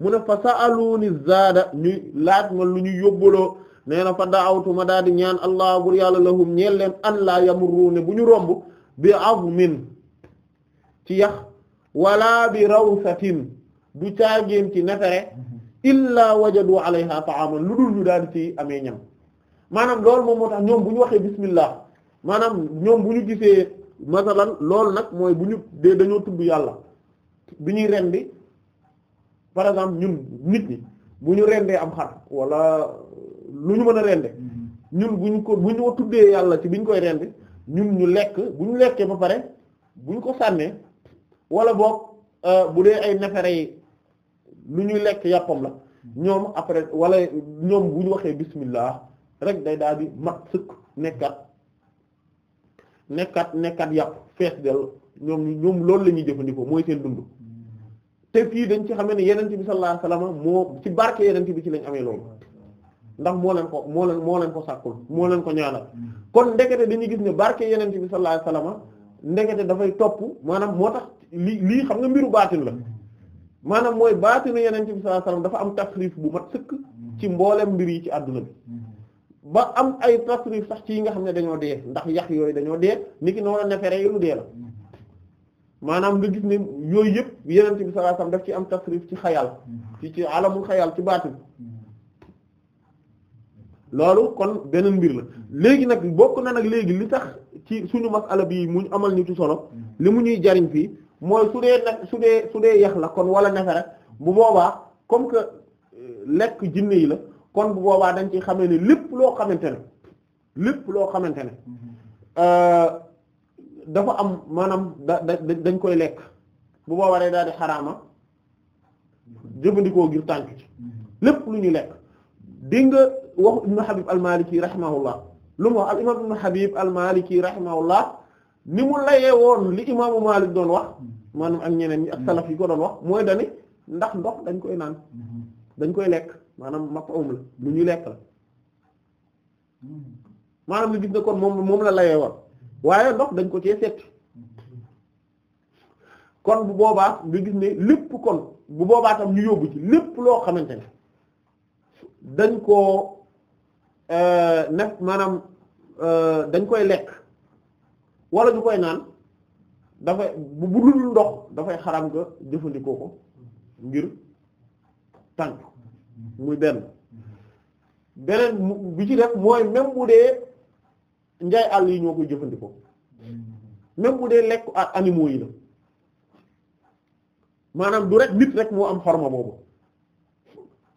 S2: mu ne fa sa'aluni zaada ñu laaj ma lu ñu yóbbaloo nee na fa da'awtu ma daal di ñaan allah bur yàlla lahum ñeel leen an laa ne bu ñu romb bi azmin ci yax wala bi rawsatin du caagéen ci nefere illa wajadu alayha ta'aman lu dul ñu daal ci amee ñam maanaam lool moom moo tax ñoom bu ñu waxee bismillah maanaam ñoom bu ñu gisee masalan loolu nag mooy bu ñu dee dañoo tudd yàlla bi ñuy rendi par exemple ñun nit ñi bu ñu rendee am xar wala lu ñu mën a rende mm-hmm. ñun bu ñu ko bu ñu tuddee yàlla ci bi ñu koy rend ñun ñu lekk bu ñu lekkee ba pare bu ñu ko sànnee wala boog euh, bu dee ay nefere lu ñuy lekk yàppam la ñoom après wala ñoom bu ñu waxee bismillah rek day daal di mat sëkk nekkat nekkat nekkat yàpp fees del ñoom ñoom loolu la ñuy jëfandikoo mooy seen dund te fii dañ ci xamee ne yenent bi sallallahu alayhi moo ci barke yenent bi ci lañ amee loolu ndax moo leen ko moo leen moo leen ko sàkkul moo leen ko ñaanal kon ndekete dañuy gis ne barke yenent bi sallallahu alayhi wasallam ndekete dafay topp maanaam moo tax lii lii xam nga mbiru baatin la maanaam mooy baatinu yeneen ci bi sallallahu dafa am tasrif bu mat sëkk ci mboolem mbir yi ci àdduna bi ba am ay tasrif sax ci yi nga xam ne dañoo dee ndax yax yooyu dañoo dee niki noonu nefere yi lu dee la maanaam nga gis ne yooyu yëpp yeneen ci bi sallallahu daf ci am tasrif ci xayal ci ci alamul xayal ci baatin loolu kon beneen mbir la léegi nag bokk na nag léegi li tax ci suñu masala bi mu amal ñu ci solo li mu ñuy jariñ fii mooy su dee na su dee su dee yax la kon wala nefere bu boobaa comme que euh, lekk jinne yi la kon bu boobaa dañ ci xamee ne lépp loo xamante ne lépp loo xamante ne mm-hmm. euh, dafa am maanaam da dañ koy lekk bu boobaa day daal di xaraama jëfandikoo ngir tànk ci mm-hmm. lépp lu ñu lekk dégg nga waxu ibnu Habib al-Maliki rahimahullah lu mu wax al imam ibnu Habib al-Maliki rahimahullah ni mu layee woon li imaamu Maalik doon wax mm-hmm. maanaam ak ñeneen ñi ak mm-hmm. salaf yi ko doon wax mooy dani ndax ndox dañ koy naan mm-hmm. dañ koy lekk maanaam mafhum la lu ñuy lekk la maanaam li gis ne kon moom la layee woon waaye ndox dañ ko cee setti kon bu boobaa nga gis ne lépp kon bu boobaa tam ñu yóbbu ci lépp loo xamante ne dañ koo euh, nef maanaam euh, dañ koy lekk wala du koy naan dafay bu dul ndox dafay xaram nga jëfandikoo ko ngir tànk muy benn beneen bi ci def mooy même bu dee njaay àll yi ñoo koy jëfandikoo même bu dee lekk a animaux yi la maanaam du rek nit rek moo am xorma boobu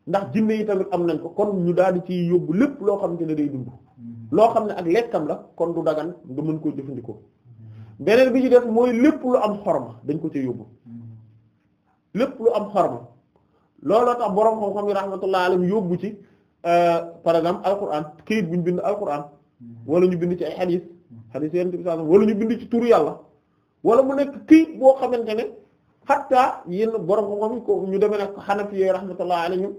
S2: ndax jinne yi tamit am nañ ko kon ñu daal di ci yóbbu lépp loo xamante ne day dund loo xam ne ak lekkam la kon du dagan du mën koo jëfandikoo beneen bi ci def mooy lépp lu am xorma dañ ko ci yóbbu lépp lu am xorma looloo tax boroom xam-xam yi rahmatullah alayhi yóbbu ci euh, par exemple alquran këyit bu ñu bind alquran wala ñu bind ci ay xadiis xadiis yenn bi sallallahu wala ñu bind ci turu yàlla wala mu nekk këyit boo xamante ne xatta yenn boroom xam-xam yi ko ñu demee nag xanafi yi rahmatullah alayhim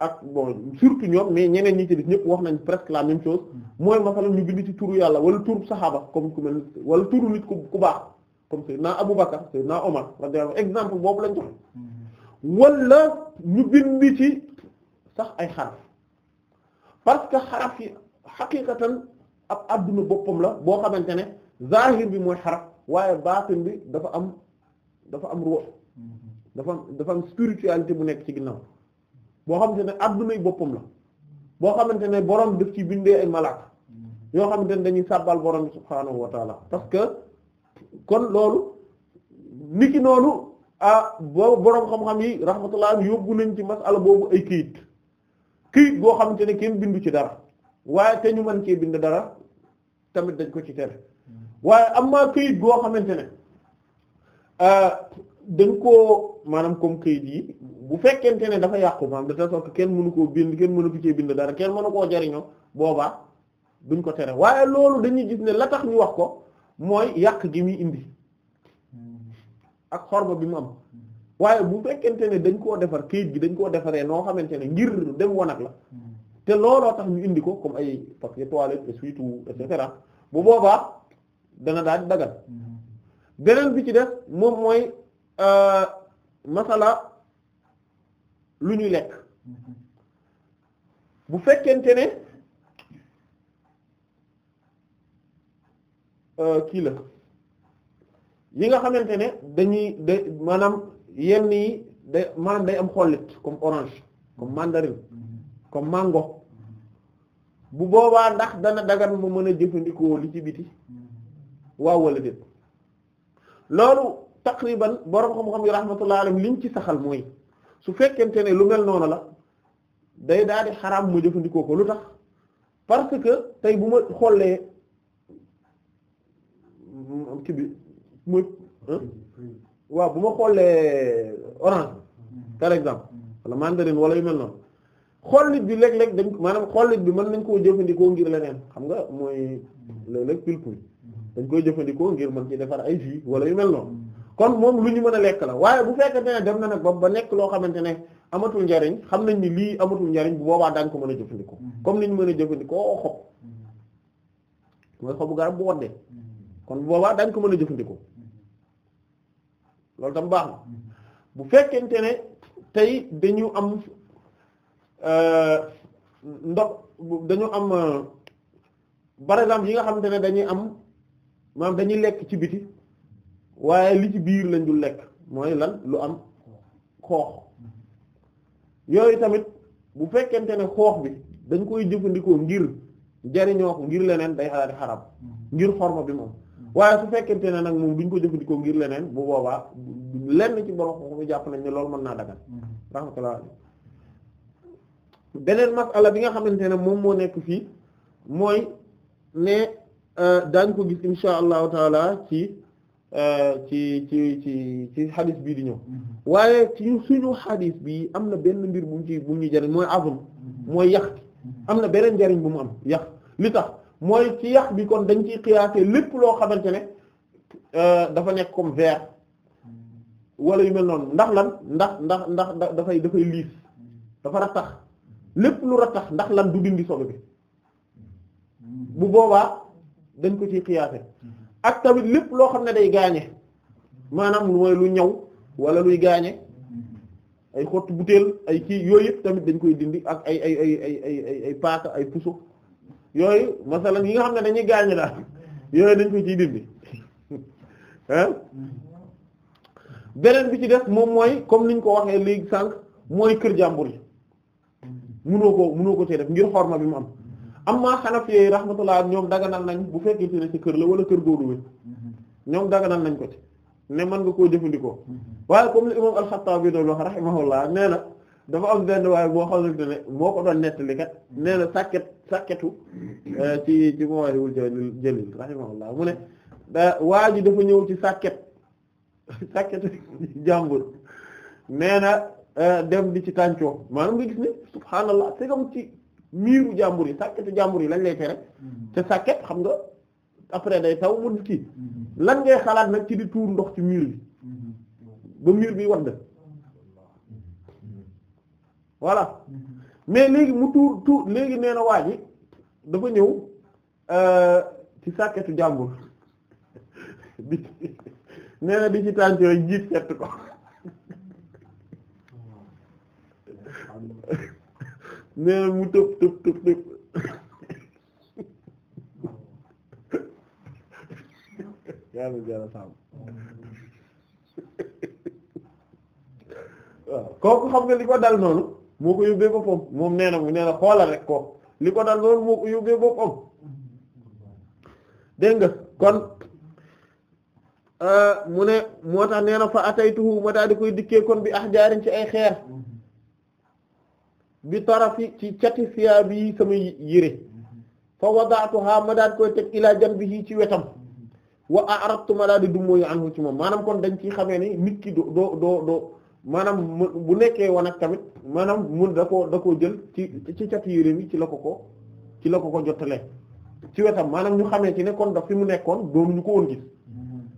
S2: ak bon surtout ñoom mais ñeneen ñi ci def ñëpp wax nañ presque la même chose mooy masalan ñu bind ci turu yàlla wala turu saxaaba comme ku mel wala turu nit ku baax comme Seydina Abu Bakar Seydina Omar radiyallahu exemple boobu lañ jox wala ñu bind ci sax ay xaraf parce que xaraf yi ab àdduna boppam la boo xamante ne zahir bi mooy xaraf waaye baatin bi dafa am dafa am ruux dafa am dafa am spiritualité bu nekk ci ginnaaw boo xamante ne addunay boppam la boo xamante ne borom daf ci bindee ay malaaka yoo xamante ne dañuy sàbbal borom bi subhaanahu parce que kon loolu niki noonu ah boobu borom xam-xam yi rahmatullah yóbbu nañ ci ala boobu ay këyit këyit goo xamante ne kenn bindu ci dara waaye te ñu mën cee bind dara tamit dañ ko ci tere waaye am na këyit goo xamante ne dañ koo maanaam comme këyit yi bu fekkente ne dafa yàqu maanaam de telle kenn mënu koo bind kenn mënu ko cee bind dara kenn mënu koo jariñoo boobaa duñ ko tere waaye loolu dañuy gis ne la tax ñu wax ko mooy yàq gi muy indi ak xorba bi mu am waaye bu fekkente ne dañ koo defar kayit gi dañ koo defaree noo xamante ne ngir dem wanag la te looloo tax ñu indi ko comme ay papier toilette essuie-tout et cetera bu boobaa dana daal dagal mm-hmm. beneen bi ci def moom mooy euh, masala lu ñuy lekk bu fekkente ne euh, kii la yi nga xamante ne dañuy da maanaam yenn yi day maanaam day am xollit comme orange comme mandarine comme mango bu boobaa ndax dana dagan mu mën a jëfandikoo li ci biti waaw wala déet loolu taqriban borom xam-xam yi rahmatullah alayhi liñ ci saxal mooy su fekkente ne lu mel noonu la day daal di xaraam ma jëfandikoo ko lu tax parce que tey bu ma xollee ci bi mooy waaw bu ma xollee orange par exemple wala mandarine wala yu mel noonu xollit bi léeg lekk dañ maanaam xollit bi mën nañ koo jëfandikoo ngir leneen xam nga mooy léeg-léeg pulpe dañ kooy jëfandikoo ngir mën ci defar ay jus wala yu mel noonu kon moom lu ñu mën a lekk la waaye bu fekkente ne dem na nag ba ba nekk loo xamante ne amatul njariñ xam nañ ni lii amatul njariñ bu boobaa daañ ko mën a jëfandikoo mm-hmm. comme ni mën a jëfandikoo xob mm-hmm. mooy xobu garab bu woddee mm-hmm. kon bu boobaa daañ ko mën a jëfandikoo loolu tam baax na bu fekkente ne tey dañu am euh, ndox dañu am euh, par yi nga xamante ne dañuy am maam dañuy lekk ci biti waaye li ci biir lañ du lekk mooy lan lu am xoox yooyu tamit bu fekkente ne xoox bi dañ koy jëfandikoo ngir jariñoo ko ngir leneen day xalaati xarab ngir xorma bi moom waaye su fekkente ne nag moom duñ ko jëfandikoo ngir leneen bu boobaa lenn ci borom xoox jàpp nañ ni loolu mën naa dagal rahmatullah beneen ala bi nga xamante ne moom moo nekk fii mooy ne euh, daañ ko gis insha allahu taala ci Euh, ci ci ci ci xadis bii di ñëw mm-hmm. waaye ci suñu xadis bi am na benn mbir bu mu ci bu mu ñu jariñ mooy azum mm-hmm. mooy yax mm-hmm. am na beneen njariñ bu mu am yax li tax mooy ci yax bi kon dañ ciy xiyaasee lépp loo xamante ne euh, dafa nekk comme wala yu mel noonu ndax lan ndax ndax ndax dafay dafay liis dafa rattax lépp lu rattax ndax lan du dindi solo bi bu boobaa dañ ko ciy xiyaasee ak tamit lépp loo xam ne day gaañe maanaam lu mooy lu ñaw wala luy gaañe ay xottu butéel ay kii yooyu yëpp tamit dañ koy dindi ak ay ay ay ay ay ay ay paaka ay puso yooyu masalan yi nga xam ne dañuy gaañe la yooyu dañ koy ciy dindi ah [LAUGHS] beneen bi ci def moom mooy comme niñ ko waxee léegi sànq mooy kër jàmbur yi munoo ko munoo ko ci def ngir xorma bi mu am amma Hanafiyyi rahmatullah ñoom daganal nañ bu fekkee ne ci kër la wala kër góoru wé
S3: mm-hmm.
S2: ñoom daganal nañ ko ci ne mën nga koo jëfandikoo mm-hmm. waaye comme li imam al-Khattabi doon wax nee na dafa am benn waaye boo xamante ne moo ko doon nettali kat nee na sàkket sàkketu euh, ci ci Mawaahibul Jalil rahimahullah mu ne waa ji dafa ñëw ci sàkket [LAUGHS] sàkketu jàmbur nee na euh, dem di ci tàncoo maanaam nga gis ne subhaanallah c'est comme miiru jàmbur yi sàkketu jàmbur yi lañ lay rek
S3: mm-hmm. te
S2: sàkket xam nga après day taw mu ci mm-hmm. lan ngay xalaat nag ci di tuur ndox ci miir bi mm-hmm. ba miir bi wadd voilà mais léegi mu tuur tuur léegi nee na waa ji dafa ñëw euh, ci sàkketu jàmbur [LAUGHS] di na di ci tàncoy jiit fett ko nee mu tëb tëb tëb tëb yàlla jara sàmm waaw kooku xam nga li ko dal noonu moo ko yóbbee boppam moom nee na mu nee na xoolal rek kooku li ko dal noonu moo ko yóbbee boppam dégg nga kon euh, mu ne moo tax nee na fa ataytuhu ma daal di koy dikkee kon bi ax jaarin ci ay xeer bi tarafi ci cati siyaab bi sama yére fa wadaatuha ma daan koy teg ilaa janbihi ci wetam wa a'radtu ma daal di dummóoyu anhu ci moom maanaam kon dañ ci xamee ni nit ki do do do do maanaam bu nekkee wanag tamit maanaam mun da koo da koo jël ci ci cati yére bi ci la ko ko ci la ko ko jottalee ci wetam maanaam ñu xamee ci ne kon daf fi mu nekkoon doonu ñu ko woon gis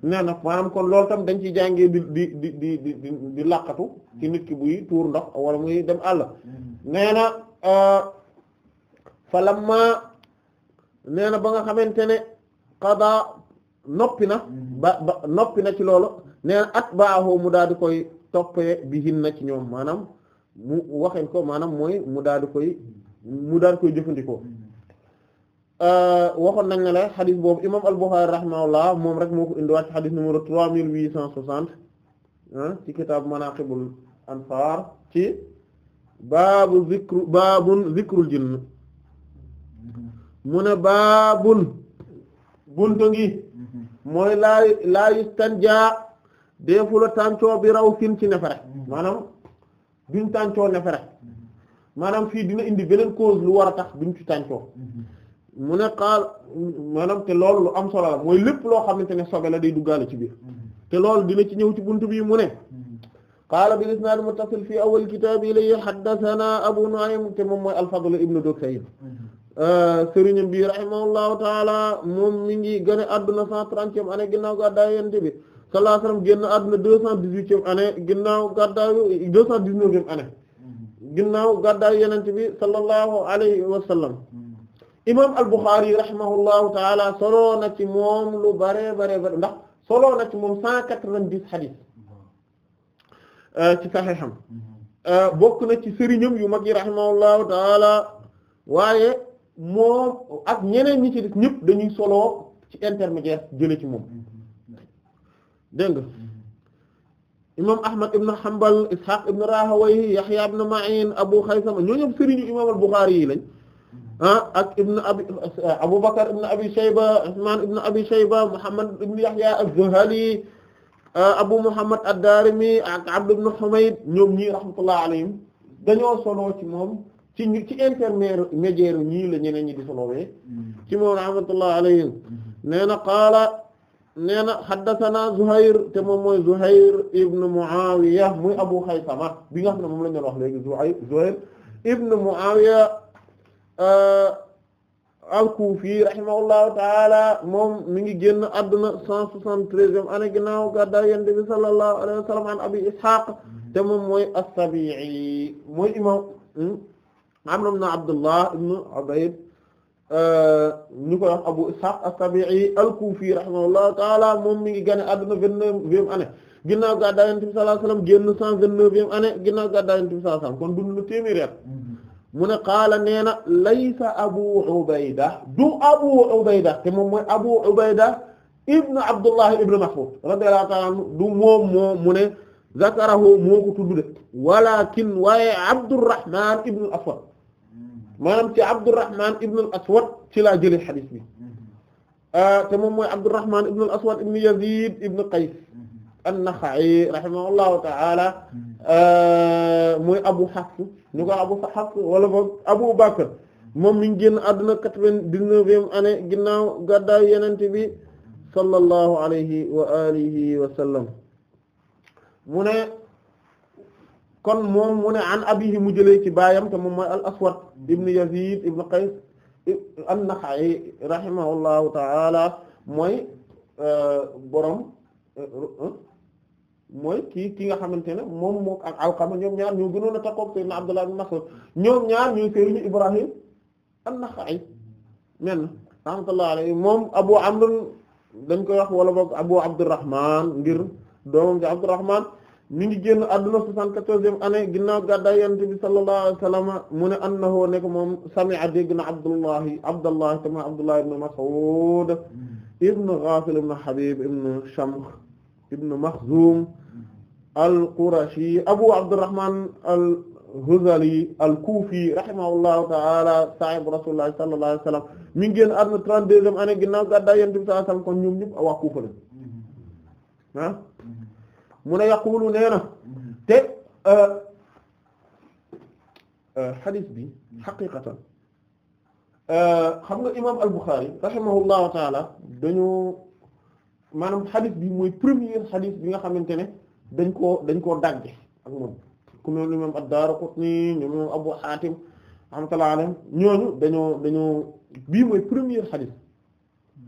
S2: nee na maanaam kon loolu tam dañ ci jàngee di di di di di di làqatu ci nit ki buy tuur ndox wala muy dem àll nee na fa lamma nee na ba nga xamante ne qada noppi na mhm. ba noppi na ci loolu nee na at baaxoo mu daal di koy toppee bi hin na ci ñoom maanaam mu waxeen ko maanaam mooy mu daal di koy mu daal koy jëfandikoo mhm. waxoon nañ ne la xadis boobu imam al-Bukhari rahimahullah moom rek moo ko indiwaat ci xadis numéro trois mille huit cent soixante ah, ci kitaab manaqibul anfar ci baabu zikru baabun zikrul jinn mu ne baabun buntu ngi mooy laa laa yustanja deefu la tàncoo bi raw fin ci nefere maanaam duñ tàncoo nefere maanaam fii dina indi beneen cause lu war a tax duñ ci tàncoo mu ne xaal maanaam te loolu lu am solo mooy lépp loo xamante ne sobe la day duggaale ci biir te loolu dina ci ñëw ci buntu bi mu ne qaala bil isnaad muttasil fii awwal kitaab ilayhi haddasanaa Abu Nu'aym te moom mooy al-Fadl ibn Dukayn mm-hmm. uh, sëriñ bi rahimahullahu taala moom mi ngi gën a adduna 130e année ginnaaw gàddaay Yonent bi sallallahu alayhi wasallam génn adduna 218e année ginnaaw gàddaay 219e année
S3: mm-hmm.
S2: ginnaaw gàddaay Yonent bi sallallahu alayhi wasallam
S3: mm-hmm.
S2: imaam al-Bukhari rahimahullahu taala solo na ci moom lu bare bare bare ndax solo na ci moom 190 hadith. ci saxeexam euh, bokk na ci sëriñam yu mag yi rahimahullahu taala waaye moom ak ñeneen ñi ci des ñëpp dañuy solo ci intermédiaire jële ci moom dégg nga imam ahmad ibn hanbal ishaq ibn rahawayh yahya ibn ma'in abu khaysama ñoo ñëpp sëriñu imam al-bukhari yi lañ ah ak ibn abi abubakar ibn abi shayba usman ibn abi shayba muhammad ibn yahya az-zuhali Euh, Abu Muhammad ad-Darimi ak Abd ibn Humayd ñoom ñii rahmatullah alayhim dañoo solo ci moom ci inter ci intermédiaire ñii la ñeneen ñi di solowee mm-hmm. ci moom rahmatullah alayhim mm-hmm. nee na qaala nee na haddathana te moom mooy Zuhair ibn Muawiya muy Abu Khaythama bi nga xam ne moom la ñu wax léegi Zuhair ibn Muawiya euh, al-Kufi rahimahullahu moom mi ngi génn àdduna 173e année ginnaaw gàddaay Yonent bi sallallahu alayhi wa sallam an Abi Ishaq te moom mooy imam hmm, Amr ibn Abdullah ibn Ubayd euh, ñu wax Abu Ishaq as-Sabi'i al-Kufi rahimahullahu moom mi ngi génn àdduna 29e année ginnaaw gàddaay bi sallallahu alayhi wa sallam génn 129e année ginnaaw gàddaay Yonent sallallahu sallam kon dund na mu ne qaala nee na laysa abu ubayda du abu ubayda te moom mooy abu ubayda ibnu abdullah ibnu mas'ud radiyallahu ta'ala anhu du moom moo mu ne zakarahu moo ko tudd de walakin waaye abdurrahman ibnu aswad maanaam ci abdurrahman ibnu aswad ci laa jëlee xadiis bi mm-hmm. ah, te moom mooy abdurrahman ibnu aswad ibnu yazid ibnu qays an-Naxa'i rahimahullahu ta'ala hmm. euh, muy Abu Hafs ñu ko Abu Hafs wala boog Abu Bakr moom mi ngi génn àdduna quatre-vingt-dix-neuvième année ginnaaw gàddaay sallallahu alayhi wa alihi mu ne kon moom mu ne abihi mu jëlee ci baayam mooy al-Aswad ibn Yazid Qays an-Naxa'i rahimahullahu ta'ala mooy euh, borom. Euh, mooy kii ki nga xamante ne moom mook ak Alqama ñoom ñaar ñoo gënoon a takkoog Seydina Abdullah ibn ñoom ñaar ñooy sëriñu Ibrahim an-Nakha'i men rahmatullahi alayhi moom Abu Amr dañ koy wax wala boog Abu Abdurrahman ngir doomam ci Abdurrahman mi ngi génn àdduna soixante-quatorzième année ginnaaw gàddaay Yonent bi sallallahu alayhi mu ne annahu nekk moom sami'a dégg na Abdullahi Abdullah sama Abdullah ibn Mas'ud
S3: hmm.
S2: ibn Ghafil ibn Habib ibn Shamkh ibn Makhzum al-Qurashi Abu Abdurrahman al-Huzali al-Kufi rahimahullahu ta'ala sahib Rasulullah sallallahu alayhi wa sallam mi ngi génn àdduna 32e année ginnaaw gàddaay Yonent bi sallallahu alayhi wa sallam kon ñoom ñëpp waa Kufa la ah mu ne yaqulu nee na te xadis euh, euh, bi xaqiqatan euh, xam nga imaam al-Bukhari rahimahullahu ta'ala dañu maanaam xadis bi mooy premier xadis bi nga xamante ne dañ koo dañ koo dagge ak moom ku mel ni moom ad-Daaraqutni ñoom ñooñu dañoo dañoo bii mooy premier xadis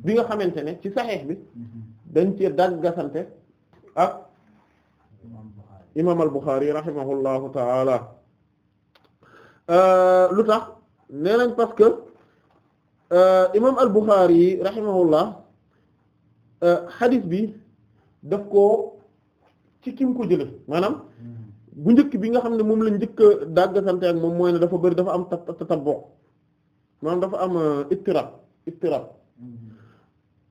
S2: bi nga xamante ne ci saxeex bi mm-hmm. dañ cee daggasante ak imaam al-Bukhari rahimahullahu taala euh, lu tax nee nañ parce que euh, imaam al-Bukhari rahimahullah xadis euh, bi daf ko ci kim ko jële maanaam bu njëkk bi nga xam ne moom la njëkk a dàggasante ak moom mooy ne dafa bëri dafa am tatabbo maanaam dafa am euh, ittirab ittirab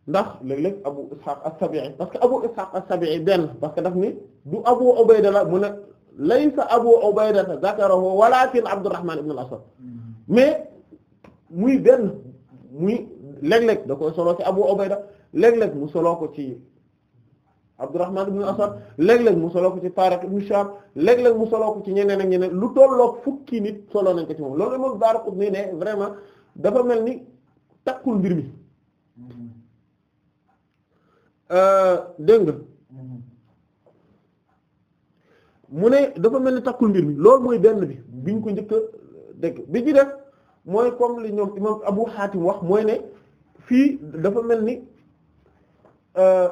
S2: ndax léeg-léeg abu ishaq as-sabi'i parce que abu benn parce que daf ni du abu ubayda la mu ne laysa abu ubayda zakarahu walakin abdurrahman ibn al-aswad mm-hmm. mais muy benn muy léeg-léeg da koy solo ci abu ubayda léeg-léeg mu soloo ko ci Abdurrahman ibn Asad léeg-léeg mu soloo ko ci Tariq ibn Shihab léeg-léeg mu soloo ko ci ñeneen ak ñeneen lu tolloog fukki nit soloo nañ ko ci moom loolu imam Daraqutni ne vraiment dafa mel ni takkul mbir mi euh, dégg mu ne dafa mel ni takkul mbir mi loolu mooy benn bi biñ ko njëkk a bi ci def mooy comme li ñoom imam Abu Hatim wax mooy ne fii dafa mel ni Euh,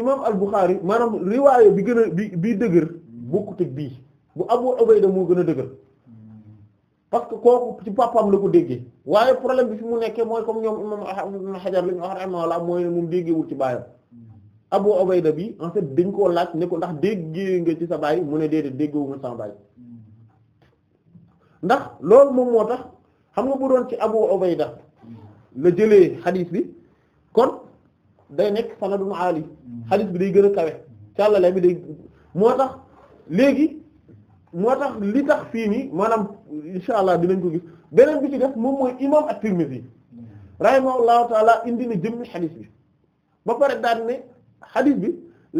S2: imaam al-Bukhari maanaam riwaayo bi gën a bi bii dëgër bokkut bii bu Abu Ubayda moo gën a dëgër parce que kooku ci papaam la ko déggee waaye problème bi fi mu nekkee mooy comme ñoom imaam Ibn li ñu wax rahimahullah mooy ne moom ci baayam Abu Ubayda bi en fait dañ koo laaj ne ndax déggee nga ci sa baay mu ne déedéet déggeewuma sama baay ndax loolu moom moo tax xam nga bu doon ci Abu Ubayda la jëlee xadiis bi kon day nekk sanadun aali xadis mm-hmm. bi day gën a kawe càllale bi day moo tax léegi moo tax li tax fii nii maanaam insha allah dinañ ko gis beneen bi ci def moom mooy imam at-Tirmidhi mm-hmm. rahimahullahu taala indi na jëmmi xadis bi ba pare daan ne xadis bi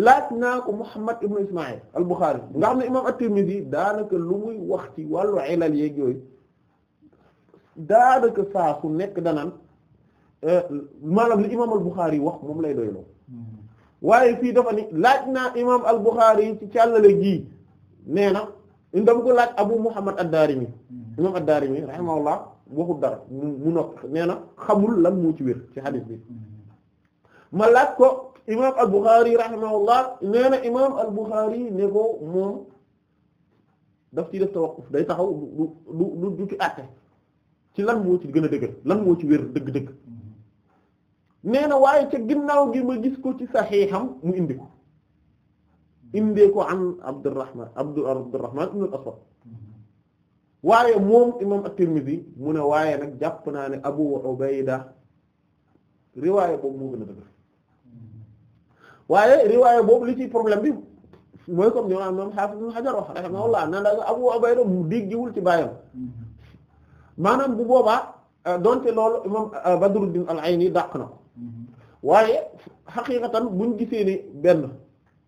S2: laaj naa ko Muhammad ibnu Ismaïl al-Bukhari nga xam ne imam at-Tirmidhi daanaka lu muy wax ci wàllu ilal yeeg yooyu daanaka saa nekk danaan Euh, maanaam li imaam al-Bukhari yi wax moom lay doyloo waaye fii dafa ni laaj naa imaam al-Bukhari ci càllale gii nee na ndam ko laaj Abu Muhammad ad-Darimi imaam ad-Darimi rahimahullah waxul dara mu nokk nee na xamul lan moo ci wér ci xadiis bi ma laaj ko imaam al-Bukhari rahimahullah nee na imaam al-Bukhari ne moom daf ci def tawaqquf day taxaw du du du ci àtte ci lan moo ci gën a dëgër lan moo ci wér dëgg-dëgg nee na waaye ca ginnaaw gi ma gis ko ci saxiixam mu indi ko indee ko an Abdurrahman Abdu Abdurrahman ibn waaye moom imam at-Tirmidhi mu ne waaye nag jàpp naa ne Abu Ubayda riwaayé boobu moo gën a waaye riwaayé boobu li ci problème bi mooy comme ni ma imam Hafiz ibn Hajar wax rahimahullah naan daal Abu Ubayda mu déggiwul ci baayam maanaam bu boobaa donte lool imam Badruddin al-Ayni dàq na waaye xaqiiqatan buñ gisee ne benn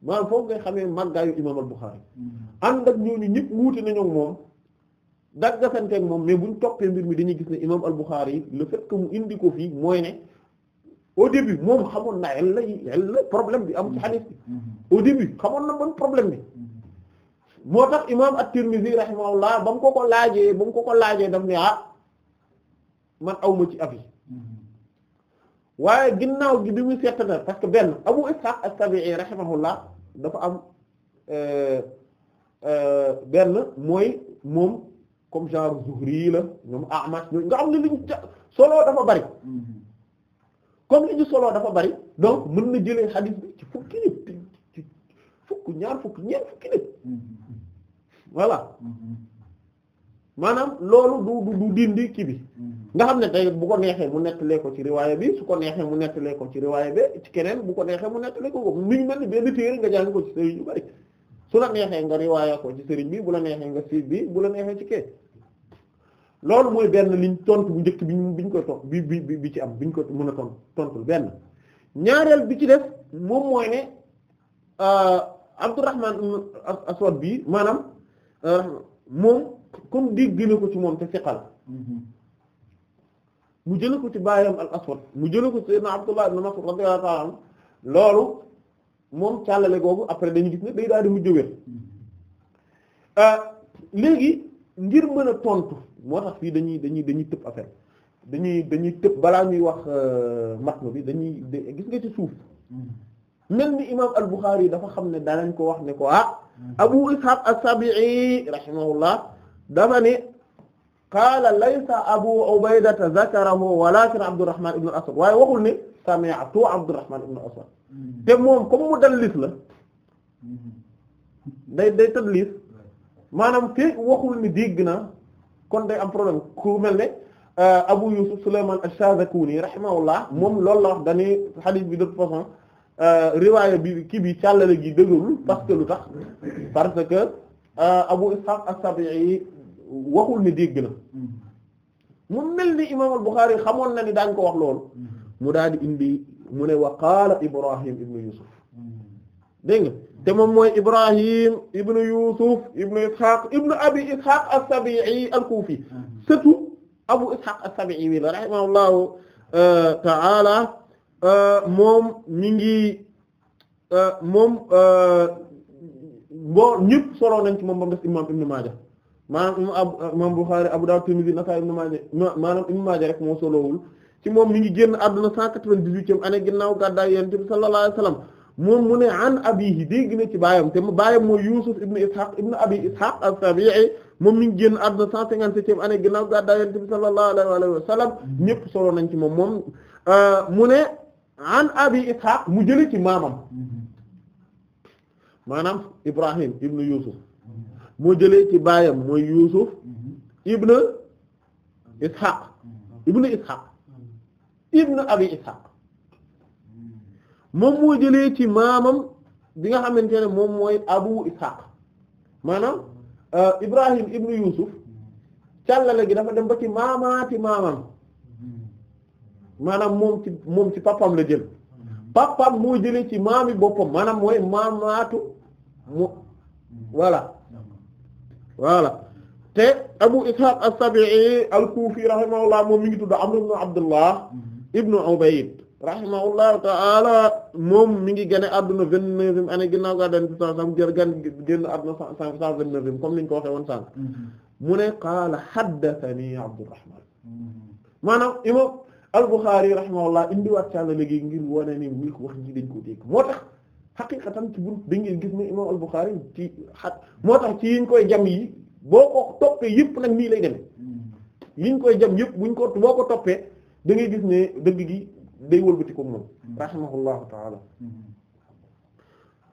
S2: maanaam foofu ngay xamee màggaayu imaam al-Bukhari mm-hmm. ànd ak ñooñu ñëpp wuute nañu moom daggasanteeg moom mais buñ toppee mbir mi dañuy gis ne imaam al-Bukhari le fait que mu indi ko fii mooy ne au début moom xamoon na el la problème bi am ci hadith bi mm-hmm. au début xamoon na ban problème bi
S3: mm-hmm.
S2: moo tax imaam at-Tirmidhi rahimahullah ba mu ko ko laajee ba mu ko ko laajee daf ne ah man awma ci avis waaye ginnaaw gi bi muy seetatal parce que benn Abu Ishaq as-Sabi'i rahimahullah dafa am euh, euh, benn mooy moom comme genre Zuhri la ñoom A'mash nga xam ne li ñu solo dafa bari comme li ñu solo dafa bari donc mën na jëlee xadiis bi ci fukki nit fukk ñaar fukk ñeent fukki nit mm-hmm. voilà. Mm-hmm. maanaam loolu du du dindi kii bi mm-hmm. nga xam ne tey bu ko neexee mu nettalee ko ci riwaaya bi su ko neexee mu nettalee ko ci riwaaya bi ci keneen bu ko neexee mu nettalee ko ko mi ngi mel ni benn téere nga jàng ko ci sëriñ yu su la neexee nga riwaaya ko ci sëriñ bi bu la neexee nga siib bi bu la neexee ci kee loolu mooy benn liñ tont bu njëkk bi biñ koy tontu bi bi bi ci am ñu ko mën a tontu tontul benn ñaareel bi ci def moom mooy ne euh, Abdurrahman Aswad bi maanaam euh, moom. comme dégg na ko ci moom te siqal mhm. mu jële ko ci baayam al aswad mu jële ko ci sayyidna Abdullah ibn Mas'ud radiyallahu ta'ala anhu loolu moom càllale googu après dañu gis ne day daal di mujj wér mhm. euh, léegi ngir mën a tontu moo tax fii dañuy dañuy dañuy tëb affaire dañuy dañuy tëb balaa ñuy wax euh, matn bi dañuy gis nga ci suuf mhm. mel ni imaam al-Bukhari dafa xam ne danañ ko wax ne ko ah Abu Ishaq as-Sabi'i rahimahullah dafa ni qaala laysa abu ubaydata zakarahu walakin abdurrahman ibn al-aswad waaye waxul ne sami'tu ibn al mm-hmm. te moom comme mu la mm-hmm. day day tadlis maanaam fii waxul ni dégg kon day am problème ku mel ne euh, Abu Yusuf Sulayman ash-Shazakuni rahimahullah moom loolu la wax dañuy xadiis bi de toute façon euh, riwaaya bi kii bi càllale gi dëgërul parce lu tax parce que euh, Abu Ishaq as-Sabi'i waxul ne dégg na hmm. mu mel ni imaam al-Bukhari xamoon na ni ko wax loolu hmm. mu daal indi mu ne wa qaala Ibrahim ibnu Yusuf hmm. dégg nga te mooy Ibrahim ibnu Yusuf Abi Ishaq as-Sabi'i al-Kufi Abu Ishaq as-Sabi'i wi la euh, ta'ala euh, moom mi ngi euh, moom boo ñëpp solo nañ ci moom imam Ibn Maaja maanaam imam Bukhari Abu Dawud Tirmidhi Nasa'i Ibn Maaja maanaam Ibn Maaja rek moo solowul ci moom mi ngi génn àdduna cent quatre-vingt-dix-huitième année ginnaaw gàddaay Yonent bi sallallahu alayhi moom mu ne an abihi na ci baayam te mu baayam mooy Yusuf ibn moom mi ngi génn àdduna cent cinquante-septième année ginnaaw gàddaay Yonent bi sallallahu alayhi solo nañ ci moom moom euh, mu ne an Abi Ishaq mu jële ci maamam mm-hmm. maanaam Ibrahim ibn Yusuf moo jëlee ci baayam mooy Yuusuf mm-hmm. ibn Ishaq mm-hmm. ibn Ishaq mm-hmm. ibn Abi Ishaq moom moo jëlee ci maamam bi nga xamante ne moom mooy Abu Ishaq maanaam euh, Ibrahim ibn Yuusuf càllale gi dafa dem ba ci maamaati maamam maanaam moom ci moom ci papam la jël papam moo jëlee ci maami boppam maanaam mooy maamaatu mu voilà voilà te Abu Ishaq as-Sabi'i al-Kufi rahimahullah moom mi ba tudd Amr ibn Abdullah ibn Ubayd rahimahullahu ta'ala moom mi ngi génne àdduna vingt-neuvième année ginnaaw ga den cent sam jër gan génn àdduna cent vingt-neuvième comme ni ñu ko waxee woon sànq mm-hmm. mu ne qaala haddathani Abdurrahman mm-hmm. maanaam imam al-Bukhari rahimahullah indiwaat càlla léegi ngir wane ni muy wax ñi dañ ko xaqiqatan ci bunt da ngeen gis ne imam al-Bukhari ci xat moo tax ci yiñ koy jam yi boo ko toppee yëpp nag nii lay demee mm. yiñ koy jam yëpp buñ ko boo ko toppee da ngay gis ne dëgg gi day wëlbati ko moom mm. rahimahullahu taala mm.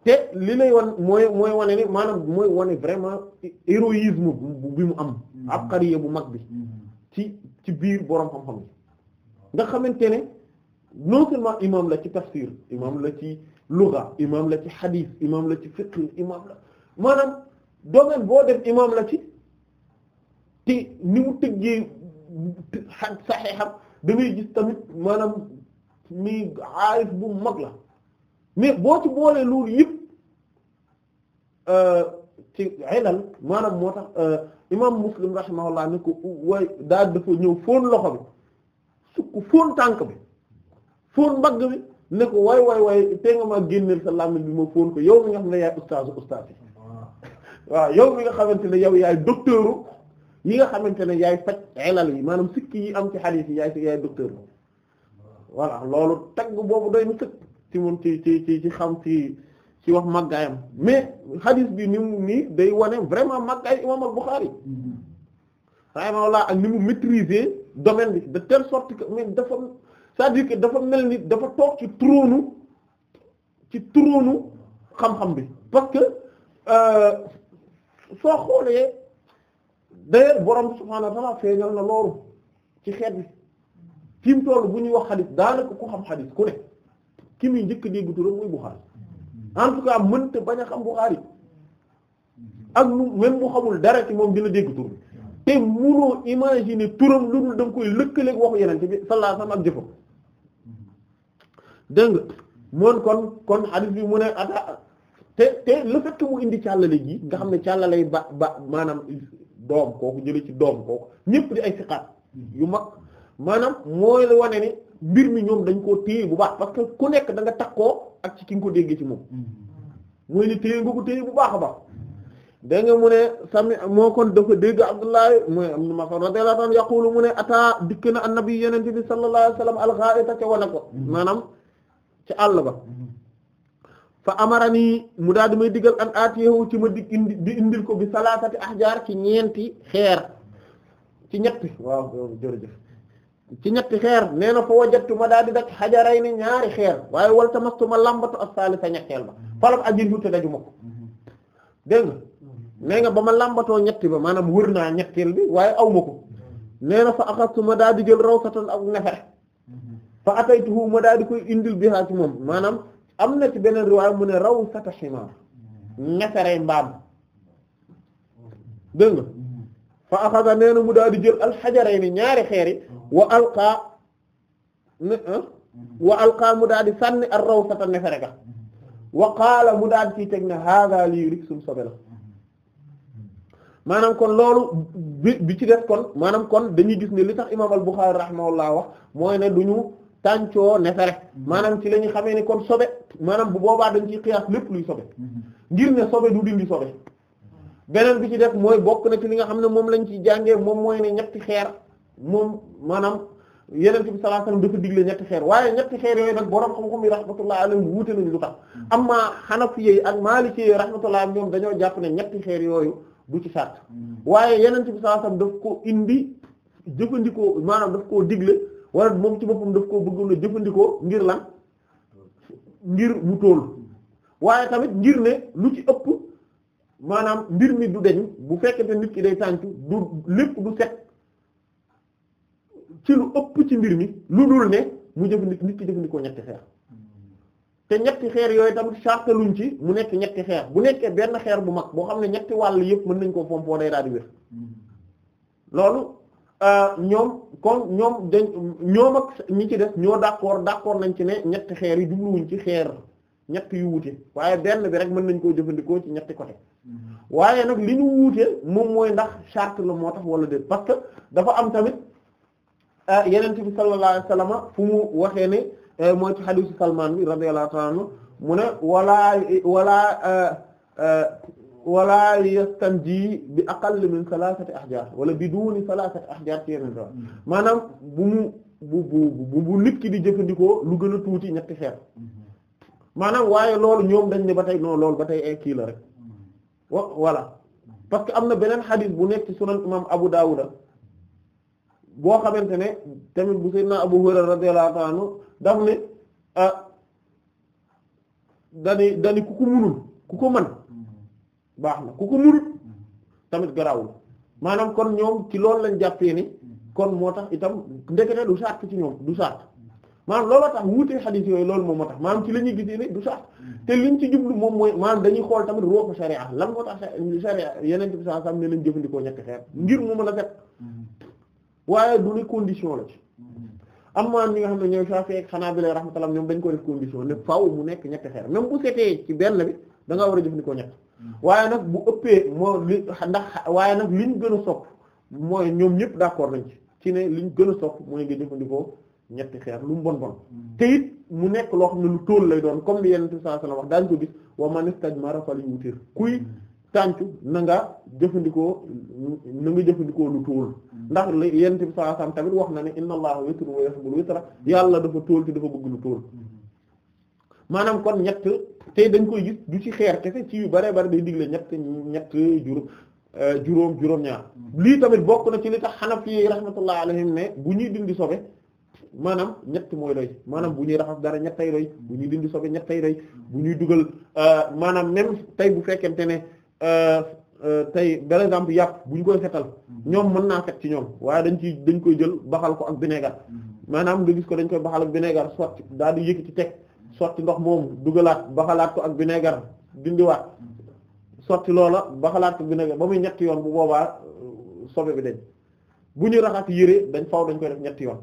S2: te li lay wan mooy mooy wane ne maanaam mooy wane vraiment héroïsme bi mu am abqariya bu mag bi ci ci biir boroom xam-xam nga xamante ne non seulement imam la ci tafsir imam la ci luga imam la ci hadith imam la ci fiqh imam la maanaam domaine boo dem imam la ci ti ni mu tëggee xaj saxeexam da ngay gis tamit maanaam mi aarif bu mag la mais boo ci boolee loolu yëpp euh, ci ilal maanaam moo tax euh, imam muslim rahimahullah ni ko way daal dafa ñëw fóon loxo bi sukk fóon tànk bi fóon mbagg bi ne ko waay waay waaye tee nga maa génneel sa làmmiñ bi ma fóon ko yow mi nga xam ne yaay ustaasu ustaas yi waaw yow mi nga xamante ne yow yaay docteuru yi nga xamante ne yaay faj elal yi maanaam sikki yi am ci xadiis yi yaay yaay docteur voilà loolu tagg boobu doy na sëkk ci moom ci ci ci ci xam ci ci wax màggaayam mais xadiis bi ni mu nii day wane vraiment màggaay imaam al-Bukhari mm-hmm. rahimahullah ak ni mu maîtriser domaine bi de telle sorte que mais dafa cest dire que dafa mel nit dafa toog ci trône ci trône xam-xam bi parce que euh, soo xoolee d'ailleurs borom subhaanahu wa ta'aala feeñal na loolu ci xeet bi fi mu toll bu ñuy wax xadis daanaka ku xam xadis ku ne ki muy njëkk dégg turam muy Buxaari en tout cas mënta bañ a xam Buxaari ak lu même mu xamul dara ci moom dina dégg tur te munoo imaginer turam lu dul da koy lëkkalee waxu yeneen bi sallallahu alayhi wa sallam ak jëfam dégg nga moom kon kon hadith bi mu ne ata te te le fait que mu indi càllale jii nga xam ne càllalay ba ba maanaam doom kooku jëlee ci doom kooku ñëpp di ay siqaat yu mag maanaam mooy la wane ne mbir mi ñoom dañ koo téye bu baax parce que ku nekk da nga takkoo ak ci ki nga ko déggee ci moom mooy ni téye nga ko téye bu baax a baax da nga mu ne sami moo kon dafa dégg Abdullah mooy am na ma ko radiyallahu anhu yaqulu mu ne ata dikk na annabi yenente bi sallallahu alayhi al-gha'ita ca wana ko mm-hmm. maanaam ci àll ba fa amara nii mu daal di may digal an aatiyewu ci ma di indi di indil ko bi salaasati ahjaar ci ñeenti xeer ci ñetti waaw jërëjëf ci ñetti xeer nee na fa wajattu ma daal di dak xajaray ni ñaari xeer waaye wal tamastu ma lambatu assaali sa ñetteel ba falab ajin wute daju ma ko dégg ba ma lambatoo ñetti ba maanaam wër naa ñetteel bi waaye aw ma ko nee na fa axastu ma daal di jël rawsatan ak nefer fa ataytuhu ma daal di koy indil bi haa ci moom maanaam am na ci beneen riwaay mu ne raw sata ximaar ngeseree mbaam dégg fa axada nee na mu daal di jël alxajaray ni ñaari xeer yi wa alqaa ah, wa alqaa mu daal di sànni ak raw sata nefere wa qaala mu daal di ciy teg ne haaga lii rik sum sobe la maanaam kon loolu bi bi ci def kon maanaam kon dañuy gis ni li tax imaam al Buxaari rahimahullah wax mooy ne du ñu tàncoo nefere maanaam ci la ñu xamee ni kon sobe maanaam bu boobaa dañ ciy xiyaas lépp luy sobe ngir ne sobe du dindi sobe beneen bi ci def mooy bokk na ci li nga xam ne moom lañ ciy jàngee moom mooy ne ñetti xeer moom maanaam yeneen bi sallallahu alayhi wasallam dafa digle ñetti xeer waaye ñetti xeer yooyu nag borom xam-xam yi rahmatullahi alayhim wuute nañ lu tax amma Hanafiyyi ak Maalikiyyi rahmatullahi ñoom dañoo jàpp ne ñetti xeer yooyu du ci sart mm. waaye yeneen ti sallallahu alayhi wasallam daf ko indi jëfandikoo maanaam daf koo digle wala moom ci boppam daf koo bëggoon a jëfandikoo ngir lan ngir mu tool waaye tamit ngir ne lu ci ëpp maanaam mbir mi du deñ bu fekkente nit ki day sàncu du lépp du set ci lu ëpp ci mbir mi lu dul ne mu jëfandik nit ki jëfandikoo ñetti xeer te ñetti xeer yooyu tamit charte ci mu nekk ñetti xeer bu nekkee benn xeer bu mag boo xam ne ñetti wàll yëpp mën nañ koo fompoo day daal di wér hmm. loolu Euh, ñoom kon ñoom dañ ñoom ak ñi ci def ñoo d'accord d'accord nañ ci ne ñetti xeer yi jubluwuñ ci xeer ñett yu wuute waaye benn bi rek mën nañ koo jëfandikoo ci ñetti côté mm-hmm. waaye nag li ñu wuute moom mooy ndax charte la moo tax wala déet parce que dafa am tamit euh, yeneen bi sallallahu alayhi wasallam fu mu waxee ne euh, mooy ci xadiisu Salmaan bi radiyallahu ta'ala anhu mu ne walaa walaa wala ji bi aqall min salasati ahjar wala bi duuni salasati ahjar ci yeneen dawa mm-hmm. maanaam bu mu bu bu bu nit ki di jëfandikoo lu gën a tuuti ñetti xeer mm-hmm. maanaam waaye loolu ñoom dañ ne ba tey non lool ba tey ay kii la rek mm-hmm. wa voilà parce que am na beneen xadis bu nekk ci sunan imam Abu Dawuda boo xamante ne tamit bu Seydina Abu Hurayra radiyallahu anhu daf ne ah dani dani ku ko munul ku ko man baax na ku ko mënut tamit garaawul maanaam kon ñoom ki loolu lañ jàppee ni kon moo tax itam ndekete du sart ci ñoom du maan maanaam looloo tax wuutee xadiis yooyu loolu moom moo tax maanaam ci la ñuy gisee ni du sart te liñ ci jublu moom mooy maanaam dañuy xool tamit roofu sharia lan moo tax sharia yeneen bi saa sam ne lañ jëfandikoo ñetti xeer ngir mu mën a fet waaye du ne condition la ci am na xam ne ñooy Shafi'i ak Hanabila rahmatullah ñoom dañ ko def condition ne faaw mu nekk ñetti xeer même bu setee ci benn bi danga war a jëfandikoo ñett waaye nag bu ëppee moo li ndax waaye nag liñ gën a sopp mooy ñoom ñëpp d'accord nañ ci ci ne liñ gën a sopp mooy nga jëfandikoo ñetti xeer lu mu bon bon te it mu nekk loo xam ne lu tóol lay doon comme li yenn sallallahu alayhi wasallam wax daañu ko gis wa man istajmara falyutir kuy tàncu na nga jëfandikoo na nga jëfandikoo lu tóol ndax li yenn sallallahu alayhi wasallam tamit wax na ne inna allaha witrun wa yuhibbul witra yàlla dafa tóol te dafa bëgg lu tóol maanaam kon ñett tey dañ koy gis du ci xeer kese ci yu bare bare day digle ñett ñett juróom euh, juróom juróom ñaar lii tamit bokk na ci li tax xanaf yi rahmatullah alayhim ne bu ñuy dindi sobe maanaam ñett mooy doy maanaam bu ñuy raxas dara ñettay doy bu ñuy dindi sobe ñettay doy bu ñuy dugal euh, maanaam même tey bu fekkente ne euh, tey par exemple yàpp bu ñu koy fetal ñoom mën naa fet ci ñoom waaye dañ ci dañ koy jël baxal ko ak vinaigre mm-hmm. maanaam nga gis ko dañ koy baxal ak vinaigre sotti daal di ci teg sotti ndox moomu dugalaat baxalaat ko ak vinaigre dindiwaat sotti loola baxalaat ko vinaigre ba muy ñetti yoon bu boobaa euh, sobe bi dañ bu ñu raxas yére dañ faw dañ koy def ñetti yoon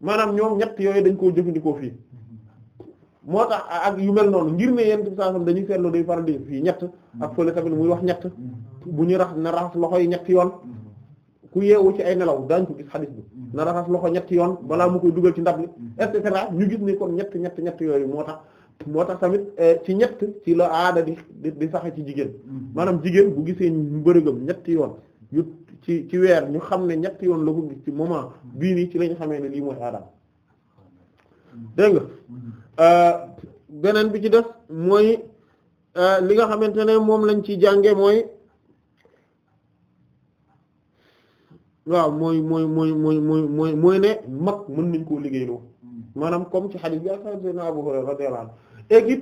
S2: maanaam ñoom ñett yooyu dañ koo jëfandikoo fii moo tax ak yu mel noonu ngir ne yéen ci saa dañuy seetlu day faral di fii ñett ak fële tamit muy wax ñett bu ñuy rax na raxas loxo yi ñetti yoon ku yeewu ci ay nelaw daañu ko xadis bi na raxas loxo ñetti yoon balaa mu koy dugal ci ndab li mm-hmm. et ñu gis ni kon ñett ñett ñett yooyu moo tax moo tax tamit eh, ci ñett ci la aada di di saxe ci jigéen
S3: mm-hmm. maanaam
S2: jigéen bu gisee mbërëgam ñetti yoon yu ci ci weer ñu xam ne ñetti yoon la ko gis ci moment mm-hmm. bii nii ci la ñu xamee ne lii mooy aada dégg nga euh, beneen bi ci def mooy euh, li nga xamante ne moom lañ ci jànge mooy waaw mooy mooy mooy mooy mooy mooy mooy ne mag mën nañ koo liggéeyloo hmm. maanaam comme ci xadiis bi ak sayyidina Abu Hurayra radiyallahu anhu et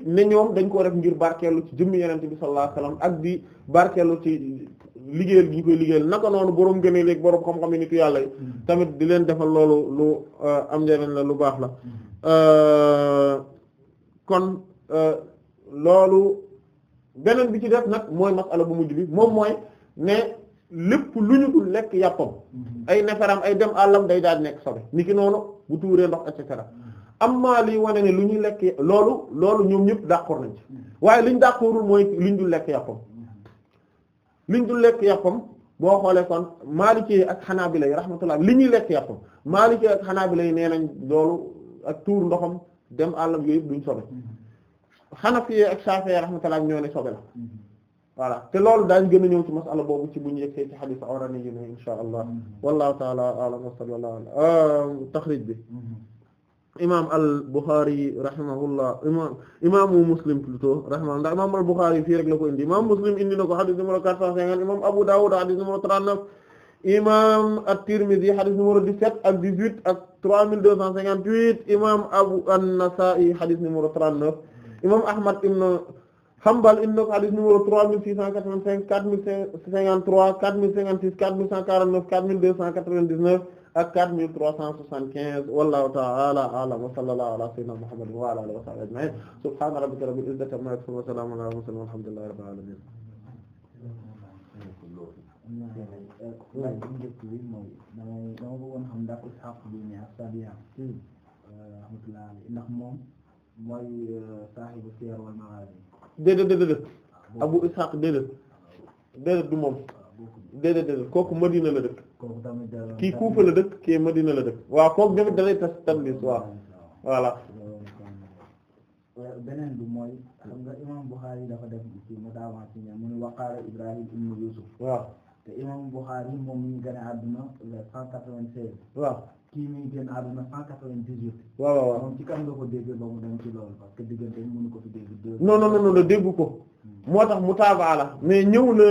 S2: dañ koo def ngir barkeelu ci jëmmi yenente bi sallallahu alayhi wasallam ak di barkeelu ci liggéeyal gi ñu koy liggéeyal naka noonu boroom gën a léegi boroom xam-xam ni nitu yàlla yi hmm. tamit di leen defal loolu lu euh, am njariñ la lu baax la hmm. euh, kon euh, loolu beneen bi ci def nag mooy masala bu mujj bi moom mooy ne lépp lu ñu dul lekk yàppam mhm. ay nefaram ay dem àllam day daal nekk sobe ni ki noonu bu tuuree ndox et cetera mhm. amma liy wane ne lu ñuy lekk loolu loolu ñoom ñëpp d'accord nañ ci mhm. waaye liñ d'accordul mooy liñ du lekk yàppam liñ du lekk yàppam boo xoolee kon ci ak Hanabila yi rahmatullah li ñuy lekk yàppam Maliki ak bi lay nee nañ loolu ak tuur ndoxam dem àllam yooyu duñ sobe Hanafi ak Shafi'i rahmatullah ñoo ne sobe la voilà te loolu daañ gën a ñëw ci masala boobu ci bu ñu yegsee ci xadis awrani yi ne insha allah mm-hmm. wallahu taala alam wa sallallahu ala euh, taxrij bi mm-hmm. imam al Bukhari rahimahullah imam imaamu Muslim plutôt rahimahullah ndax imam al Bukhari fii rek la ko indi imam Muslim indi na ko xadis numéro 450 imam Abu Dawud xadis numéro 39 imam at-Tirmidhi xadis numéro 17 ak ak 3258 imam Abu an-Nasa'i xadis numéro 39 mm-hmm. imam Ahmad ibn Hanbal indi na ko hadith numéro 3685 4053 4056 4149 4299 ak 4375 wallahu ta'ala a'lam wa sallallahu ala sayyidina Muhammad wa ala alihi wa sahbihi ajma'in subhana rabbika rabbil izzati amma yasifun wa salamun ala mursalin walhamdulillahi rabbil alamin dama
S1: bëggoon xam ndax hmm. Ishaq uh, bin Sabiha rahmatullah ndax moom mooy uh, saahibu Siyar wal Maghazin
S2: déedéet déedéet ah, abu ishaq déedéet déedéet du moom ah, déedéet déedéet kooku madina la dëkk kii kuufa la dëkk kii madina la dëkk waaw kooku damit dalay tas tablis waaw voilà
S1: euh, beneen bi mooy xam nga imam Bukhari dafa def ci mutawaa ci ñoom mu ne waqaala Ibrahim ibn Yusuf waaw te imam Bukhari moom ñu gën a àdduna le cent kii muy génn àdduna cent quatre-vingt-dix-huit waaw ci kan nga ko dégg ba mu dem ci loolu
S2: ko hmm. moo tax mu taabaa la mais ñëw na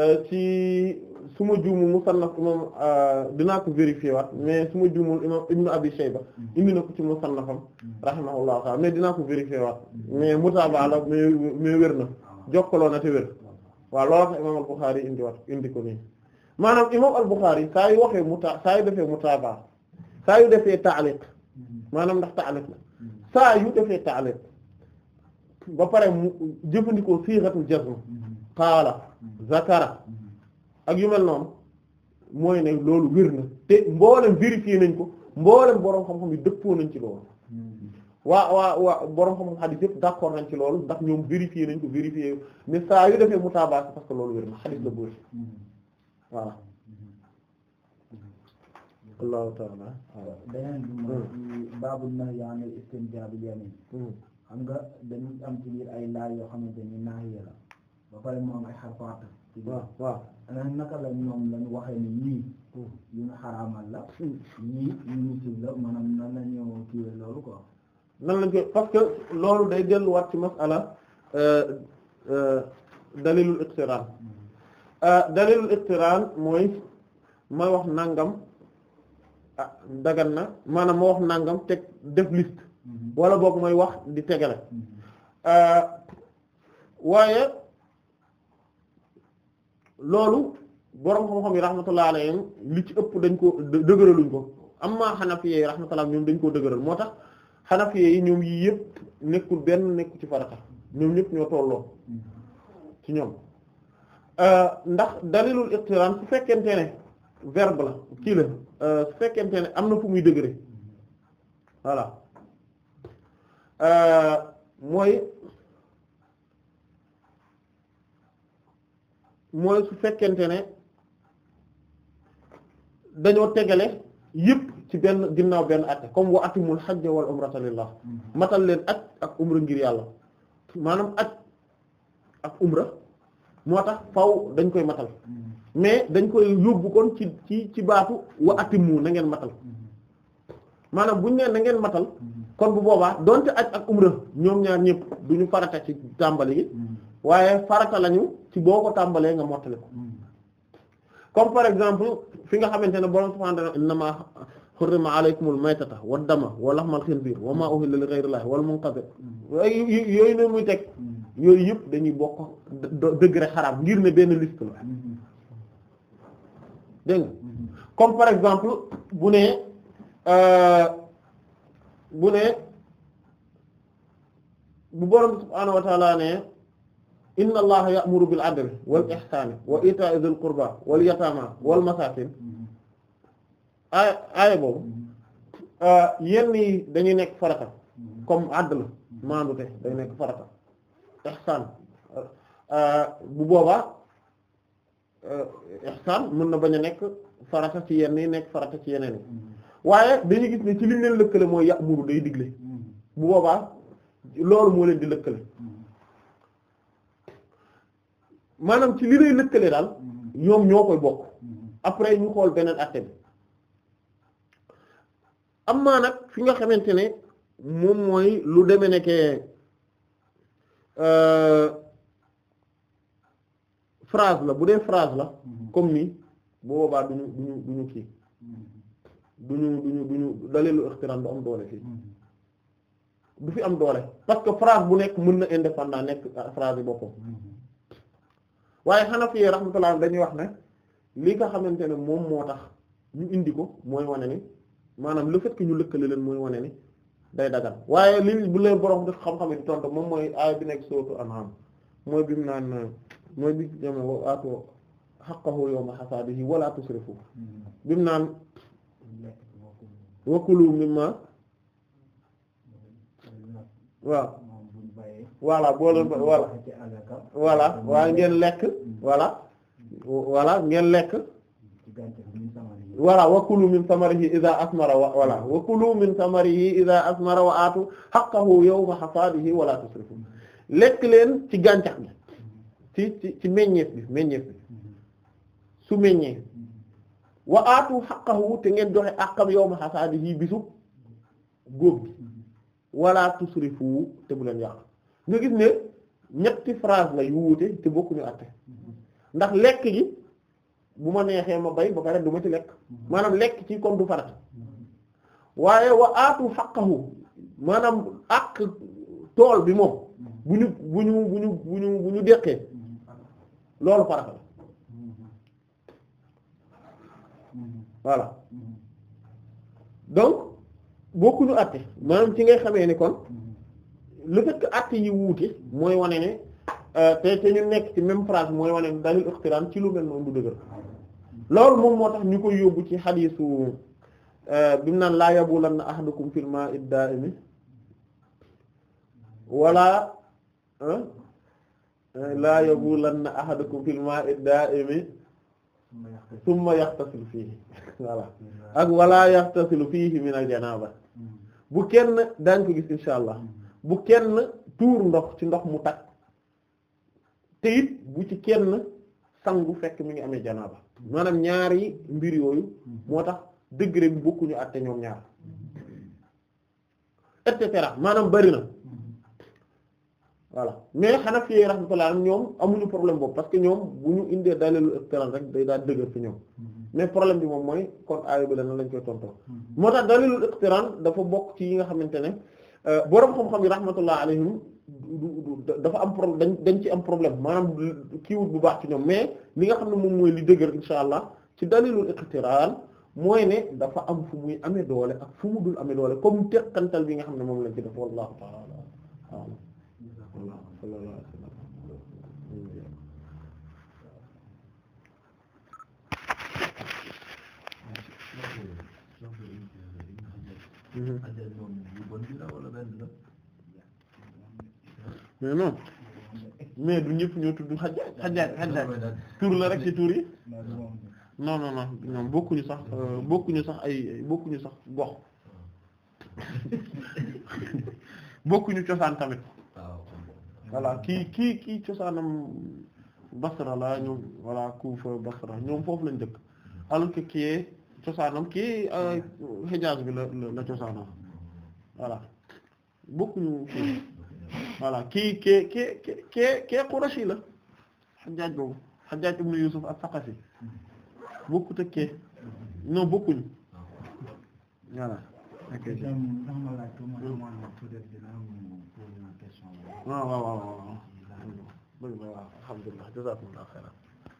S2: euh, ci suma ma juumu musannaf imam euh, dinaa ko vérifier waat mais suma ma juumul imam ibnu abi shayba hmm. indi na ko ci musannafam hmm. rahimahullahu taala mais dina ko vérifier waat mais mu taabaa mais wér na ah. jokkaloo na wér waaw loolu tax imam al indi waat indi ko nii maanaam imam al-Bukhari saa yu waxee muta saa yu defee mutaaba saa yu defee taaliq maanaam ndax taaliq la saa yu defee taaliq ba pare mu jëfandikoo siixatul jazm qaala zakara ak yu mel noonu mooy ne loolu wér na te mboolem vérifié nañ ko mboolem boroom xam-xam yi dëppoo nañ ci loolu waa waa waa boroom xam-xam xadis yëpp d'accord nañ ci loolu ndax ñoom vérifié nañ ko vérifié mais saa yu defee mutaaba parce que loolu wér na xadis la bu voilà mm-hmm. allahu taala
S1: beneen bi mooy mm. baabu nahyi an yamin mm. xam nga dañu am ci biir ay laay yoo xamante ni naayi la ba pare mu am ay xarfaat ci biir naka la ñoom lañu waxee ni ñii mm. yu ñu xaraamal la ñii ñu ñu sib la maanaam nan la ñëw kiiwee loolu quoi
S2: nan lañ ko parce loolu day delluwaat ci masala euh, euh, dalilul iqtiran Euh, dalilul iqtiraan mooy may wax nangam ah dagan na maanaam ma wax nangam teg def liste mhm. wala boog mooy wax di tegale mhm. euh, waaye loolu borom xam-xam yi rahmatullah alayhim li ci ëpp dañ ko dëgëraluñ ko amma xanafiye yi rahmatullah ñoom dañ koo dëgëral moo tax xanafiye yi ñoom yii yëpp nekkul benn nekku ci farata ñoom ñëpp ñoo tolloo mhm. ci ñoom Euh, ndax dalilul iqtiran su fekkente ne verbe la kii la euh, su fekkente ne am na fu muy degré voilà euh, mooy mooy su fekkente ne dañoo tegale yépp ci benn ginnaaw benn at comme wa atimul hajja wal umrata mm-hmm. matal leen at ak umra ngir yàlla maanaam at ak umra moo tax faw dañ koy matal mais dañ koy yóbbu kon ci ci ci baatu wa atimu na ngeen matal maanaam buñ nee na ngeen matal kon bu boobaa donte aj ak umra ñoom ñaar ñëpp du ñu farata ci tàmbali gi waaye farata lañu ci boo ko tàmbalee nga mottali ko comme par exemple fi nga xamante ne borom subhaanahu innamaa ma alaykumul maytata wad dama wa lahmal xinziir wa maa uhilla li ghayrillahi wal munqadhir yooyu yooyu ne muy teg yooyu yëpp dañuy bokk degré xaraam ngir ne benn liste la dégg mm-hmm. comme par exemple bu ne euh, bu ne bu borom subhaanahu wa taala ne inna allaha ya'muru bil adli wal ihsani wa ita'i dhil qurba wal yatama wal masakin mm-hmm. aaya aaya boobu mm-hmm. euh, yenn yi dañuy nekk farata comme adl maandu te nekk farata ihsaan bu boobaa ihsaan mën na bañ a nekk farata ci yenn yi nekk farata ci yeneen yi waaye dañuy gis ne ci liñ leen lëkkale mooy ya'muru day digle bu boobaa loolu moo leen di lëkkale maanaam ci li lay lëkkale daal ñoom ñoo koy bokk après ñu xool beneen acte bi am maa nag fi nga xamante ne moom mooy lu deme nekkee Euh, phrase la bu dee phrase la mhm. comme nii bu boobaa duñu duñu duñu ñu
S3: mhm.
S2: duñu duñu duñu dalilu ixtiraan du am doole fii mhm. du fi am doole parce que phrase bu nekk mën na indépendant nekk phrase yi boppam waaye Hanafi yi rahmatullah dañuy wax ne lii nga xamante ne moom moo tax ñu indi ko mooy wane ni maanaam le fait ñu lëkkale leen mooy wane ni day dagan waaye li bu leen borom def xam yi di tontu moom mooy aaya bi nekk sootu an'am mooy bi naan mooy bi ñoom wa aatu haqqahu yawma hasaadihi waaw voilà boo leen
S1: voilà voilà ngeen
S2: lekk voilà ngeen lekk voilà wa kulu min samarihi idha asmara wa voilà wa kulu min samarihi idha asmara wa aatu haqqahu yawma hasadihi wa la tusrifu lekk leen ci gàncax bi ci ci ci meññeef bi meññeef bi su meññee wa aatu haqqahu te ngeen joxe àqam yawma hasadihi bisu góob bi wala tusrifu te bu leen yàq nga gis ne ñetti phrase la wuute te bokkuñu àtte ndax lekk gi bu ma neexee ma bay ba pare du ma ci lekk mm-hmm. maanaam lekk ci comme du farata mm-hmm. waaye wa aatu xaqahu maanaam ak tool bi moom mm-hmm. bu ñu bu ñu bu ñu bu ñu bu ñu deqee loolu farata la voilà donc bokkuñu àtte maanaam ci ngay xamee ni kon le fait que àtte yi wuute mooy wane ne euh, te te ñu nekk ci même phrase mooy wane ne dalil ixtiraan ci lu mel noonu du dëgër loolu moom moo tax ñu koy yóbbu ci xadiisu euh, bi mu naan laa yabulanna ahadukum fil maa'i daa'imi wala euh, laa yabulanna ahadukum fil maa'i daa'imi summa yaxtasilu fiihi voilà ak wala yaxtasilu fiihi min al janaaba bu kenn daañ ko gis insha allah bu kenn tuur ndox ci ndox mu takk te bu ci kenn sangu fekk mi ngi amee janaaba maanaam ñaari mbir yooyu moo tax degré bi bokkuñu àtte ñoom ñaar et cetera maanaam bari na voilà mais Hanafi yi rahmatullah ñoom amuñu problème boobu parce que ñoom bu ñu indee dalilu iqtiraan rek day daal dëgër fi ñoom mm-hmm. mais problème bi moom mooy kon aaya bi la nan lañ koy tontoo mm-hmm. moo tax dalilu iqtiraan dafa bokk ci yi nga xamante ne euh, boroom xam-xam yi rahmatullah alayhim dafa am problème dañ dañ ci am problème maanaam kiiwut bu baax ci ñoom mais li nga xam ne moom mooy li dëgër insha allah ci dalilul iqtiraan mooy ne dafa am fu muy amee doole ak fu mu dul amee doole comme teqantal bi nga xam ne moom lañ ci def wallahu ta'ala mais du ñëpp ñoo tudd xaj xajaaj xajaaj tur la rek ci tur yi non non non ñoom bokkuñu sax euh, bokkuñu sax ay bokkuñu sax gox [LAUGHS] bokkuñu cosaan tamit voilà kii kii kii cosaanam Basra la ñoom voilà Kufa Basra ñoom foofu lañ dëkk alors que kii cosaanam kii euh, Hijaz bi la la cosaanam bokkuñu voilà kii kee kee kee kee Qurashi la Hajjaj boobu Hajjaj ibn Yusuf as-Saqafi bokkut ak kee non bokkuñu voilà. ok waaw waaw waaw waaw alhamdulillah jazakumullahu khairan